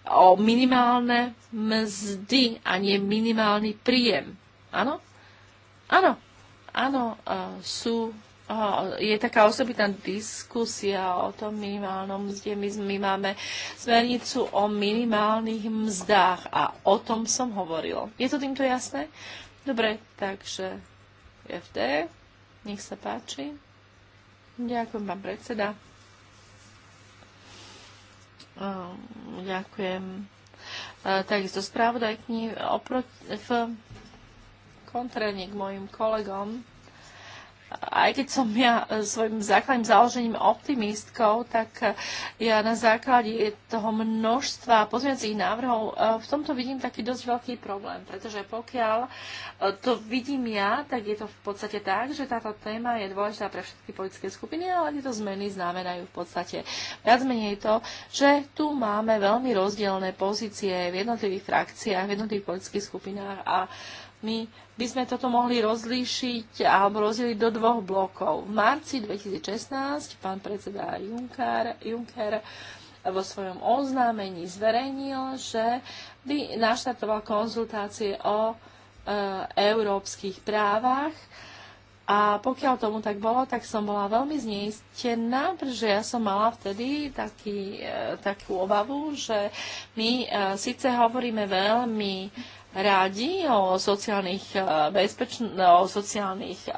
o minimálne mzdy a nie minimálny príjem. Áno? Áno. Áno, sú je taká osobitná diskusia o tom minimálnom mzde. My, my máme smernicu o minimálnych mzdách a o tom som hovoril. Je to týmto jasné? Dobre, takže FD, nech sa páči. Ďakujem, pán predseda. Ehm, ďakujem. E, takisto oproti v kontrane k mojim kolegom aj keď som ja e, svojim základným založením optimistkou, tak e, ja na základe toho množstva pozmeňacích návrhov e, v tomto vidím taký dosť veľký problém, pretože pokiaľ to vidím ja, tak je to v podstate tak, že táto téma je dôležitá pre všetky politické skupiny, ale tieto zmeny znamenajú v podstate viac menej to, že tu máme veľmi rozdielne pozície v jednotlivých frakciách, v jednotlivých politických skupinách a my by sme toto mohli rozlíšiť alebo rozdeliť do dvoch blokov. V marci 2016 pán predseda Juncker, Juncker vo svojom oznámení zverejnil, že by naštartoval konzultácie o e, európskych právach. A pokiaľ tomu tak bolo, tak som bola veľmi zneistená, pretože ja som mala vtedy taký, e, takú obavu, že my e, síce hovoríme veľmi rádi o sociálnych, eh, bezpečn- eh, o sociálnych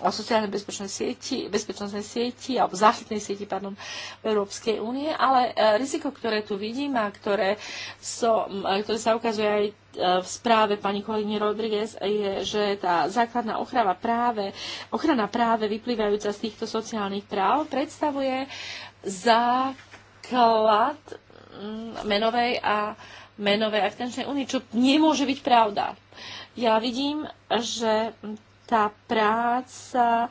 o sociálnej bezpečnej sieti, bezpečnostnej sieti alebo záchytnej sieti pardon, Európskej únie, ale eh, riziko, ktoré tu vidím a ktoré, so, ktoré sa ukazuje aj v správe pani kolegyne Rodriguez je, že tá základná ochrana práve, ochrana práve vyplývajúca z týchto sociálnych práv predstavuje základ mm, menovej a menovej a finančnej únie, čo nemôže byť pravda. Ja vidím, že tá práca e,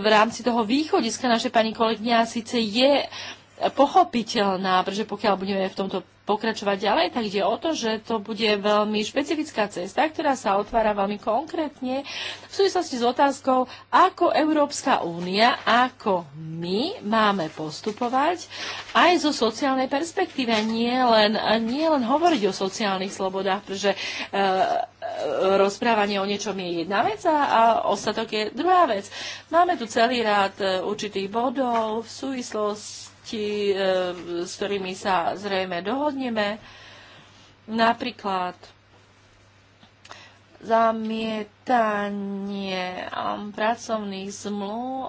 v rámci toho východiska našej pani kolegyňa síce je pochopiteľná, pretože pokiaľ budeme v tomto pokračovať ďalej, tak ide o to, že to bude veľmi špecifická cesta, ktorá sa otvára veľmi konkrétne v súvislosti s otázkou, ako Európska únia, ako my máme postupovať aj zo sociálnej perspektívy, nie len, nie len hovoriť o sociálnych slobodách, pretože e, e, rozprávanie o niečom je jedna vec a, a ostatok je druhá vec. Máme tu celý rád e, určitých bodov v súvislosti ti, eh, s ktorými sa zrejme dohodneme. Napríklad zamietanie eh, pracovných zmluv eh,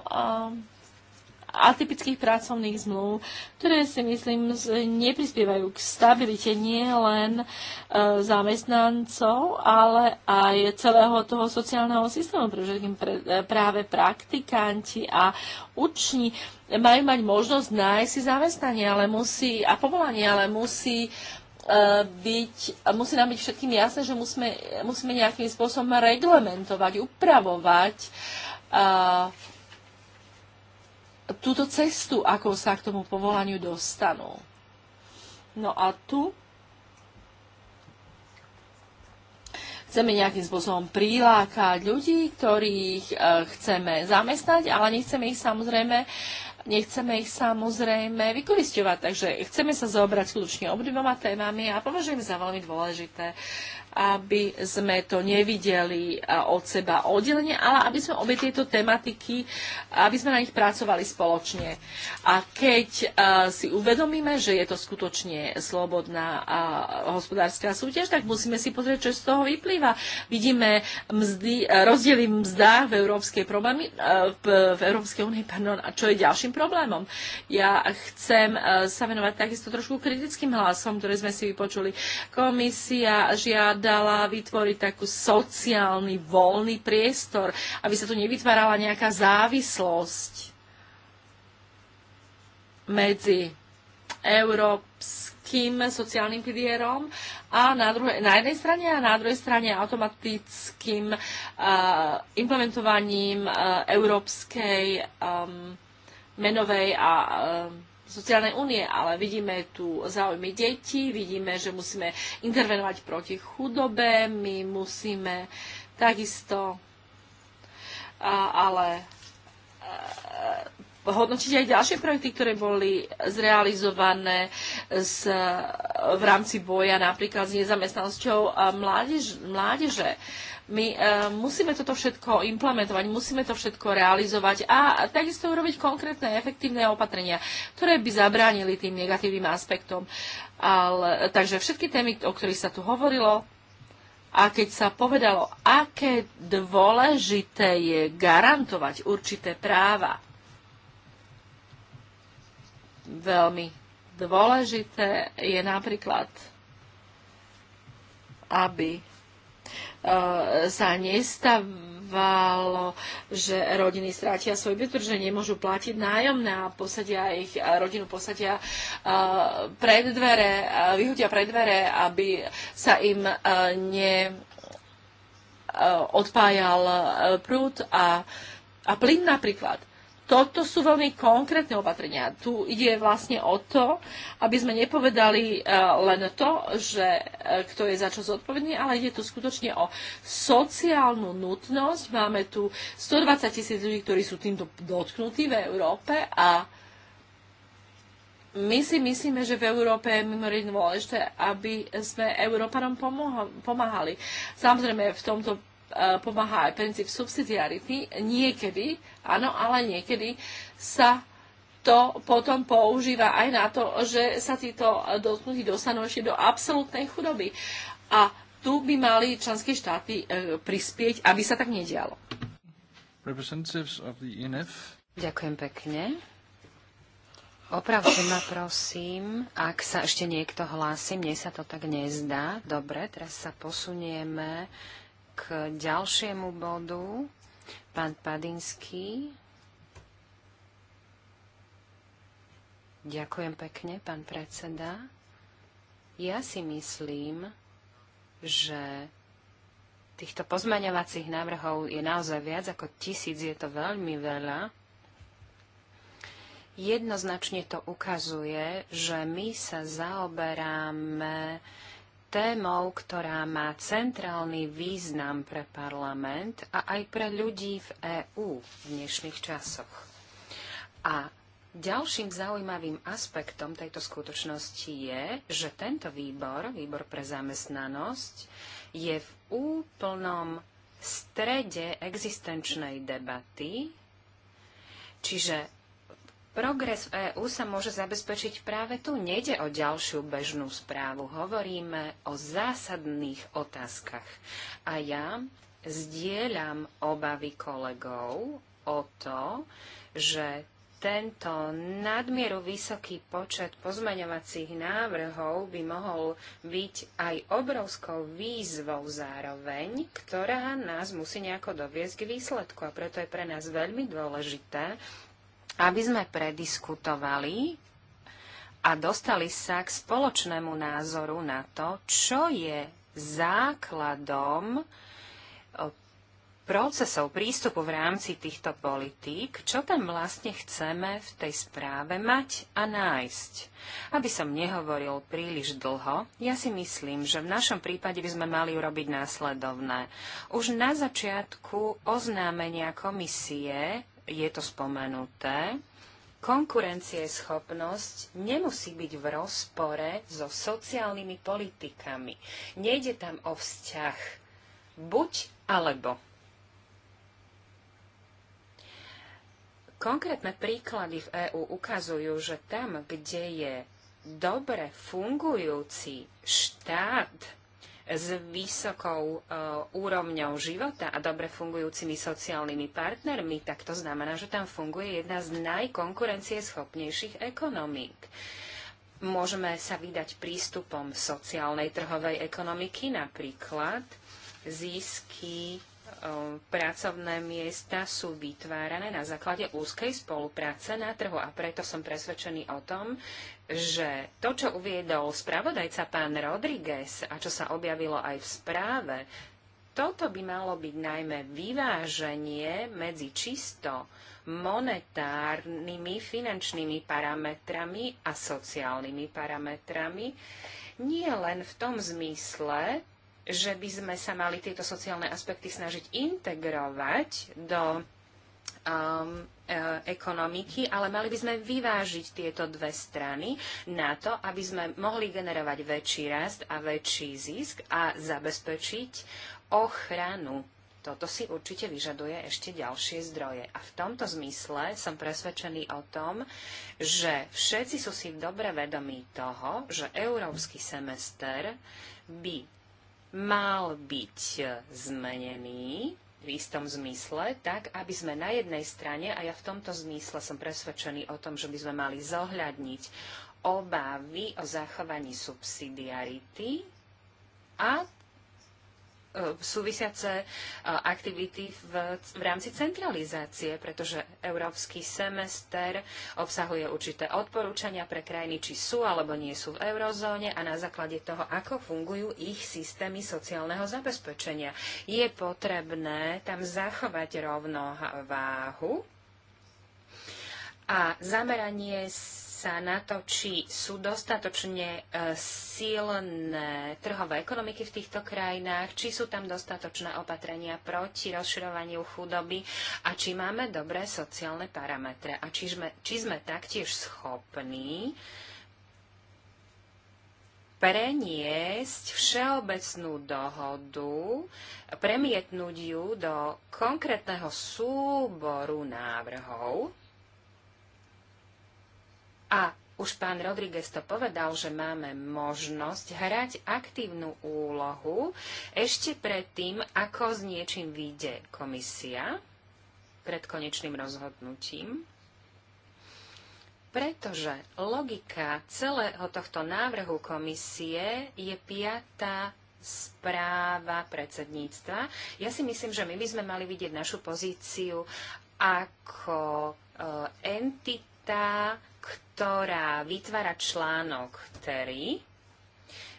atypických pracovných zmluv, ktoré si myslím neprispievajú k stabilite nie len e, zamestnancov, ale aj celého toho sociálneho systému, pretože e, práve praktikanti a uční majú mať možnosť nájsť si zamestnanie ale musí, a povolanie, ale musí e, byť, musí nám byť všetkým jasné, že musíme, musíme nejakým spôsobom reglementovať, upravovať uh, túto cestu, ako sa k tomu povolaniu dostanú. No a tu chceme nejakým spôsobom prilákať ľudí, ktorých e, chceme zamestnať, ale nechceme ich samozrejme nechceme ich samozrejme vykoristovať. Takže chceme sa zaobrať skutočne obdivoma témami a považujem za veľmi dôležité, aby sme to nevideli e, od seba oddelenie, ale aby sme obe tieto tematiky, aby sme na nich pracovali spoločne. A keď e, si uvedomíme, že je to skutočne slobodná e, hospodárska súťaž, tak musíme si pozrieť, čo z toho vyplýva. Vidíme mzdy, rozdiely mzda v Európskej, problémy, v Európskej únii, pardon, a čo je ďalším problémom. Ja chcem sa venovať takisto trošku kritickým hlasom, ktoré sme si vypočuli. Komisia žiada povedala, vytvoriť takú sociálny, voľný priestor, aby sa tu nevytvárala nejaká závislosť medzi európskym sociálnym pilierom a na, druhe, na jednej strane a na druhej strane automatickým uh, implementovaním uh, európskej um, menovej a uh, sociálnej únie, ale vidíme tu záujmy detí, vidíme, že musíme intervenovať proti chudobe, my musíme takisto a, ale a, e, hodnotiť aj ďalšie projekty, ktoré boli zrealizované s, v rámci boja napríklad s nezamestnanosťou mládež, mládeže. mládeže my e, musíme toto všetko implementovať, musíme to všetko realizovať a takisto urobiť konkrétne efektívne opatrenia, ktoré by zabránili tým negatívnym aspektom. Ale, takže všetky témy, o ktorých sa tu hovorilo, a keď sa povedalo, aké dôležité je garantovať určité práva, veľmi dôležité je napríklad, aby E, sa nestávalo, že rodiny strátia svoj byt, pretože nemôžu platiť nájomné a posadia ich rodinu posadia e, pred dvere, e, vyhodia pred dvere, aby sa im ne odpájal prúd a, a plyn napríklad. Toto sú veľmi konkrétne opatrenia. Tu ide vlastne o to, aby sme nepovedali e, len to, že e, kto je za čo zodpovedný, ale ide tu skutočne o sociálnu nutnosť. Máme tu 120 tisíc ľudí, ktorí sú týmto dotknutí v Európe a my si myslíme, že v Európe je mimoriadne dôležité, aby sme Európanom pomáhali. Samozrejme, v tomto Eh, pomáha aj princíp subsidiarity. Niekedy, áno, ale niekedy sa to potom používa aj na to, že sa títo dotknutí dostanú ešte do absolútnej chudoby. A tu by mali členské štáty eh, prispieť, aby sa tak nedialo. E Ďakujem pekne. Opravte ma, prosím, ak sa ešte niekto hlási, mne sa to tak nezdá. Dobre, teraz sa posunieme k ďalšiemu bodu. Pán Padinský. Ďakujem pekne, pán predseda. Ja si myslím, že týchto pozmeňovacích návrhov je naozaj viac ako tisíc, je to veľmi veľa. Jednoznačne to ukazuje, že my sa zaoberáme témou, ktorá má centrálny význam pre parlament a aj pre ľudí v EÚ v dnešných časoch. A ďalším zaujímavým aspektom tejto skutočnosti je, že tento výbor, výbor pre zamestnanosť, je v úplnom strede existenčnej debaty, čiže Progres v EÚ sa môže zabezpečiť práve tu. Nejde o ďalšiu bežnú správu. Hovoríme o zásadných otázkach. A ja zdieľam obavy kolegov o to, že tento nadmieru vysoký počet pozmaňovacích návrhov by mohol byť aj obrovskou výzvou zároveň, ktorá nás musí nejako doviesť k výsledku. A preto je pre nás veľmi dôležité, aby sme prediskutovali a dostali sa k spoločnému názoru na to, čo je základom procesov prístupu v rámci týchto politík, čo tam vlastne chceme v tej správe mať a nájsť. Aby som nehovoril príliš dlho, ja si myslím, že v našom prípade by sme mali urobiť následovné. Už na začiatku oznámenia komisie je to spomenuté, konkurencieschopnosť nemusí byť v rozpore so sociálnymi politikami. Nejde tam o vzťah buď alebo. Konkrétne príklady v EÚ ukazujú, že tam, kde je dobre fungujúci štát, s vysokou eh, úrovňou života a dobre fungujúcimi sociálnymi partnermi, tak to znamená, že tam funguje jedna z najkonkurencieschopnejších ekonomík môžeme sa vydať prístupom sociálnej trhovej ekonomiky, napríklad zisky Ehm, pracovné miesta sú vytvárané na základe úzkej spolupráce na trhu a preto som presvedčený o tom, že to, čo uviedol spravodajca pán Rodriguez a čo sa objavilo aj v správe, toto by malo byť najmä vyváženie medzi čisto monetárnymi finančnými parametrami a sociálnymi parametrami, nie len v tom zmysle, že by sme sa mali tieto sociálne aspekty snažiť integrovať do um, e, ekonomiky, ale mali by sme vyvážiť tieto dve strany na to, aby sme mohli generovať väčší rast a väčší zisk a zabezpečiť ochranu. Toto si určite vyžaduje ešte ďalšie zdroje. A v tomto zmysle som presvedčený o tom, že všetci sú si dobre vedomí toho, že európsky semester by mal byť zmenený v istom zmysle, tak aby sme na jednej strane, a ja v tomto zmysle som presvedčený o tom, že by sme mali zohľadniť obavy o zachovaní subsidiarity a E, súvisiace e, aktivity v, v rámci centralizácie, pretože európsky semester obsahuje určité odporúčania pre krajiny, či sú alebo nie sú v eurozóne a na základe toho, ako fungujú ich systémy sociálneho zabezpečenia. Je potrebné tam zachovať rovnováhu a zameranie sa na to, či sú dostatočne e, silné trhové ekonomiky v týchto krajinách, či sú tam dostatočné opatrenia proti rozširovaniu chudoby a či máme dobré sociálne parametre a či sme, či sme taktiež schopní preniesť všeobecnú dohodu, premietnúť ju do konkrétneho súboru návrhov, a už pán Rodriguez to povedal, že máme možnosť hrať aktívnu úlohu ešte predtým, ako s niečím vyjde komisia pred konečným rozhodnutím. Pretože logika celého tohto návrhu komisie je piatá správa predsedníctva. Ja si myslím, že my by sme mali vidieť našu pozíciu ako e, entity tá, ktorá vytvára článok 3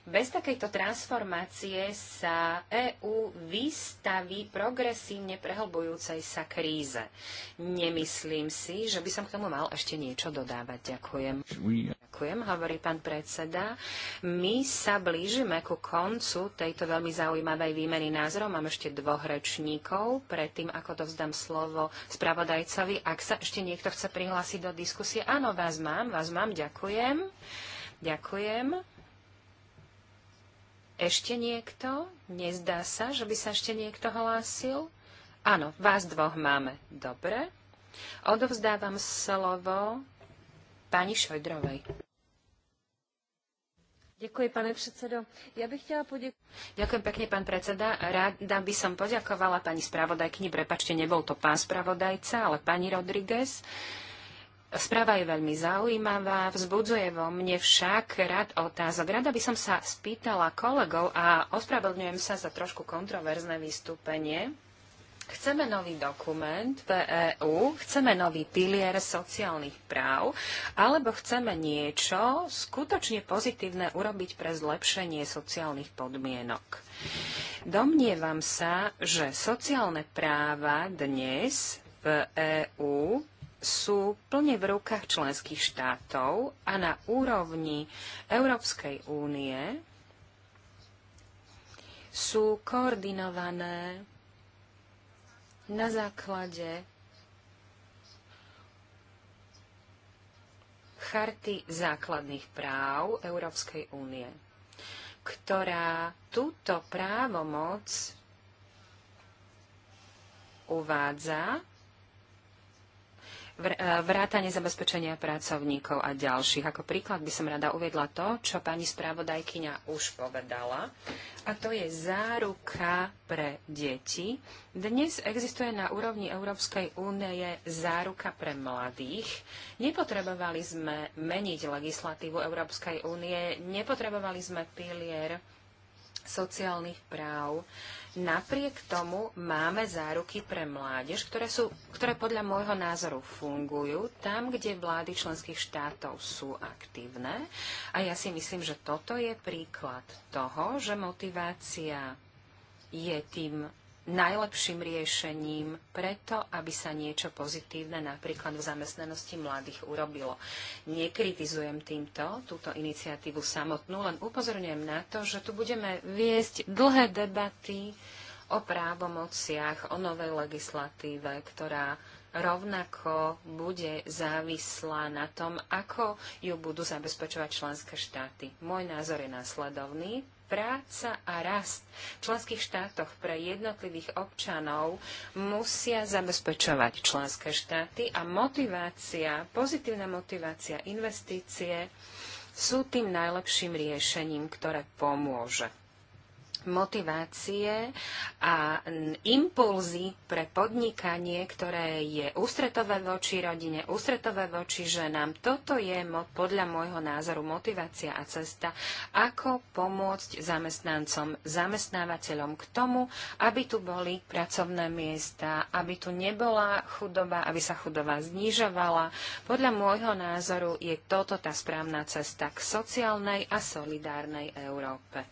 bez takejto transformácie sa EÚ vystaví progresívne prehlbujúcej sa kríze. Nemyslím si, že by som k tomu mal ešte niečo dodávať. Ďakujem. Ďakujem, hovorí pán predseda. My sa blížime ku koncu tejto veľmi zaujímavej výmeny názorov. Mám ešte dvoch rečníkov. Predtým, ako dovzdám slovo spravodajcovi, ak sa ešte niekto chce prihlásiť do diskusie, áno, vás mám, vás mám, ďakujem. Ďakujem. Ešte niekto? Nezdá sa, že by sa ešte niekto hlásil? Áno, vás dvoch máme. Dobre. Odovzdávam slovo pani Šojdrovej. Ďakujem, pane predsedo. Ja bych chtěla poděkovat. Ďakujem pekne, pán predseda. Rada by som poďakovala pani spravodajkyni. Prepačte, nebol to pán spravodajca, ale pani Rodriguez. Uh, Správa je veľmi zaujímavá, vzbudzuje vo mne však rad otázok. Rada by som sa spýtala kolegov a ospravedlňujem sa za trošku kontroverzné vystúpenie. Chceme nový dokument v EÚ, chceme nový pilier sociálnych práv, alebo chceme niečo skutočne pozitívne urobiť pre zlepšenie sociálnych podmienok. Domnievam sa, že sociálne práva dnes v EÚ sú plne v rukách členských štátov a na úrovni Európskej únie sú koordinované na základe Charty základných práv Európskej únie, ktorá túto právomoc uvádza E, vrátanie zabezpečenia pracovníkov a ďalších. Ako príklad by som rada uviedla to, čo pani správodajkyňa už povedala, a to je záruka pre deti. Dnes existuje na úrovni Európskej únie záruka pre mladých. Nepotrebovali sme meniť legislatívu Európskej únie, nepotrebovali sme pilier sociálnych práv. Napriek tomu máme záruky pre mládež, ktoré, sú, ktoré podľa môjho názoru fungujú tam, kde vlády členských štátov sú aktívne. A ja si myslím, že toto je príklad toho, že motivácia je tým najlepším riešením preto, aby sa niečo pozitívne napríklad v zamestnanosti mladých urobilo. Nekritizujem týmto túto iniciatívu samotnú, len upozorňujem na to, že tu budeme viesť dlhé debaty o právomociach, o novej legislatíve, ktorá rovnako bude závislá na tom, ako ju budú zabezpečovať členské štáty. Môj názor je následovný práca a rast v členských štátoch pre jednotlivých občanov musia zabezpečovať členské štáty a motivácia, pozitívna motivácia investície sú tým najlepším riešením, ktoré pomôže motivácie a impulzy pre podnikanie, ktoré je ústretové voči rodine, ústretové voči ženám. Toto je podľa môjho názoru motivácia a cesta, ako pomôcť zamestnancom, zamestnávateľom k tomu, aby tu boli pracovné miesta, aby tu nebola chudoba, aby sa chudoba znižovala. Podľa môjho názoru je toto tá správna cesta k sociálnej a solidárnej Európe.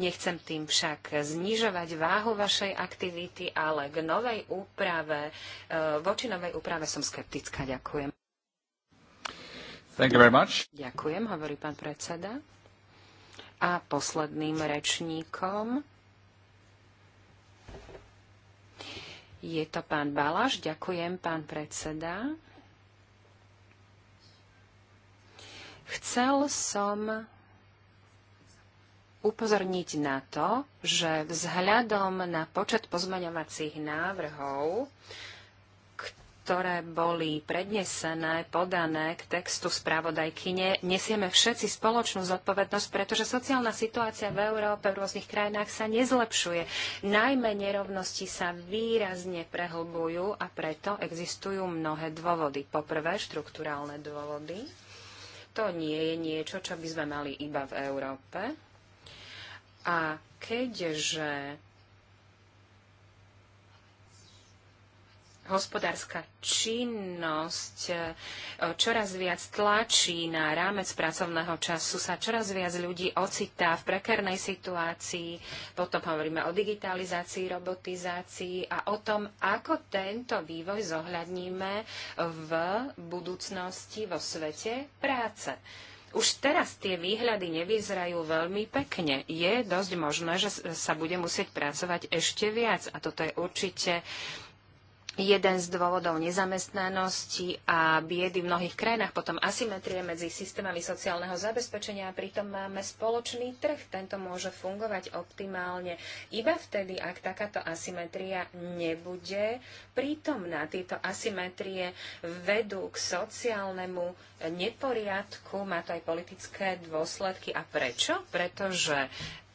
Nechcem tým však znižovať váhu vašej aktivity, ale k novej úprave, e, voči novej úprave som skeptická. Ďakujem. Thank you very much. Ďakujem, hovorí pán predseda. A posledným rečníkom je to pán Balaš. Ďakujem, pán predseda. Chcel som upozorniť na to, že vzhľadom na počet pozmaňovacích návrhov, ktoré boli prednesené, podané k textu spravodajkyne, nesieme všetci spoločnú zodpovednosť, pretože sociálna situácia v Európe v rôznych krajinách sa nezlepšuje. Najmä nerovnosti sa výrazne prehlbujú a preto existujú mnohé dôvody. Poprvé, štruktúrálne dôvody. To nie je niečo, čo by sme mali iba v Európe. A keďže hospodárska činnosť e, čoraz viac tlačí na rámec pracovného času, sa čoraz viac ľudí ocitá v prekernej situácii. Potom hovoríme o digitalizácii, robotizácii a o tom, ako tento vývoj zohľadníme v budúcnosti vo svete práce už teraz tie výhľady nevyzerajú veľmi pekne. Je dosť možné, že sa bude musieť pracovať ešte viac a toto je určite jeden z dôvodov nezamestnanosti a biedy v mnohých krajinách, potom asymetrie medzi systémami sociálneho zabezpečenia a pritom máme spoločný trh. Tento môže fungovať optimálne iba vtedy, ak takáto asymetria nebude prítomná. Tieto asymetrie vedú k sociálnemu neporiadku, má to aj politické dôsledky. A prečo? Pretože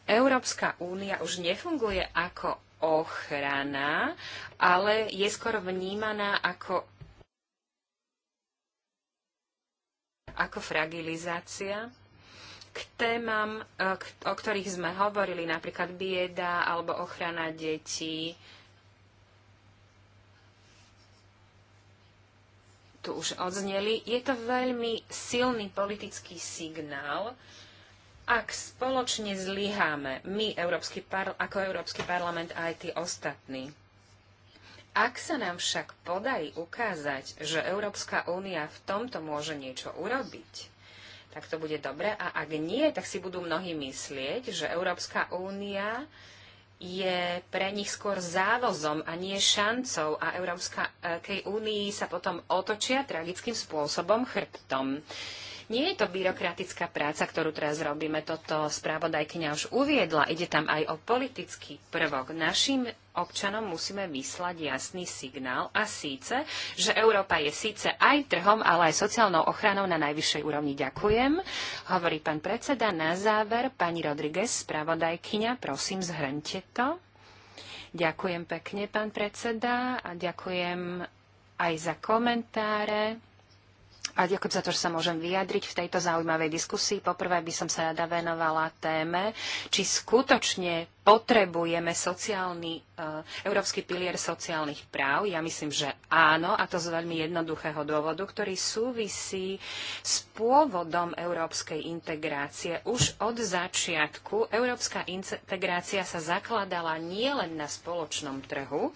Európska únia už nefunguje ako ochrana, ale je skôr vnímaná ako ako fragilizácia k témam, e, o ktorých sme hovorili, napríklad bieda alebo ochrana detí. Tu už odzneli. Je to veľmi silný politický signál, ak spoločne zlyháme, my Európsky ako Európsky parlament a aj tí ostatní, ak sa nám však podarí ukázať, že Európska únia v tomto môže niečo urobiť, tak to bude dobre. A ak nie, tak si budú mnohí myslieť, že Európska únia je pre nich skôr závozom a nie šancou a Európskej únii sa potom otočia tragickým spôsobom chrbtom. Uh, nie je to byrokratická práca, ktorú teraz robíme. Toto správodajkyňa už uviedla. Ide tam aj o politický prvok. Našim občanom musíme vyslať jasný signál a síce, že Európa je síce aj trhom, ale aj sociálnou ochranou na najvyššej úrovni. Ďakujem. Hovorí pán predseda. Na záver, pani Rodriguez, správodajkyňa, prosím, zhrňte to. Ďakujem pekne, pán predseda, a ďakujem aj za komentáre. A ďakujem za to, že sa môžem vyjadriť v tejto zaujímavej diskusii. Poprvé by som sa rada venovala téme, či skutočne potrebujeme sociálny, eh, európsky pilier sociálnych práv? Ja myslím, že áno, a to z veľmi jednoduchého dôvodu, ktorý súvisí s pôvodom európskej integrácie. Už od začiatku európska integrácia sa zakladala nielen na spoločnom trhu,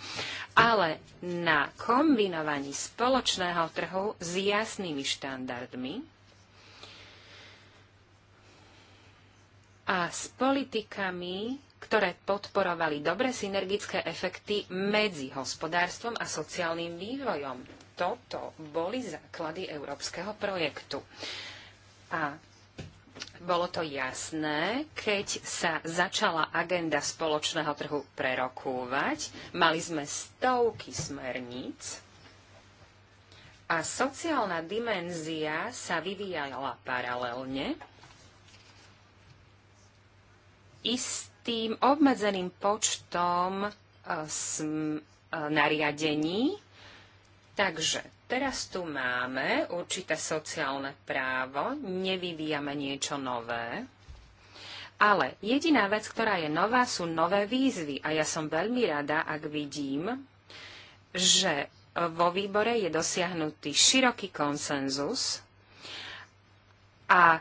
ale na kombinovaní spoločného trhu s jasnými štandardmi, a s politikami, ktoré podporovali dobre synergické efekty medzi hospodárstvom a sociálnym vývojom. Toto boli základy európskeho projektu. A bolo to jasné, keď sa začala agenda spoločného trhu prerokúvať. Mali sme stovky smerníc a sociálna dimenzia sa vyvíjala paralelne. Isté tým obmedzeným počtom e, e, nariadení. Takže teraz tu máme určité sociálne právo, nevyvíjame niečo nové, ale jediná vec, ktorá je nová, sú nové výzvy. A ja som veľmi rada, ak vidím, že vo výbore je dosiahnutý široký konsenzus a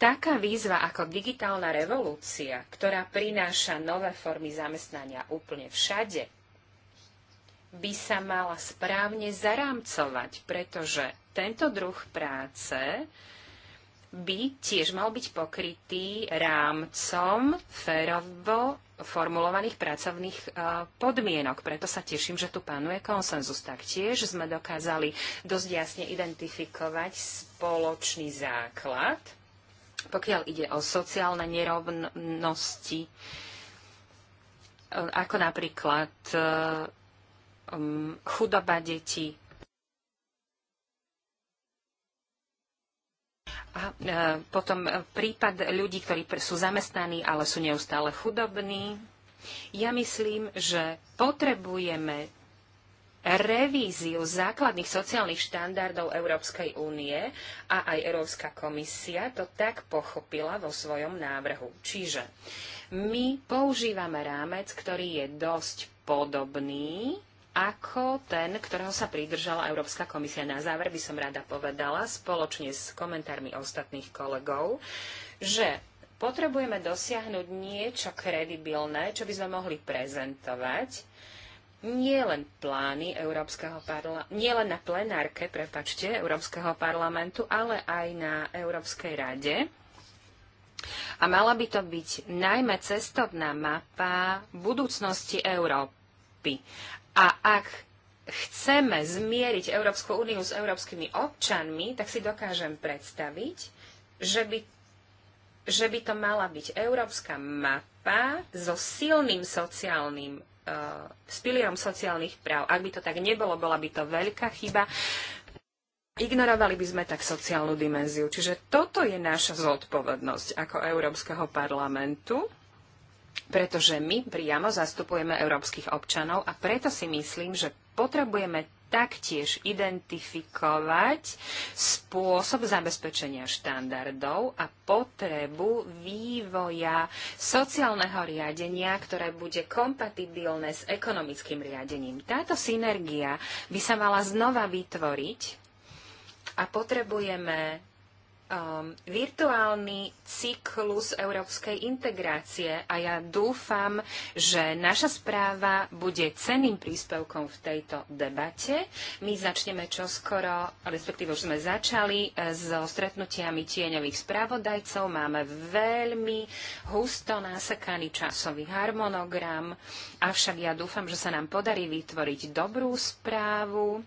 Taká výzva ako digitálna revolúcia, ktorá prináša nové formy zamestnania úplne všade, by sa mala správne zarámcovať, pretože tento druh práce by tiež mal byť pokrytý rámcom férovo formulovaných pracovných e, podmienok. Preto sa teším, že tu panuje konsenzus. Taktiež sme dokázali dosť jasne identifikovať spoločný základ pokiaľ ide o sociálne nerovnosti, e, ako napríklad e, chudoba detí, A e, potom prípad ľudí, ktorí sú zamestnaní, ale sú neustále chudobní. Ja myslím, že potrebujeme revíziu základných sociálnych štandardov Európskej únie a aj Európska komisia to tak pochopila vo svojom návrhu. Čiže my používame rámec, ktorý je dosť podobný ako ten, ktorého sa pridržala Európska komisia. Na záver by som rada povedala, spoločne s komentármi ostatných kolegov, že potrebujeme dosiahnuť niečo kredibilné, čo by sme mohli prezentovať nie len plány Európskeho parla- nie len na plenárke, prepačte, Európskeho parlamentu, ale aj na Európskej rade. A mala by to byť najmä cestovná mapa budúcnosti Európy. A ak chceme zmieriť Európsku úniu s európskymi občanmi, tak si dokážem predstaviť, že by, že by to mala byť európska mapa so silným sociálnym s pilierom sociálnych práv. Ak by to tak nebolo, bola by to veľká chyba. Ignorovali by sme tak sociálnu dimenziu. Čiže toto je naša zodpovednosť ako Európskeho parlamentu, pretože my priamo zastupujeme európskych občanov a preto si myslím, že potrebujeme taktiež identifikovať spôsob zabezpečenia štandardov a potrebu vývoja sociálneho riadenia, ktoré bude kompatibilné s ekonomickým riadením. Táto synergia by sa mala znova vytvoriť a potrebujeme um, virtuálny cyklus európskej integrácie a ja dúfam, že naša správa bude cenným príspevkom v tejto debate. My začneme čoskoro, respektíve už sme začali e, so stretnutiami tieňových správodajcov. Máme veľmi husto nasekaný časový harmonogram, avšak ja dúfam, že sa nám podarí vytvoriť dobrú správu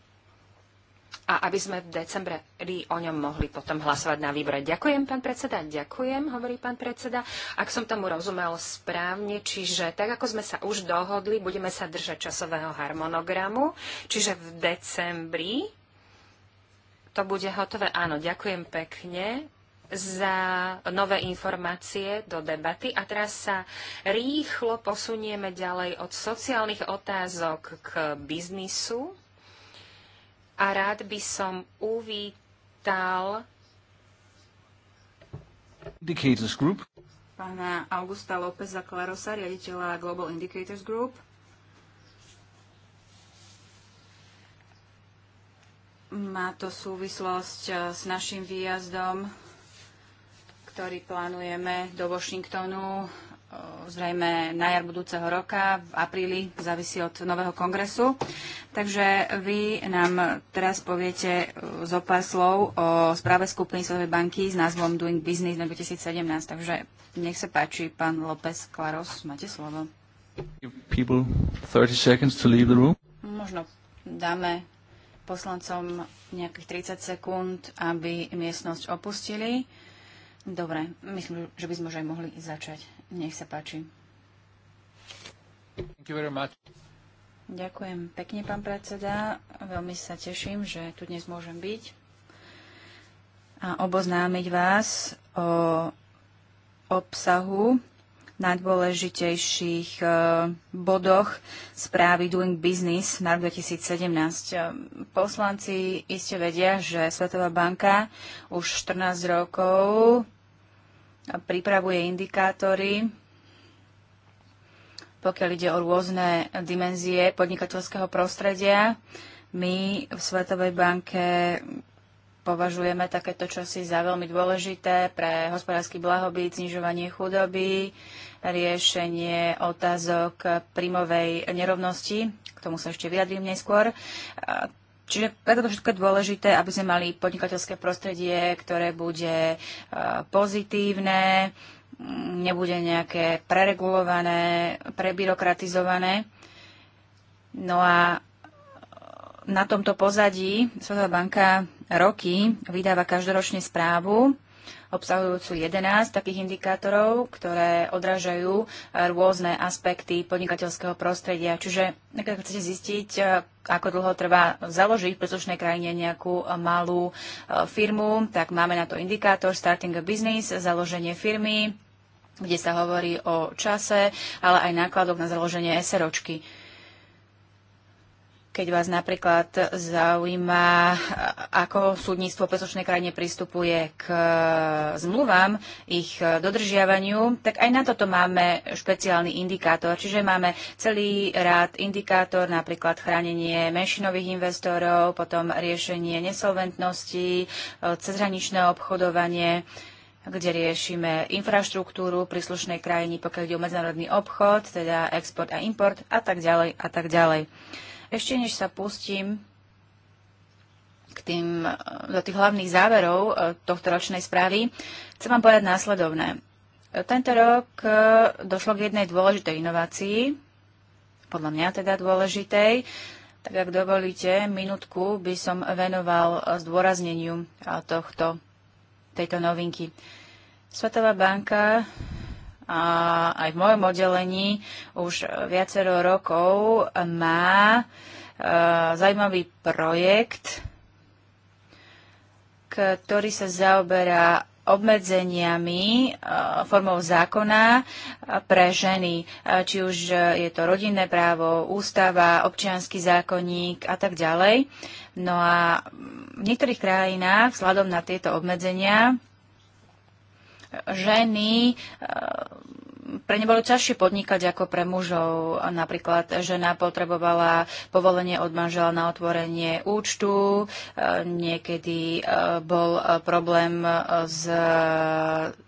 a aby sme v decembri o ňom mohli potom hlasovať na výbore. Ďakujem, pán predseda, ďakujem, hovorí pán predseda. Ak som tomu rozumel správne, čiže tak, ako sme sa už dohodli, budeme sa držať časového harmonogramu, čiže v decembri to bude hotové. Áno, ďakujem pekne za nové informácie do debaty. A teraz sa rýchlo posunieme ďalej od sociálnych otázok k biznisu a rád by som uvítal Indicators Group. Pána Augusta Lópeza Klarosa, riaditeľa Global Indicators Group. Má to súvislosť eh, s našim výjazdom, ktorý plánujeme do Washingtonu zrejme na jar budúceho roka, v apríli, závisí od nového kongresu. Takže vy nám teraz poviete e, zo pár slov o správe skupiny Svetovej banky s názvom Doing Business na 2017. Takže nech sa páči, pán López Klaros, máte slovo. People 30 seconds to leave the room. Možno dáme poslancom nejakých 30 sekúnd, aby miestnosť opustili. Dobre, myslím, že by sme už aj mohli začať. Nech sa páči. Ďakujem pekne, pán predseda. Veľmi sa teším, že tu dnes môžem byť a oboznámiť vás o obsahu najdôležitejších e, bodoch správy Doing Business na rok 2017. E, poslanci iste vedia, že Svetová banka už 14 rokov pripravuje indikátory, pokiaľ ide o rôzne dimenzie podnikateľského prostredia. My v Svetovej banke považujeme takéto čosi za veľmi dôležité pre hospodársky blahobyt, znižovanie chudoby, riešenie otázok príjmovej nerovnosti, k tomu sa ešte vyjadrím neskôr. Čiže preto to všetko je dôležité, aby sme mali podnikateľské prostredie, ktoré bude e, pozitívne, nebude nejaké preregulované, prebyrokratizované. No a e, na tomto pozadí Svetová banka roky vydáva každoročne správu obsahujúcu 11 takých indikátorov, ktoré odrážajú e, rôzne aspekty podnikateľského prostredia. Čiže keď chcete zistiť, e, ako dlho trvá založiť v príslušnej krajine nejakú e, malú firmu, tak máme na to indikátor Starting a Business, založenie firmy, kde sa hovorí o čase, ale aj nákladok na založenie SROčky keď vás napríklad zaujíma, ako súdnictvo pesočnej krajine pristupuje k e, zmluvám, ich e, dodržiavaniu, tak aj na toto máme špeciálny indikátor. Čiže máme celý rád indikátor, napríklad chránenie menšinových investorov, potom riešenie nesolventnosti, e, cezhraničné obchodovanie kde riešime infraštruktúru príslušnej krajiny, pokiaľ ide o medzinárodný obchod, teda export a import a tak ďalej a tak ďalej. Ešte než sa pustím k tým, do tých hlavných záverov e, tohto ročnej správy, chcem vám povedať následovné. E, tento rok e, došlo k jednej dôležitej inovácii, podľa mňa teda dôležitej. Tak ak dovolíte, minútku by som venoval zdôrazneniu tohto, tejto novinky. Svetová banka a aj v mojom oddelení už viacero rokov má e, zaujímavý projekt, ktorý sa zaoberá obmedzeniami e, formou zákona e, pre ženy, e, či už je to rodinné právo, ústava, občianský zákonník a tak ďalej. No a v niektorých krajinách, vzhľadom na tieto obmedzenia, ženy e, pre ne bolo ťažšie podnikať ako pre mužov. Napríklad žena potrebovala povolenie od manžela na otvorenie účtu, e, niekedy e, bol problém s,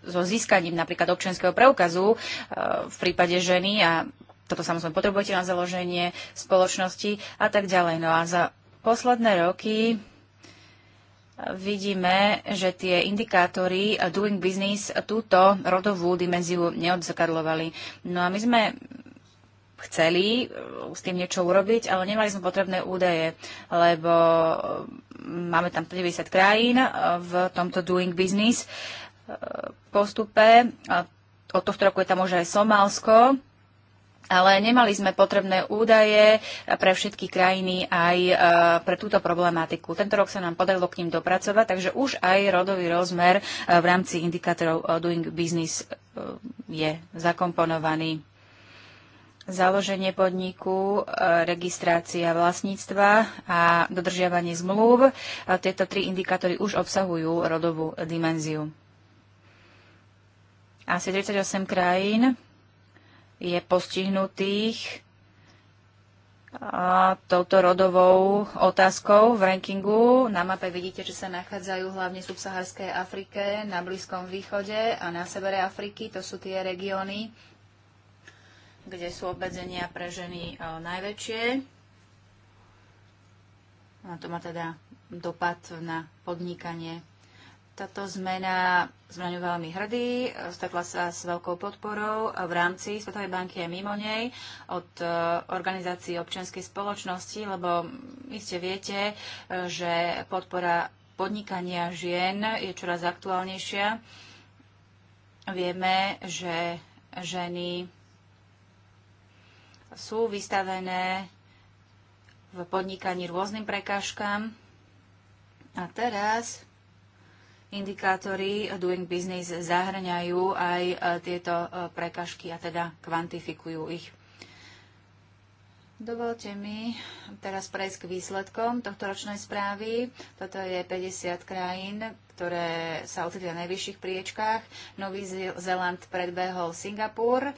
so získaním napríklad občianského preukazu v prípade ženy a toto samozrejme potrebujete na založenie spoločnosti a tak ďalej. No a za posledné roky vidíme, že tie indikátory doing business túto rodovú dimenziu neodzakadlovali. No a my sme chceli uh, s tým niečo urobiť, ale nemali sme potrebné údaje, lebo uh, máme tam 90 krajín uh, v tomto doing business postupe. Od tohto roku je tam už aj Somálsko, ale nemali sme potrebné údaje pre všetky krajiny aj e, pre túto problematiku. Tento rok sa nám podarilo k ním dopracovať, takže už aj rodový rozmer e, v rámci indikátorov e, Doing Business je zakomponovaný. Založenie podniku, registrácia vlastníctva a dodržiavanie zmluv. Tieto tri indikátory už obsahujú rodovú dimenziu. Asi 38 krajín je postihnutých touto rodovou otázkou v rankingu. Na mape vidíte, že sa nachádzajú hlavne v subsaharskej Afrike, na Blízkom východe a na severe Afriky. To sú tie regióny, kde sú obmedzenia pre ženy e, najväčšie. A to má teda dopad na podnikanie táto zmena, sme ňu veľmi hrdí, e, stretla sa s veľkou podporou v rámci Svetovej banky a mimo nej od e, organizácií občianskej spoločnosti, lebo iste viete, e, že podpora podnikania žien je čoraz aktuálnejšia. Vieme, že ženy sú vystavené v podnikaní rôznym prekážkam. A teraz indikátory Doing Business zahŕňajú aj e, tieto e, prekažky a teda kvantifikujú ich. Dovolte mi teraz prejsť k výsledkom tohto ročnej správy. Toto je 50 krajín, ktoré sa ocitli na najvyšších priečkách. Nový Zeland predbehol Singapur. E,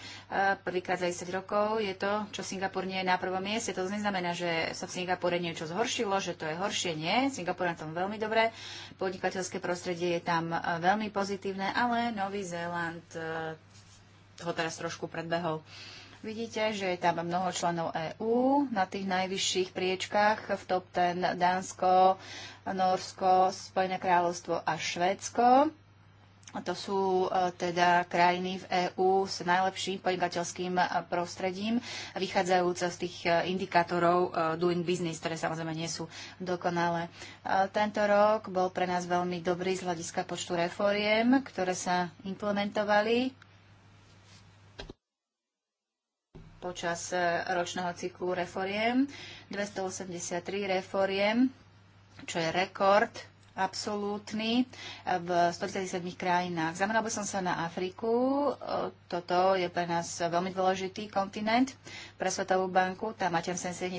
prvýkrát za 10 rokov je to, čo Singapur nie je na prvom mieste. To neznamená, že sa v Singapure niečo zhoršilo, že to je horšie. Nie, Singapur na tom veľmi dobre. Podnikateľské prostredie je tam e, veľmi pozitívne, ale Nový Zeland e, ho teraz trošku predbehol. Vidíte, že je tam mnoho členov EÚ na tých najvyšších priečkách v top ten Dánsko, Norsko, Spojené kráľovstvo a Švédsko. A to sú e, teda krajiny v EÚ s najlepším podnikateľským e, prostredím, vychádzajúce z tých e, indikátorov doing business, ktoré samozrejme nie sú dokonalé. Tento rok bol pre nás veľmi dobrý z hľadiska počtu reforiem, ktoré sa implementovali počas e, ročného cyklu reforiem. 283 reforiem, čo je rekord absolútny e, v 137 krajinách. Zameral by som sa na Afriku. E, toto je pre nás veľmi dôležitý kontinent. Pre Svetovú banku tam máte 77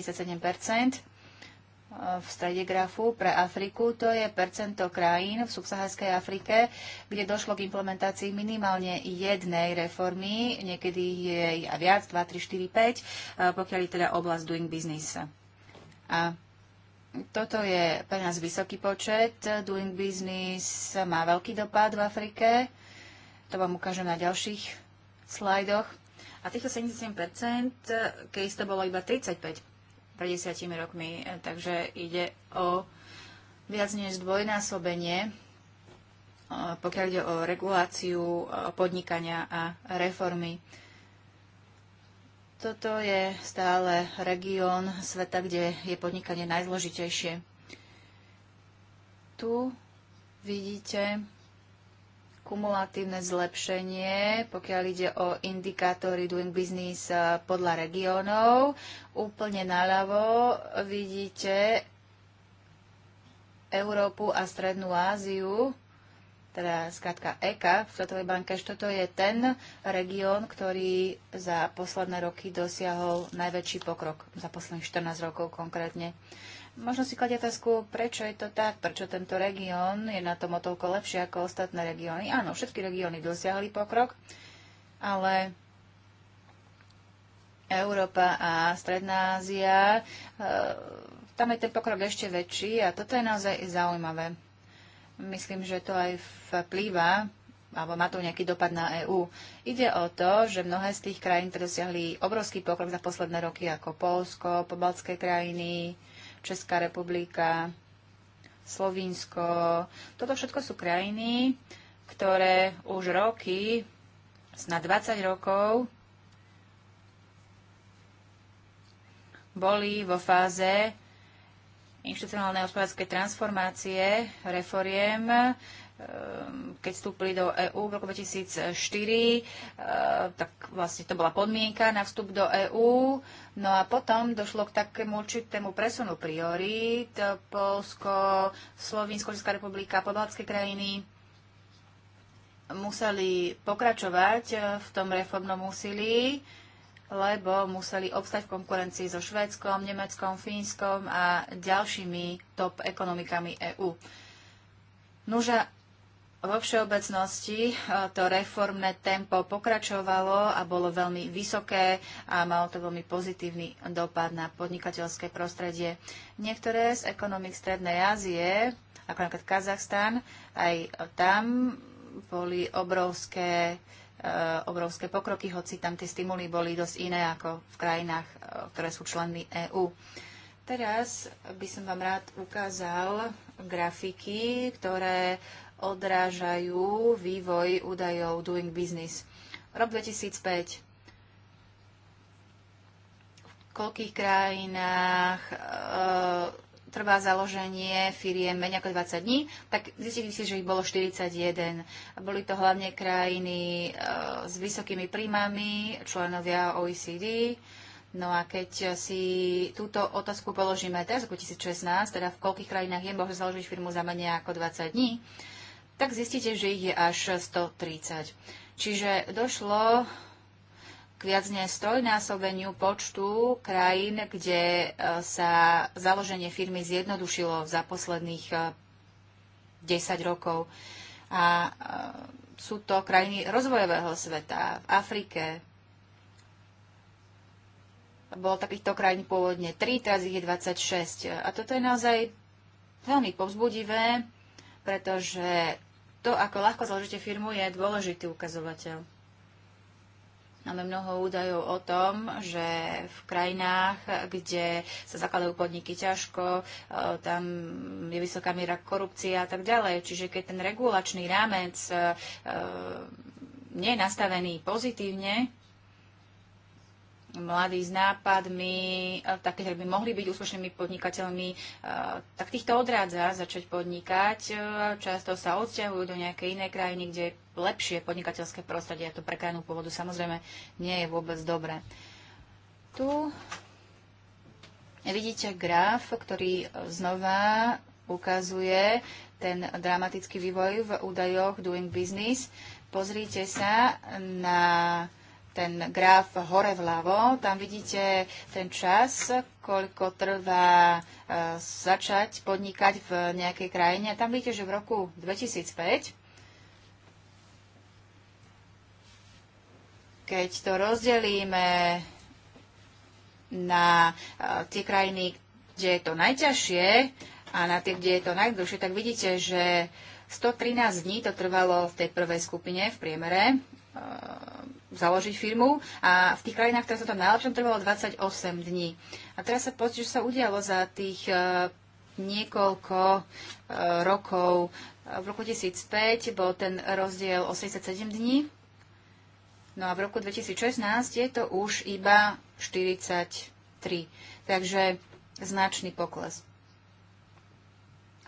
v strede grafu pre Afriku, to je percento krajín v subsaharskej Afrike, kde došlo k implementácii minimálne jednej reformy, niekedy je a viac, 2, 3, 4, 5, pokiaľ je teda oblasť doing business. A toto je pre nás vysoký počet. Doing business má veľký dopad v Afrike. To vám ukážem na ďalších slajdoch. A týchto 77%, keď to bolo iba 35 pred desiatimi rokmi. E, takže ide o viac než dvojnásobenie, e, pokiaľ ide o reguláciu e, podnikania a reformy. Toto je stále región sveta, kde je podnikanie najzložitejšie. Tu vidíte kumulatívne zlepšenie, pokiaľ ide o indikátory doing business eh, podľa regiónov. Úplne naľavo vidíte Európu a Strednú Áziu, teda skratka EKA v Svetovej banke, že toto je ten región, ktorý za posledné roky dosiahol najväčší pokrok, za posledných 14 rokov konkrétne. Možno si kladie otázku, prečo je to tak, prečo tento región je na tom o toľko lepšie ako ostatné regióny. Áno, všetky regióny dosiahli pokrok, ale Európa a Stredná Ázia, eh, tam je ten pokrok ešte väčší a toto je naozaj zaujímavé. Myslím, že to aj vplýva alebo má to nejaký dopad na EÚ. Ide o to, že mnohé z tých krajín, ktoré dosiahli obrovský pokrok za posledné roky, ako Polsko, pobaltské krajiny, Česká republika, Slovinsko. Toto všetko sú krajiny, ktoré už roky, na 20 rokov, boli vo fáze inštitucionálnej hospodárskej transformácie, reforiem, Ehm, keď vstúpili do EÚ v roku 2004, ehm, tak vlastne to bola podmienka na vstup do EÚ. No a potom došlo k takému určitému presunu priorít. Polsko, Slovinsko, Česká republika, podbaltské krajiny museli pokračovať eh, v tom reformnom úsilí lebo museli obstať v konkurencii so Švédskom, Nemeckom, Fínskom a ďalšími top ekonomikami EÚ. Nože, vo všeobecnosti e, to reformné tempo pokračovalo a bolo veľmi vysoké a malo to veľmi pozitívny dopad na podnikateľské prostredie. Niektoré z ekonomik Strednej Ázie, ako napríklad Kazachstan, aj tam boli obrovské, e, obrovské pokroky, hoci tam tie stimuly boli dosť iné ako v krajinách, e, ktoré sú členmi EÚ. Teraz by som vám rád ukázal grafiky, ktoré odrážajú vývoj údajov Doing Business. Rok 2005. V koľkých krajinách e, trvá založenie firiem menej ako 20 dní, tak zistili si, že ich bolo 41. Boli to hlavne krajiny e, s vysokými príjmami, členovia OECD, No a keď si túto otázku položíme teraz, ako 2016, teda v koľkých krajinách je možné založiť firmu za menej ako 20 dní, tak zistíte, že ich je až 130. Čiže došlo k viac než počtu krajín, kde e, sa založenie firmy zjednodušilo za posledných 10 e, rokov. A e, sú to krajiny rozvojového sveta v Afrike. Bolo takýchto krajín pôvodne 3, teraz ich je 26. A toto je naozaj veľmi povzbudivé, pretože to, ako ľahko založíte firmu, je dôležitý ukazovateľ. Máme mnoho údajov o tom, že v krajinách, kde sa zakladajú podniky ťažko, e, tam je vysoká miera korupcia a tak ďalej. Čiže keď ten regulačný rámec e, e, nie je nastavený pozitívne, mladí s nápadmi, také, ktorí by mohli byť úspešnými podnikateľmi, tak týchto odrádza začať podnikať. Často sa odsťahujú do nejakej inej krajiny, kde je lepšie podnikateľské prostredie a to pre krajinu pôvodu samozrejme nie je vôbec dobré. Tu vidíte graf, ktorý znova ukazuje ten dramatický vývoj v údajoch Doing Business. Pozrite sa na ten graf hore vľavo, tam vidíte ten čas, koľko trvá e, začať podnikať v nejakej krajine. Tam vidíte, že v roku 2005 keď to rozdelíme na e, tie krajiny, kde je to najťažšie a na tie, kde je to najdlhšie, tak vidíte, že 113 dní to trvalo v tej prvej skupine v priemere E, založiť firmu a v tých krajinách, ktoré sa to najlepšom trvalo 28 dní. A teraz sa pozrieť, čo sa udialo za tých e, niekoľko e, rokov. V roku 2005 bol ten rozdiel 87 dní, no a v roku 2016 je to už iba 43. Takže značný pokles.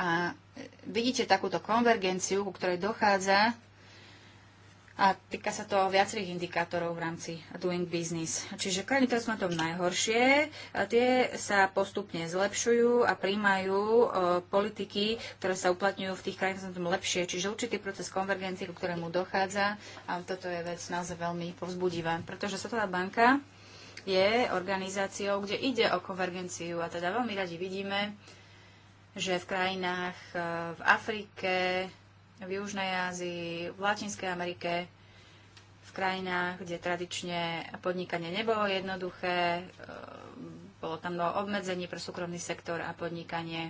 A vidíte takúto konvergenciu, ku ktorej dochádza a týka sa to viacerých indikátorov v rámci doing business. Čiže krajiny, ktoré sú na tom najhoršie, tie sa postupne zlepšujú a príjmajú politiky, ktoré sa uplatňujú v tých krajinách, ktoré sú na tom lepšie. Čiže určitý proces konvergencie, ku ktorému dochádza, a toto je vec naozaj veľmi povzbudivá, pretože Svetová banka je organizáciou, kde ide o konvergenciu a teda veľmi radi vidíme, že v krajinách e, v Afrike, v Južnej Ázii, v Latinskej Amerike, v krajinách, kde tradične podnikanie nebolo jednoduché, e, bolo tam mnoho obmedzení pre súkromný sektor a podnikanie.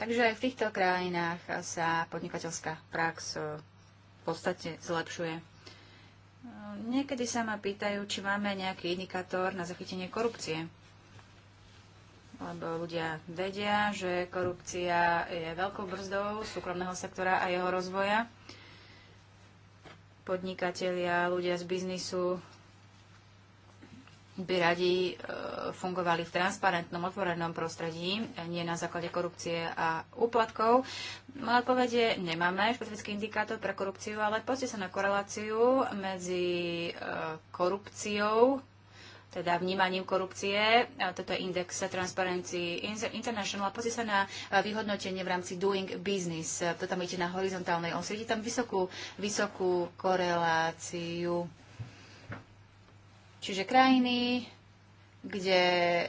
Takže aj v týchto krajinách sa podnikateľská prax e, v podstate zlepšuje. E, niekedy sa ma pýtajú, či máme nejaký indikátor na zachytenie korupcie lebo ľudia vedia, že korupcia je veľkou brzdou súkromného sektora a jeho rozvoja. Podnikatelia, ľudia z biznisu by radi e, fungovali v transparentnom, otvorenom prostredí, nie na základe korupcie a úplatkov. Moja no odpoveď je, nemáme špecifický indikátor pre korupciu, ale poďte sa na koreláciu medzi e, korupciou teda vnímaním korupcie. Toto je index Transparency International. a pozrie sa na vyhodnotenie v rámci Doing Business. E, to tam ide na horizontálnej osi. Vidíte tam vysokú, vysokú koreláciu. Čiže krajiny, kde e,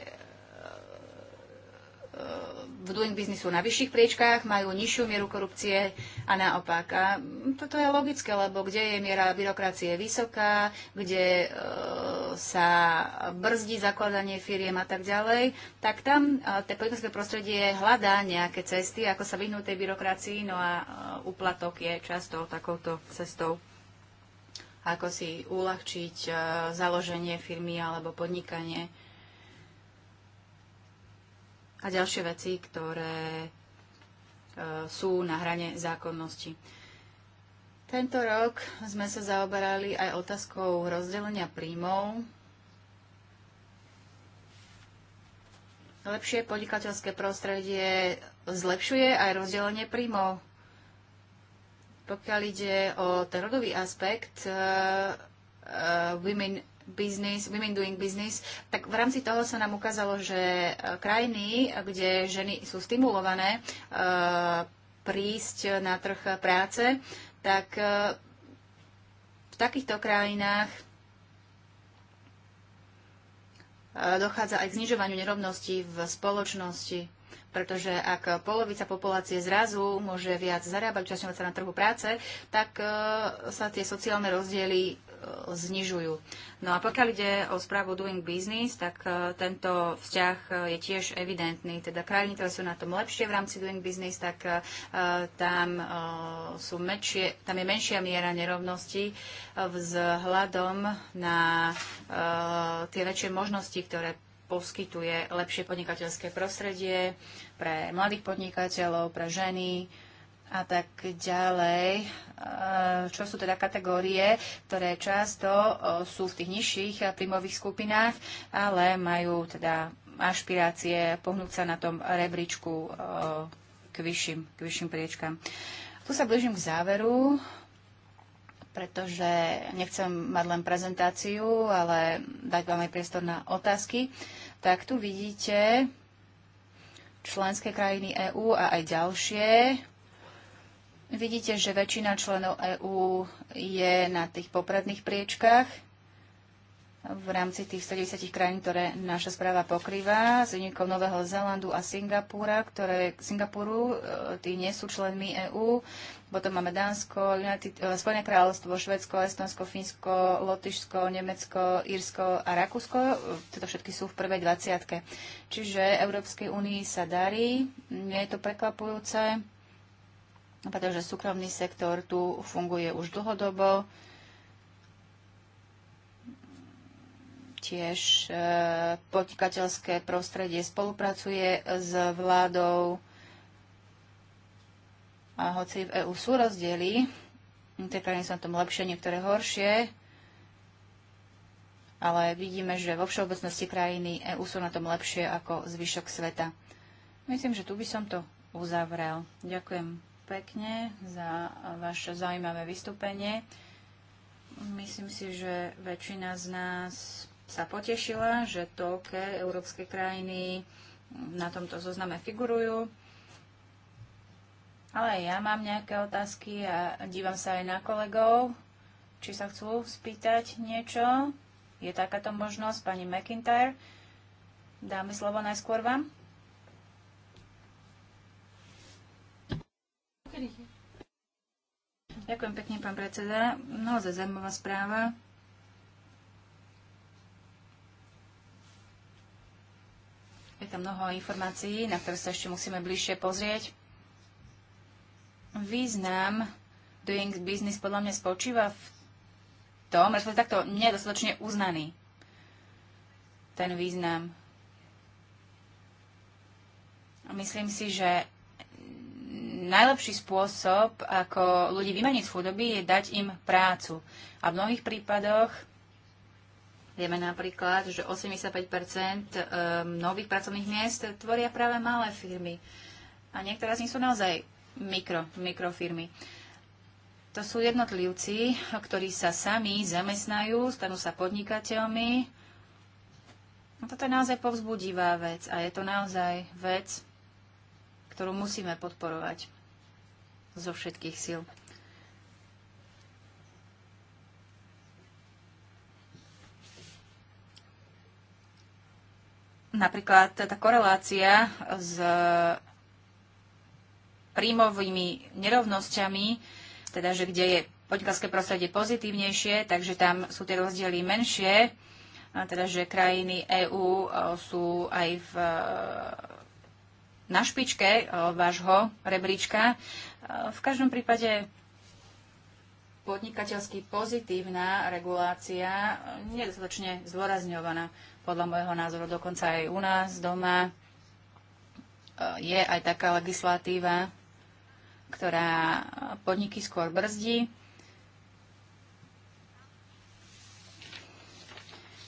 e, v doing business na vyšších priečkách, majú nižšiu mieru korupcie a naopak. A toto je logické, lebo kde je miera byrokracie vysoká, kde e, sa brzdí zakladanie firiem a tak ďalej, tak tam e, to podnikateľské prostredie hľadá nejaké cesty, ako sa vyhnúť tej byrokracii, no a e, úplatok je často takouto cestou ako si uľahčiť e, založenie firmy alebo podnikanie a ďalšie veci, ktoré e, sú na hrane zákonnosti. Tento rok sme sa zaoberali aj otázkou rozdelenia príjmov lepšie podnikateľské prostredie zlepšuje aj rozdelenie príjmov. Pokiaľ ide o ten rodový aspekt, uh, uh, Women business, women doing business, tak v rámci toho sa nám ukázalo, že e, krajiny, kde ženy sú stimulované e, prísť na trh práce, tak e, v takýchto krajinách dochádza aj k znižovaniu nerovností v spoločnosti pretože ak polovica populácie zrazu môže viac zarábať, časňovať sa na trhu práce, tak sa tie sociálne rozdiely znižujú. No a pokiaľ ide o správu Doing Business, tak e, tento vzťah e, je tiež evidentný. Teda krajiny, ktoré sú na tom lepšie v rámci Doing Business, tak e, tam, sú menšie, tam je menšia miera nerovnosti vzhľadom na tie väčšie možnosti, ktoré poskytuje lepšie podnikateľské prostredie pre mladých podnikateľov, pre ženy, a tak ďalej. E, čo sú teda kategórie, ktoré často e, sú v tých nižších e, príjmových skupinách, ale majú teda ašpirácie pohnúť sa na tom rebríčku k vyšším, k vyšším priečkám. Tu sa blížim k záveru, pretože nechcem mať len prezentáciu, ale dať vám aj priestor na otázky. Tak tu vidíte členské krajiny EÚ a aj ďalšie, Vidíte, že väčšina členov EÚ je na tých popredných priečkách v rámci tých 110 krajín, ktoré naša správa pokrýva, s výnikom Nového Zélandu a Singapúra, ktoré Singapuru, e, tí nie sú členmi EÚ. Potom máme Dánsko, United, e, Spojené kráľovstvo, Švedsko, Estonsko, Fínsko, Lotyšsko, Nemecko, Írsko a Rakúsko. Tieto všetky sú v prvej dvaciatke. Čiže Európskej únii sa darí, nie je to prekvapujúce. No, pretože súkromný sektor tu funguje už dlhodobo. Tiež e, podnikateľské prostredie spolupracuje s vládou. A hoci v EÚ sú rozdiely, tie krajiny sú na tom lepšie, niektoré horšie, ale vidíme, že vo všeobecnosti krajiny EÚ sú na tom lepšie ako zvyšok sveta. Myslím, že tu by som to uzavrel. Ďakujem pekne za vaše zaujímavé vystúpenie. Myslím si, že väčšina z nás sa potešila, že toľké európske krajiny na tomto zozname figurujú. Ale ja mám nejaké otázky a dívam sa aj na kolegov, či sa chcú spýtať niečo. Je takáto možnosť, pani McIntyre? Dáme slovo najskôr vám. Ďakujem pekne, pán predseda. Naozaj zaujímavá správa. Je tam mnoho informácií, na ktoré sa ešte musíme bližšie pozrieť. Význam doing business podľa mňa spočíva v tom, respektíve takto nie je dostatočne uznaný ten význam. myslím si, že najlepší spôsob, ako ľudí vymeniť z chudoby, je dať im prácu. A v mnohých prípadoch vieme napríklad, že 85 e, nových pracovných miest tvoria práve malé firmy. A niektoré z nich sú naozaj mikro, mikrofirmy. To sú jednotlivci, ktorí sa sami zamestnajú, stanú sa podnikateľmi. No toto je naozaj povzbudivá vec a je to naozaj vec, ktorú musíme podporovať zo všetkých síl. Napríklad tá korelácia s príjmovými nerovnosťami, teda že kde je podnikateľské prostredie pozitívnejšie, takže tam sú tie rozdiely menšie, teda že krajiny EÚ sú aj v na špičke e, vášho rebríčka. E, v každom prípade podnikateľsky pozitívna regulácia e, nedostatočne zdôrazňovaná podľa môjho názoru dokonca aj u nás doma je aj taká legislatíva, ktorá podniky skôr brzdí.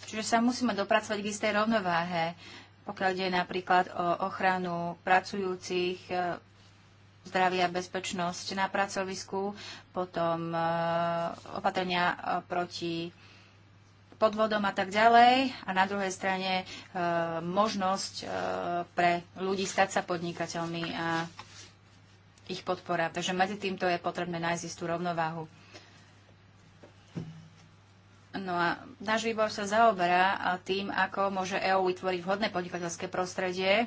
Čiže sa musíme dopracovať k istej rovnováhe pokiaľ ide napríklad o ochranu pracujúcich, e, zdravia, a bezpečnosť na pracovisku, potom e, opatrenia e, proti podvodom a tak ďalej. A na druhej strane možnosť pre ľudí stať sa podnikateľmi a ich podpora. Takže medzi týmto je potrebné nájsť istú rovnováhu. No a náš výbor sa zaoberá tým, ako môže EÚ vytvoriť vhodné podnikateľské prostredie.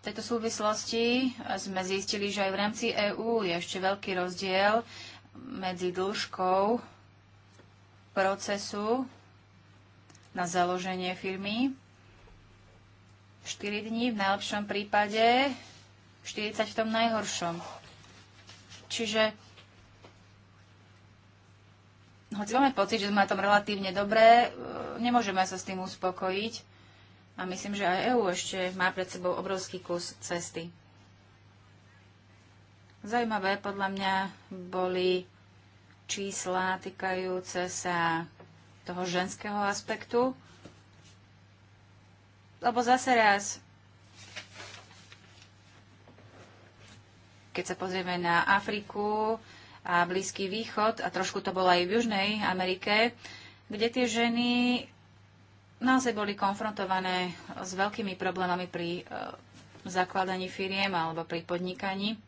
V tejto súvislosti sme zistili, že aj v rámci EÚ je ešte veľký rozdiel medzi dĺžkou procesu na založenie firmy. 4 dní v najlepšom prípade, 40 v tom najhoršom. Čiže hoci máme pocit, že sme na tom relatívne dobré, e, nemôžeme sa s tým uspokojiť. A myslím, že aj EÚ ešte má pred sebou obrovský kus cesty. Zaujímavé podľa mňa boli čísla týkajúce sa toho ženského aspektu. Lebo zase raz, keď sa pozrieme na Afriku, a Blízky východ, a trošku to bolo aj v Južnej Amerike, kde tie ženy naozaj boli konfrontované s veľkými problémami pri e, zakladaní firiem alebo pri podnikaní.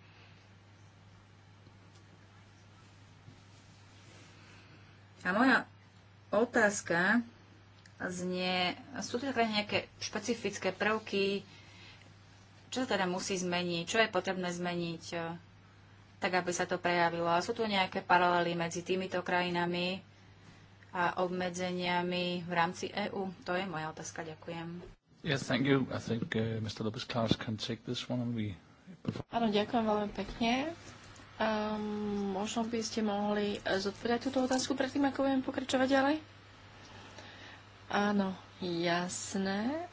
A moja otázka znie, sú tu teda nejaké špecifické prvky, čo teda musí zmeniť, čo je potrebné zmeniť, e, tak aby sa to prejavilo. A sú tu nejaké paralely medzi týmito krajinami a obmedzeniami v rámci EÚ? To je moja otázka. Ďakujem. Yes, thank you. I think uh, Mr. Lopez Klaus can take this one and we... Áno, ďakujem veľmi pekne. Um, možno by ste mohli eh, zodpovedať túto otázku predtým, ako budeme pokračovať ďalej? Áno, jasné.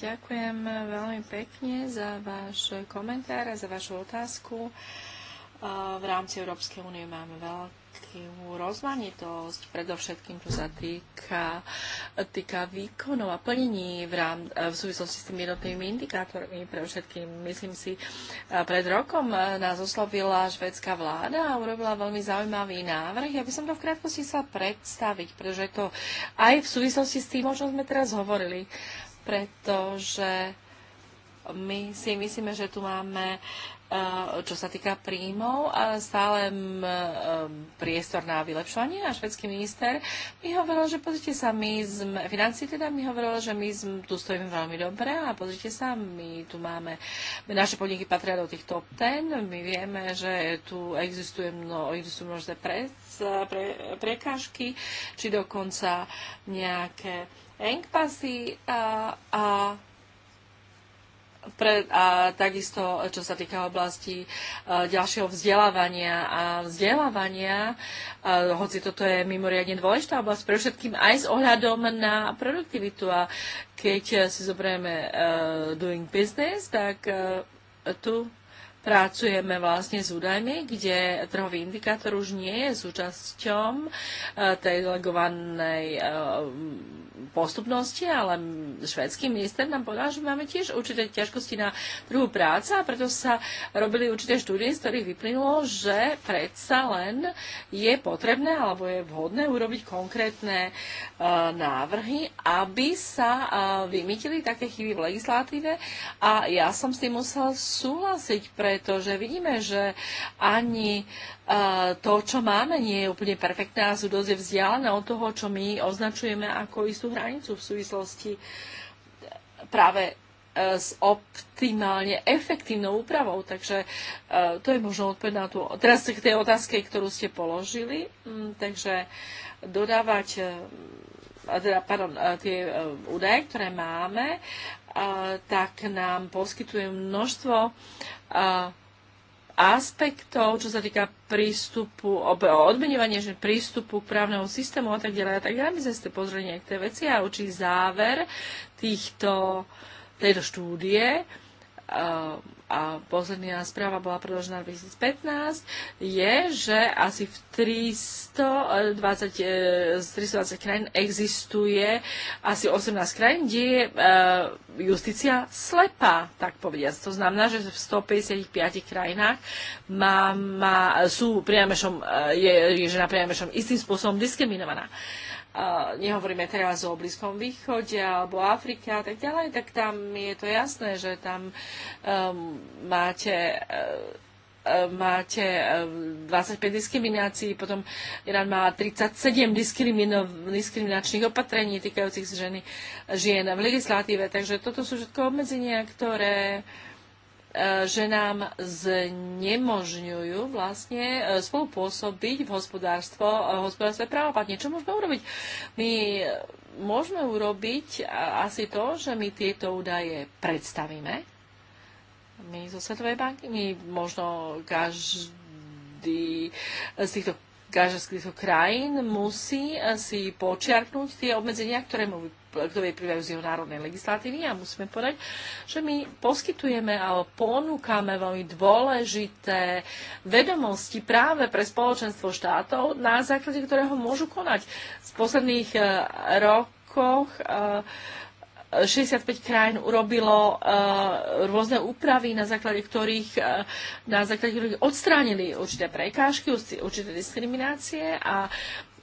Ďakujem veľmi pekne za váš komentár a za vašu otázku. Uh, v rámci Európskej únie máme veľkú rozmanitosť, predovšetkým čo sa týka, týka výkonov a plnení v, rám, v súvislosti s tými jednotnými indikátormi. Pre všetkým, myslím si, pred rokom e, nás oslovila švedská vláda a urobila veľmi zaujímavý návrh. Ja by som to v krátkosti chcela predstaviť, pretože to aj v súvislosti s tým, o čom sme teraz hovorili, pretože my si myslíme, že tu máme uh, Eh, čo sa týka príjmov stále mm, eh, priestor na vylepšovanie a švedský minister mi hovoril, že pozrite sa, my sme, financí teda mi hovoril, že my tu stojíme veľmi dobre a pozrite sa, my tu máme, naše podniky patria do tých top ten, my vieme, že tu existuje mno, existujú množstve pre, pre, prekážky, či dokonca nejaké enkpasy a, a pre, a takisto, čo sa týka oblasti e, ďalšieho vzdelávania a vzdelávania, a, e, hoci toto je mimoriadne dôležitá oblasť, pre všetkým aj s ohľadom na produktivitu. A keď si zoberieme uh, doing business, tak uh, tu pracujeme vlastne s údajmi, kde trhový indikátor už nie je súčasťom uh, tej delegovanej uh, postupnosti, ale švedský minister nám povedal, že máme tiež určité ťažkosti na druhú práce a preto sa robili určité štúdie, z ktorých vyplynulo, že predsa len je potrebné alebo je vhodné urobiť konkrétne e, návrhy, aby sa e, vymytili také chyby v legislatíve a ja som s tým musel súhlasiť, pretože vidíme, že ani e, to, čo máme, nie je úplne perfektné a sú dosť vzdialené od toho, čo my označujeme ako istú domácu hranicu v súvislosti práve e, s optimálne efektívnou úpravou. Takže e, to je možno odpoveď na tú... Teraz k tej otázke, ktorú ste položili. Mm, takže dodávať e, teda, pardon, tie údaje, ktoré máme, tak nám poskytuje množstvo aspektov, čo sa týka prístupu, odmenovania, že prístupu k právnemu systému a tak ďalej a tak ďalej. My sme ste pozreli niektoré veci a určitý záver týchto, tejto štúdie a posledná správa bola predložená v 2015, je, že asi v 320, eh, eh, z 320 krajín existuje asi 18 krajín, kde je eh, justícia slepá, tak povediať. To znamená, že v 155 krajinách má, má, sú priamešom, je, je žena priamešom istým spôsobom diskriminovaná. Uh, nehovoríme teraz o Blízkom východe alebo Afrike a tak ďalej, tak tam je to jasné, že tam um, máte e, e, máte 25 e, diskriminácií, potom Irán má 37 diskriminačných opatrení týkajúcich ženy, žien v legislatíve. Takže toto sú všetko obmedzenia, ktoré uh, E, že nám znemožňujú vlastne e, spolupôsobiť v hospodárstvo, e, hospodárstve právoplatne. Čo môžeme urobiť? My môžeme urobiť asi to, že my tieto údaje predstavíme. My zo Svetovej banky, my možno každý z týchto každý z týchto krajín musí si počiarknúť tie obmedzenia, ktoré mu ktoré privajú z jeho národnej legislatívy a musíme povedať, že my poskytujeme alebo ponúkame veľmi dôležité vedomosti práve pre spoločenstvo štátov, na základe ktorého môžu konať. Z posledných e, rokoch 65 e, krajín urobilo uh, rôzne úpravy, na základe ktorých, uh, na základe ktorých odstránili určité prekážky, určité diskriminácie a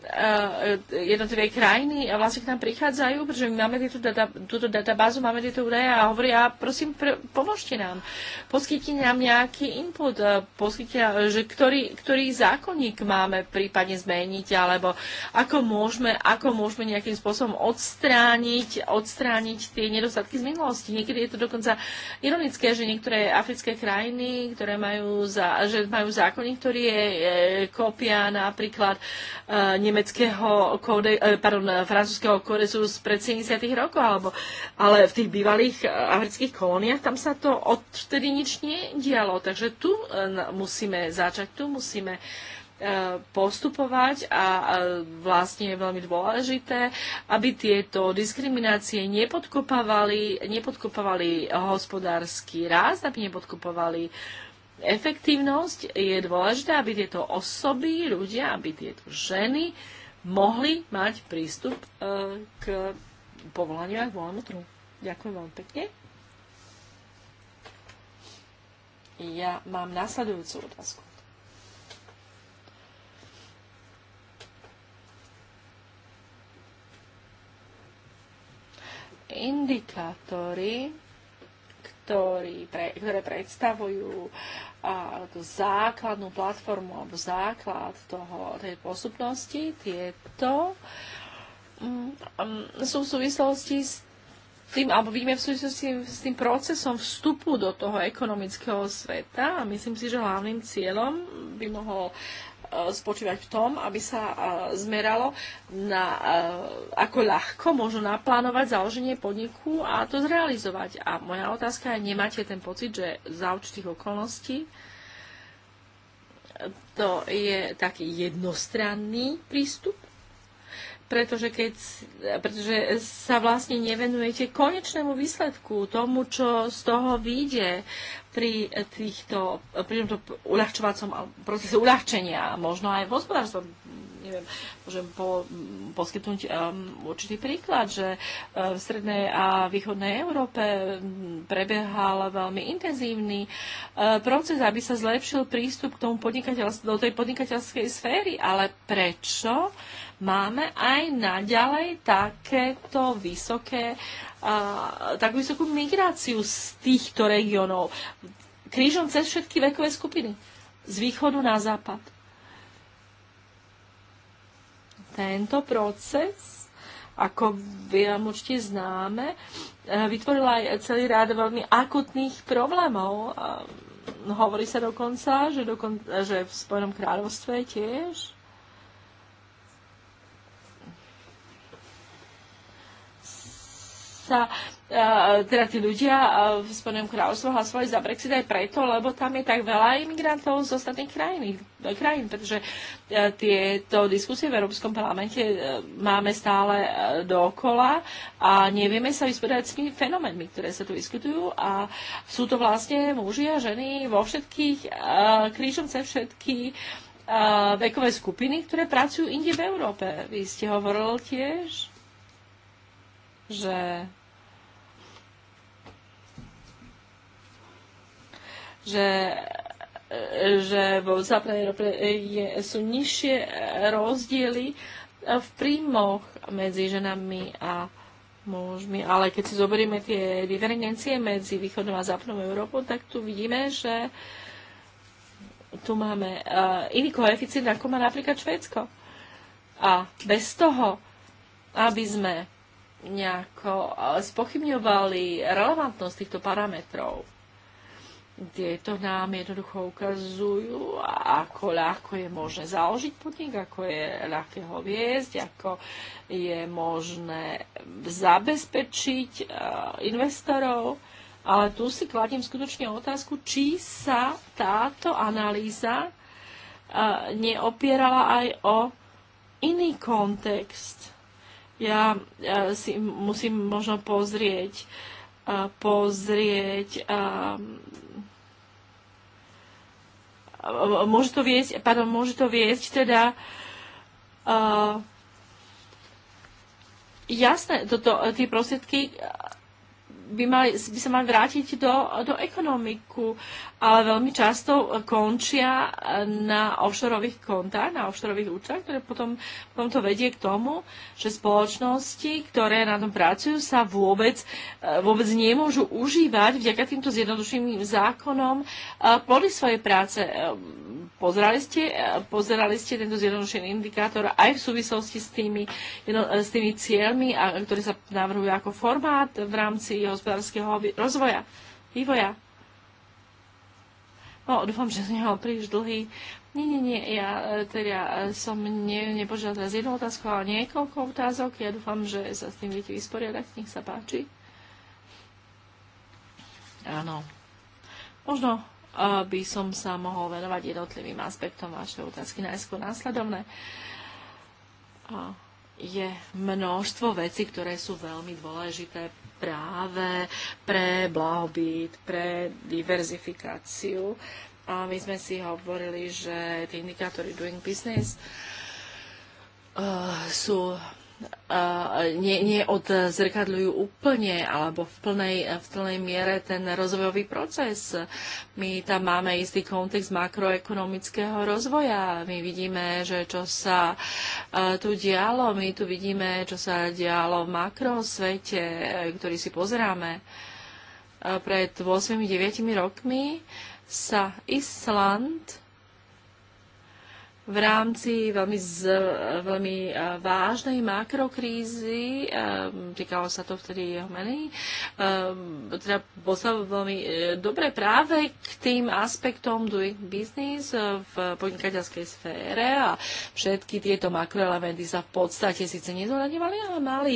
Eh, jednotlivé krajiny a vlastne k nám prichádzajú, pretože my máme tieto data, túto databázu, máme tieto údaje a hovoria, prosím, pr- pomôžte nám, poskytite nám nejaký input, eh, poskytite, eh, že ktorý, ktorý zákonník máme prípadne zmeniť, alebo ako môžeme, ako môžeme nejakým spôsobom odstrániť, odstrániť tie nedostatky z minulosti. Niekedy je to dokonca ironické, že niektoré africké krajiny, ktoré majú, za, že majú zákonník, ktorý je je kópia napríklad e, nemeckého kóde, e, pardon, francúzského kódezu z pred 70. rokov, alebo, ale v tých bývalých e, afrických kolóniách tam sa to odvtedy nič nedialo. Takže tu e, musíme začať, tu musíme postupovať a vlastne je veľmi dôležité, aby tieto diskriminácie nepodkopávali, nepodkopávali hospodársky rast, aby nepodkopávali uh, efektívnosť je dôležité, aby tieto osoby, ľudia, aby tieto ženy mohli mať prístup e, k povolaniu a k voľnému trhu. Ďakujem veľmi pekne. Ja mám následujúcu otázku. Indikátory ktorý pre, ktoré predstavujú a, tú základnú platformu alebo základ toho, tej postupnosti, tieto mm, um, sú v súvislosti s tým, alebo vidíme v súvislosti s tým procesom vstupu do toho ekonomického sveta a myslím si, že hlavným cieľom by mohol E, spočívať v tom, aby sa e, zmeralo, na, e, ako ľahko možno naplánovať založenie podniku a to zrealizovať. A moja otázka je, nemáte ten pocit, že za určitých okolností to je taký jednostranný prístup? pretože, keď, pretože sa vlastne nevenujete konečnému výsledku, tomu, čo z toho vyjde pri týchto, pri tomto uľahčovacom procese uľahčenia, možno aj v hospodárstve neviem, môžem po, mm, poskytnúť um, určitý príklad, že um, v strednej a východnej Európe mm, prebiehal veľmi intenzívny uh, proces, aby sa zlepšil prístup k tomu do tej podnikateľskej sféry, ale prečo máme aj naďalej takéto vysoké, uh, takú vysokú migráciu z týchto regiónov, krížom cez všetky vekové skupiny, z východu na západ tento proces, ako vám určite známe, e, vytvorila aj celý rád veľmi akutných problémov. E, hovorí sa dokonca, že, dokon- že v Spojenom kráľovstve tiež sa e, teda tí ľudia e, v Spojenom kráľovstve hlasovali za Brexit aj preto, lebo tam je tak veľa imigrantov z ostatných krajín, e, krajín pretože tieto diskusie v Európskom parlamente máme stále dokola a nevieme sa vysporiadať s tými fenoménmi, ktoré sa tu vyskytujú a sú to vlastne muži a ženy vo všetkých, krížom sa všetky vekové skupiny, ktoré pracujú inde v Európe. Vy ste hovoril tiež, že že že vo západnej Európe je, sú nižšie rozdiely v príjmoch medzi ženami a mužmi. Ale keď si zoberieme tie diferencie medzi východnou a západnou Európou, tak tu vidíme, že tu máme eh, iný koeficient, ako má napríklad Švédsko. A bez toho, aby sme nejako eh, spochybňovali relevantnosť týchto parametrov, tieto nám jednoducho ukazujú, ako ľahko je možné založiť podnik, ako je ľahké ho viesť, ako je možné zabezpečiť eh, investorov. Ale tu si kladiem skutočne otázku, či sa táto analýza eh, neopierala aj o iný kontext. Ja eh, si musím možno pozrieť pozrieť um, môže to viesť, pardon, môže to viesť teda uh, jasné, toto, tie prostriedky by, mali, by sa mali vrátiť do, do ekonomiku, ale veľmi často končia na offshoreových kontách, na offshoreových účtach, ktoré potom, potom to vedie k tomu, že spoločnosti, ktoré na tom pracujú, sa vôbec, eh, vôbec nemôžu užívať vďaka týmto zjednodušeným zákonom eh, plody svojej práce. Eh, pozerali ste, pozerali ste tento zjednodušený indikátor aj v súvislosti s tými, s tými cieľmi, ktoré sa navrhujú ako formát v rámci hospodárskeho rozvoja, vývoja. No, dúfam, že z neho príliš dlhý. Nie, nie, nie, ja e, teda e, som ne, nepožiadala teraz jednu otázku, ale niekoľko otázok. Ja dúfam, že sa s tým viete vysporiadať, nech sa páči. Áno. Možno uh, by som sa mohol venovať jednotlivým aspektom vašej otázky. Najskôr následovné. Uh, je množstvo vecí, ktoré sú veľmi dôležité práve pre blahobyt, pre diverzifikáciu. A my sme si hovorili, že tie indikátory doing business uh, sú nie, nie odzrkadľujú úplne alebo v plnej, v plnej miere ten rozvojový proces. My tam máme istý kontext makroekonomického rozvoja. My vidíme, že čo sa e, tu dialo, my tu vidíme, čo sa dialo v makrosvete, ktorý si pozeráme. E, pred 8-9 rokmi sa Island v rámci veľmi, z, veľmi e, vážnej makrokrízy, e, týkalo sa to vtedy jeho meny, e, teda bol sa veľmi dobre práve k tým aspektom doing business v podnikateľskej sfére a všetky tieto makroelementy sa v podstate síce nezohľadňovali, ale mali,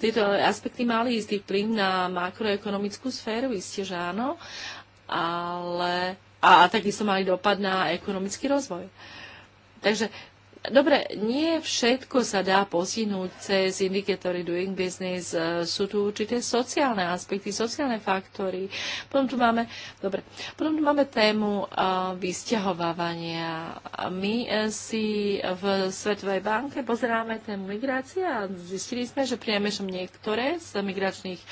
tieto aspekty mali istý vplyv na makroekonomickú sféru, isté, že áno, ale a takisto mali dopad na ekonomický rozvoj. Takže Dobre, nie všetko sa dá posihnúť cez indikátory doing business. E, sú tu určité sociálne aspekty, sociálne faktory. Potom tu máme, dobre, potom tu máme tému uh, vysťahovávania. My uh, si v Svetovej banke pozeráme tému migrácie a zistili sme, že priamešom niektoré z migračných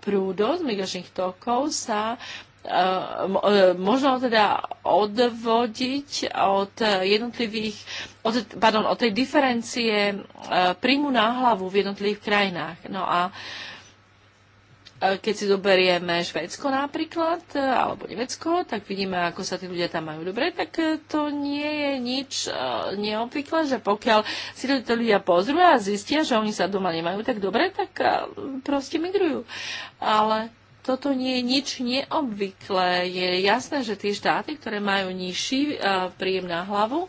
prúdov, z migračných tokov sa Eh, eh, možno teda odvodiť od jednotlivých, od, pardon, od tej diferencie eh, príjmu na hlavu v jednotlivých krajinách. No a keď si zoberieme Švédsko napríklad, alebo Nemecko, tak vidíme, ako sa tí ľudia tam majú dobre, tak to nie je nič neobvyklé, že pokiaľ si to ľudia pozrú a zistia, že oni sa doma nemajú tak dobre, tak proste migrujú. Ale toto nie je nič neobvyklé. Je jasné, že tie štáty, ktoré majú nižší uh, príjem na hlavu, uh,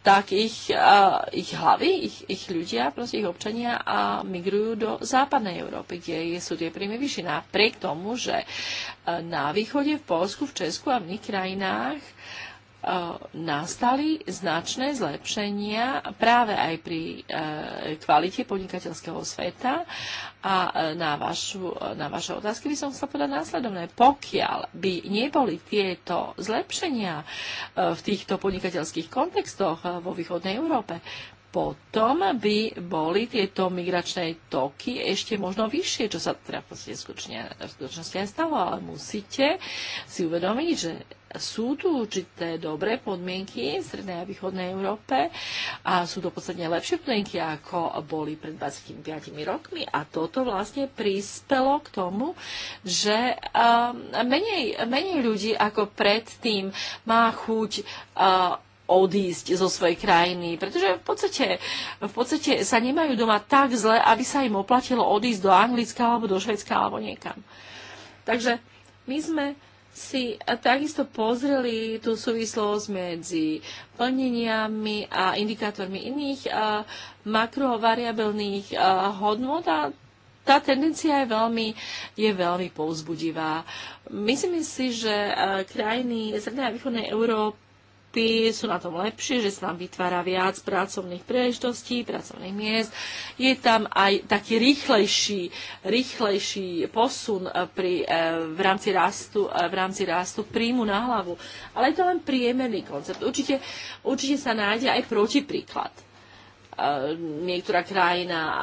tak ich, uh, ich hlavy, ich, ich ľudia, proste ich občania a migrujú do západnej Európy, kde sú tie príjmy vyššie. Napriek tomu, že uh, na východe, v Polsku, v Česku a v iných krajinách uh, nastali značné zlepšenia práve aj pri eh, kvalite podnikateľského sveta. A eh, na, vašu, na vaše otázky by som chcela povedať následovné. Pokiaľ by neboli tieto zlepšenia eh, v týchto podnikateľských kontextoch vo východnej Európe, potom by boli tieto migračné toky ešte možno vyššie, čo sa teda v skutočnosti aj stalo, ale musíte si uvedomiť, že sú tu určité dobré podmienky v Strednej a Východnej Európe a sú to podstatne lepšie podmienky, ako boli pred 25 rokmi a toto vlastne prispelo k tomu, že um, menej, menej ľudí ako predtým má chuť uh, odísť zo svojej krajiny, pretože v podstate, v podstate sa nemajú doma tak zle, aby sa im oplatilo odísť do Anglicka alebo do Švedska alebo niekam. Takže my sme si takisto pozreli tú súvislosť medzi plneniami a indikátormi iných makrovariabilných hodnot a tá tendencia je veľmi, je veľmi povzbudivá. Myslím si, že krajiny Srednej a Východnej Európy Európy sú na tom lepšie, že sa tam vytvára viac pracovných príležitostí, pracovných miest. Je tam aj taký rýchlejší, rýchlejší posun eh, pri, eh, v, rámci rastu, eh, v rámci rastu príjmu na hlavu. Ale je to len priemerný koncept. Určite, určite sa nájde aj protipríklad Eh, niektorá krajina, eh,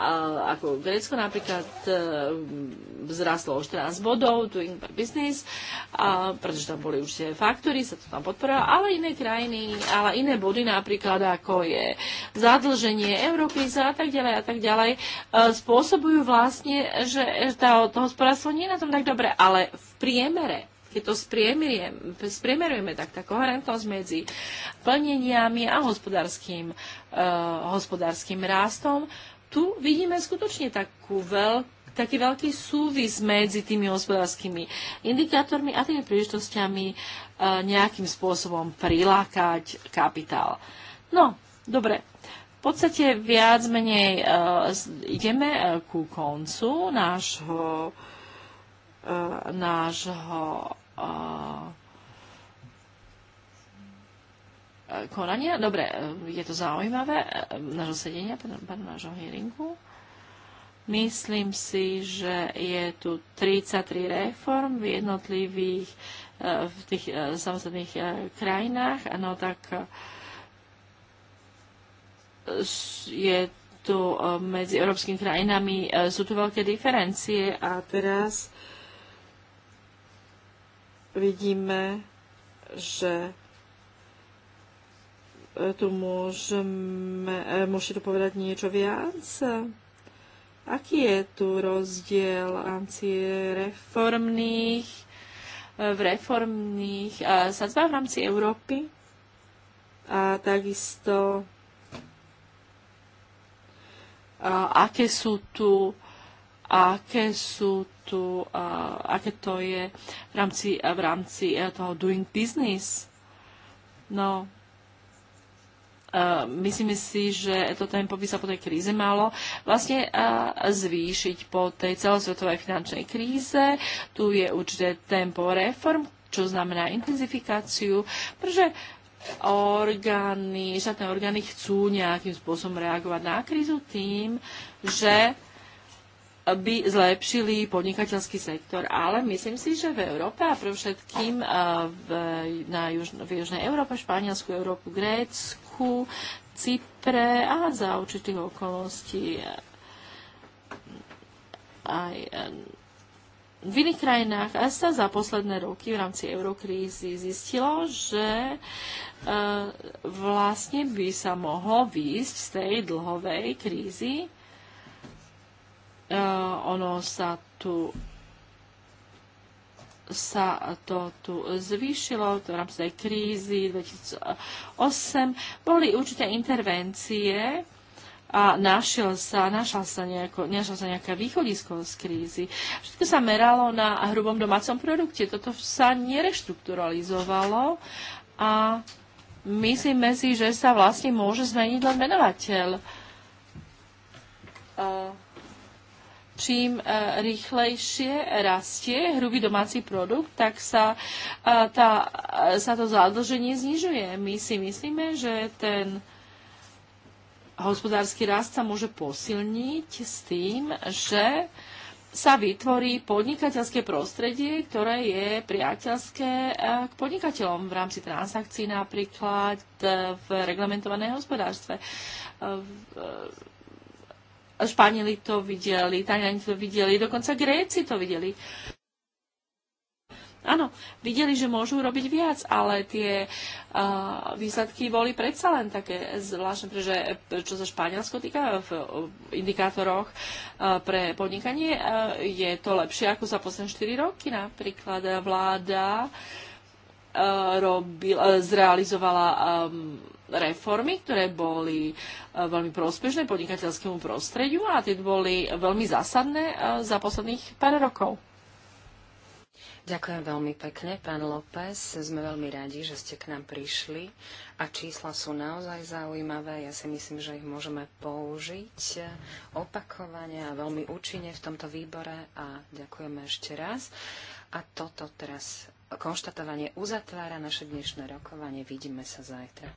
ako Grécko napríklad, eh, vzrastlo o 14 bodov, doing by business, a, pretože tam boli už tie faktory, sa to tam podporovalo, ale iné krajiny, ale iné body napríklad, ako je zadlženie, Európy a tak ďalej a tak ďalej, spôsobujú vlastne, že to hospodárstvo nie je na tom tak dobre, ale v priemere keď to spriemerujeme, tak tá koherentnosť medzi plneniami a hospodárským, e, hospodárským rástom, tu vidíme skutočne takú veľkú taký veľký súvis medzi tými hospodárskymi indikátormi a tými príležitostiami e, nejakým spôsobom prilákať kapitál. No, dobre. V podstate viac menej uh, ideme ku koncu nášho, uh, nášho E, konania. Dobre, e, je to zaujímavé, e, nášho sedenia, pána nášho hearingu. Myslím si, že je tu 33 reform v jednotlivých v tých samostatných krajinách. Ano, tak je tu medzi európskymi krajinami sú tu veľké diferencie a teraz vidíme, že e, tu môžeme, e, môžete tu povedať niečo viac? Aký je tu rozdiel antireformných e, v reformných sadzbách v rámci Európy? A takisto a aké sú tu aké sú tu, aké to je v rámci, v rámci eh, toho doing business. No, eh, myslím si, že to tempo by sa po tej kríze malo vlastne eh, zvýšiť po tej celosvetovej finančnej kríze. Tu je určité tempo reform, čo znamená intenzifikáciu, pretože orgány, štátne orgány chcú nejakým spôsobom reagovať na krízu tým, že by zlepšili podnikateľský sektor, ale myslím si, že v Európe a pre všetkým v, na juž, v Južnej Európe, Španielsku, Európu, Grécku, Cypre a za určitých okolností aj v iných krajinách a sa za posledné roky v rámci eurokrízy zistilo, že e, vlastne by sa mohlo výjsť z tej dlhovej krízy Eh, ono sa tu sa to tu zvýšilo v rámci tej krízy 2008. Boli určité intervencie a našiel sa, našla sa, nejako, našla sa nejaká východisko z krízy. Všetko sa meralo na hrubom domácom produkte. Toto sa nereštrukturalizovalo a myslíme si, že sa vlastne môže zmeniť len menovateľ. Uh, čím e, rýchlejšie rastie hrubý domáci produkt, tak sa, e, tá, e, sa to zadlženie znižuje. My si myslíme, že ten hospodársky rast sa môže posilniť s tým, že sa vytvorí podnikateľské prostredie, ktoré je priateľské k podnikateľom v rámci transakcií napríklad v reglementované hospodárstve. Španieli to videli, Taliani to videli, dokonca Gréci to videli. Áno, videli, že môžu robiť viac, ale tie uh, výsledky boli predsa len také zvláštne, pretože čo sa Španielsko týka v indikátoroch uh, pre podnikanie, uh, je to lepšie ako za posledné 4 roky. Napríklad vláda uh, robil, uh, zrealizovala um, reformy, ktoré boli e, veľmi prospešné podnikateľskému prostrediu a tie boli veľmi zásadné e, za posledných pár rokov. Ďakujem veľmi pekne, pán López. Sme veľmi radi, že ste k nám prišli a čísla sú naozaj zaujímavé. Ja si myslím, že ich môžeme použiť opakovane a veľmi účinne v tomto výbore a ďakujeme ešte raz. A toto teraz konštatovanie uzatvára naše dnešné rokovanie. Vidíme sa zajtra.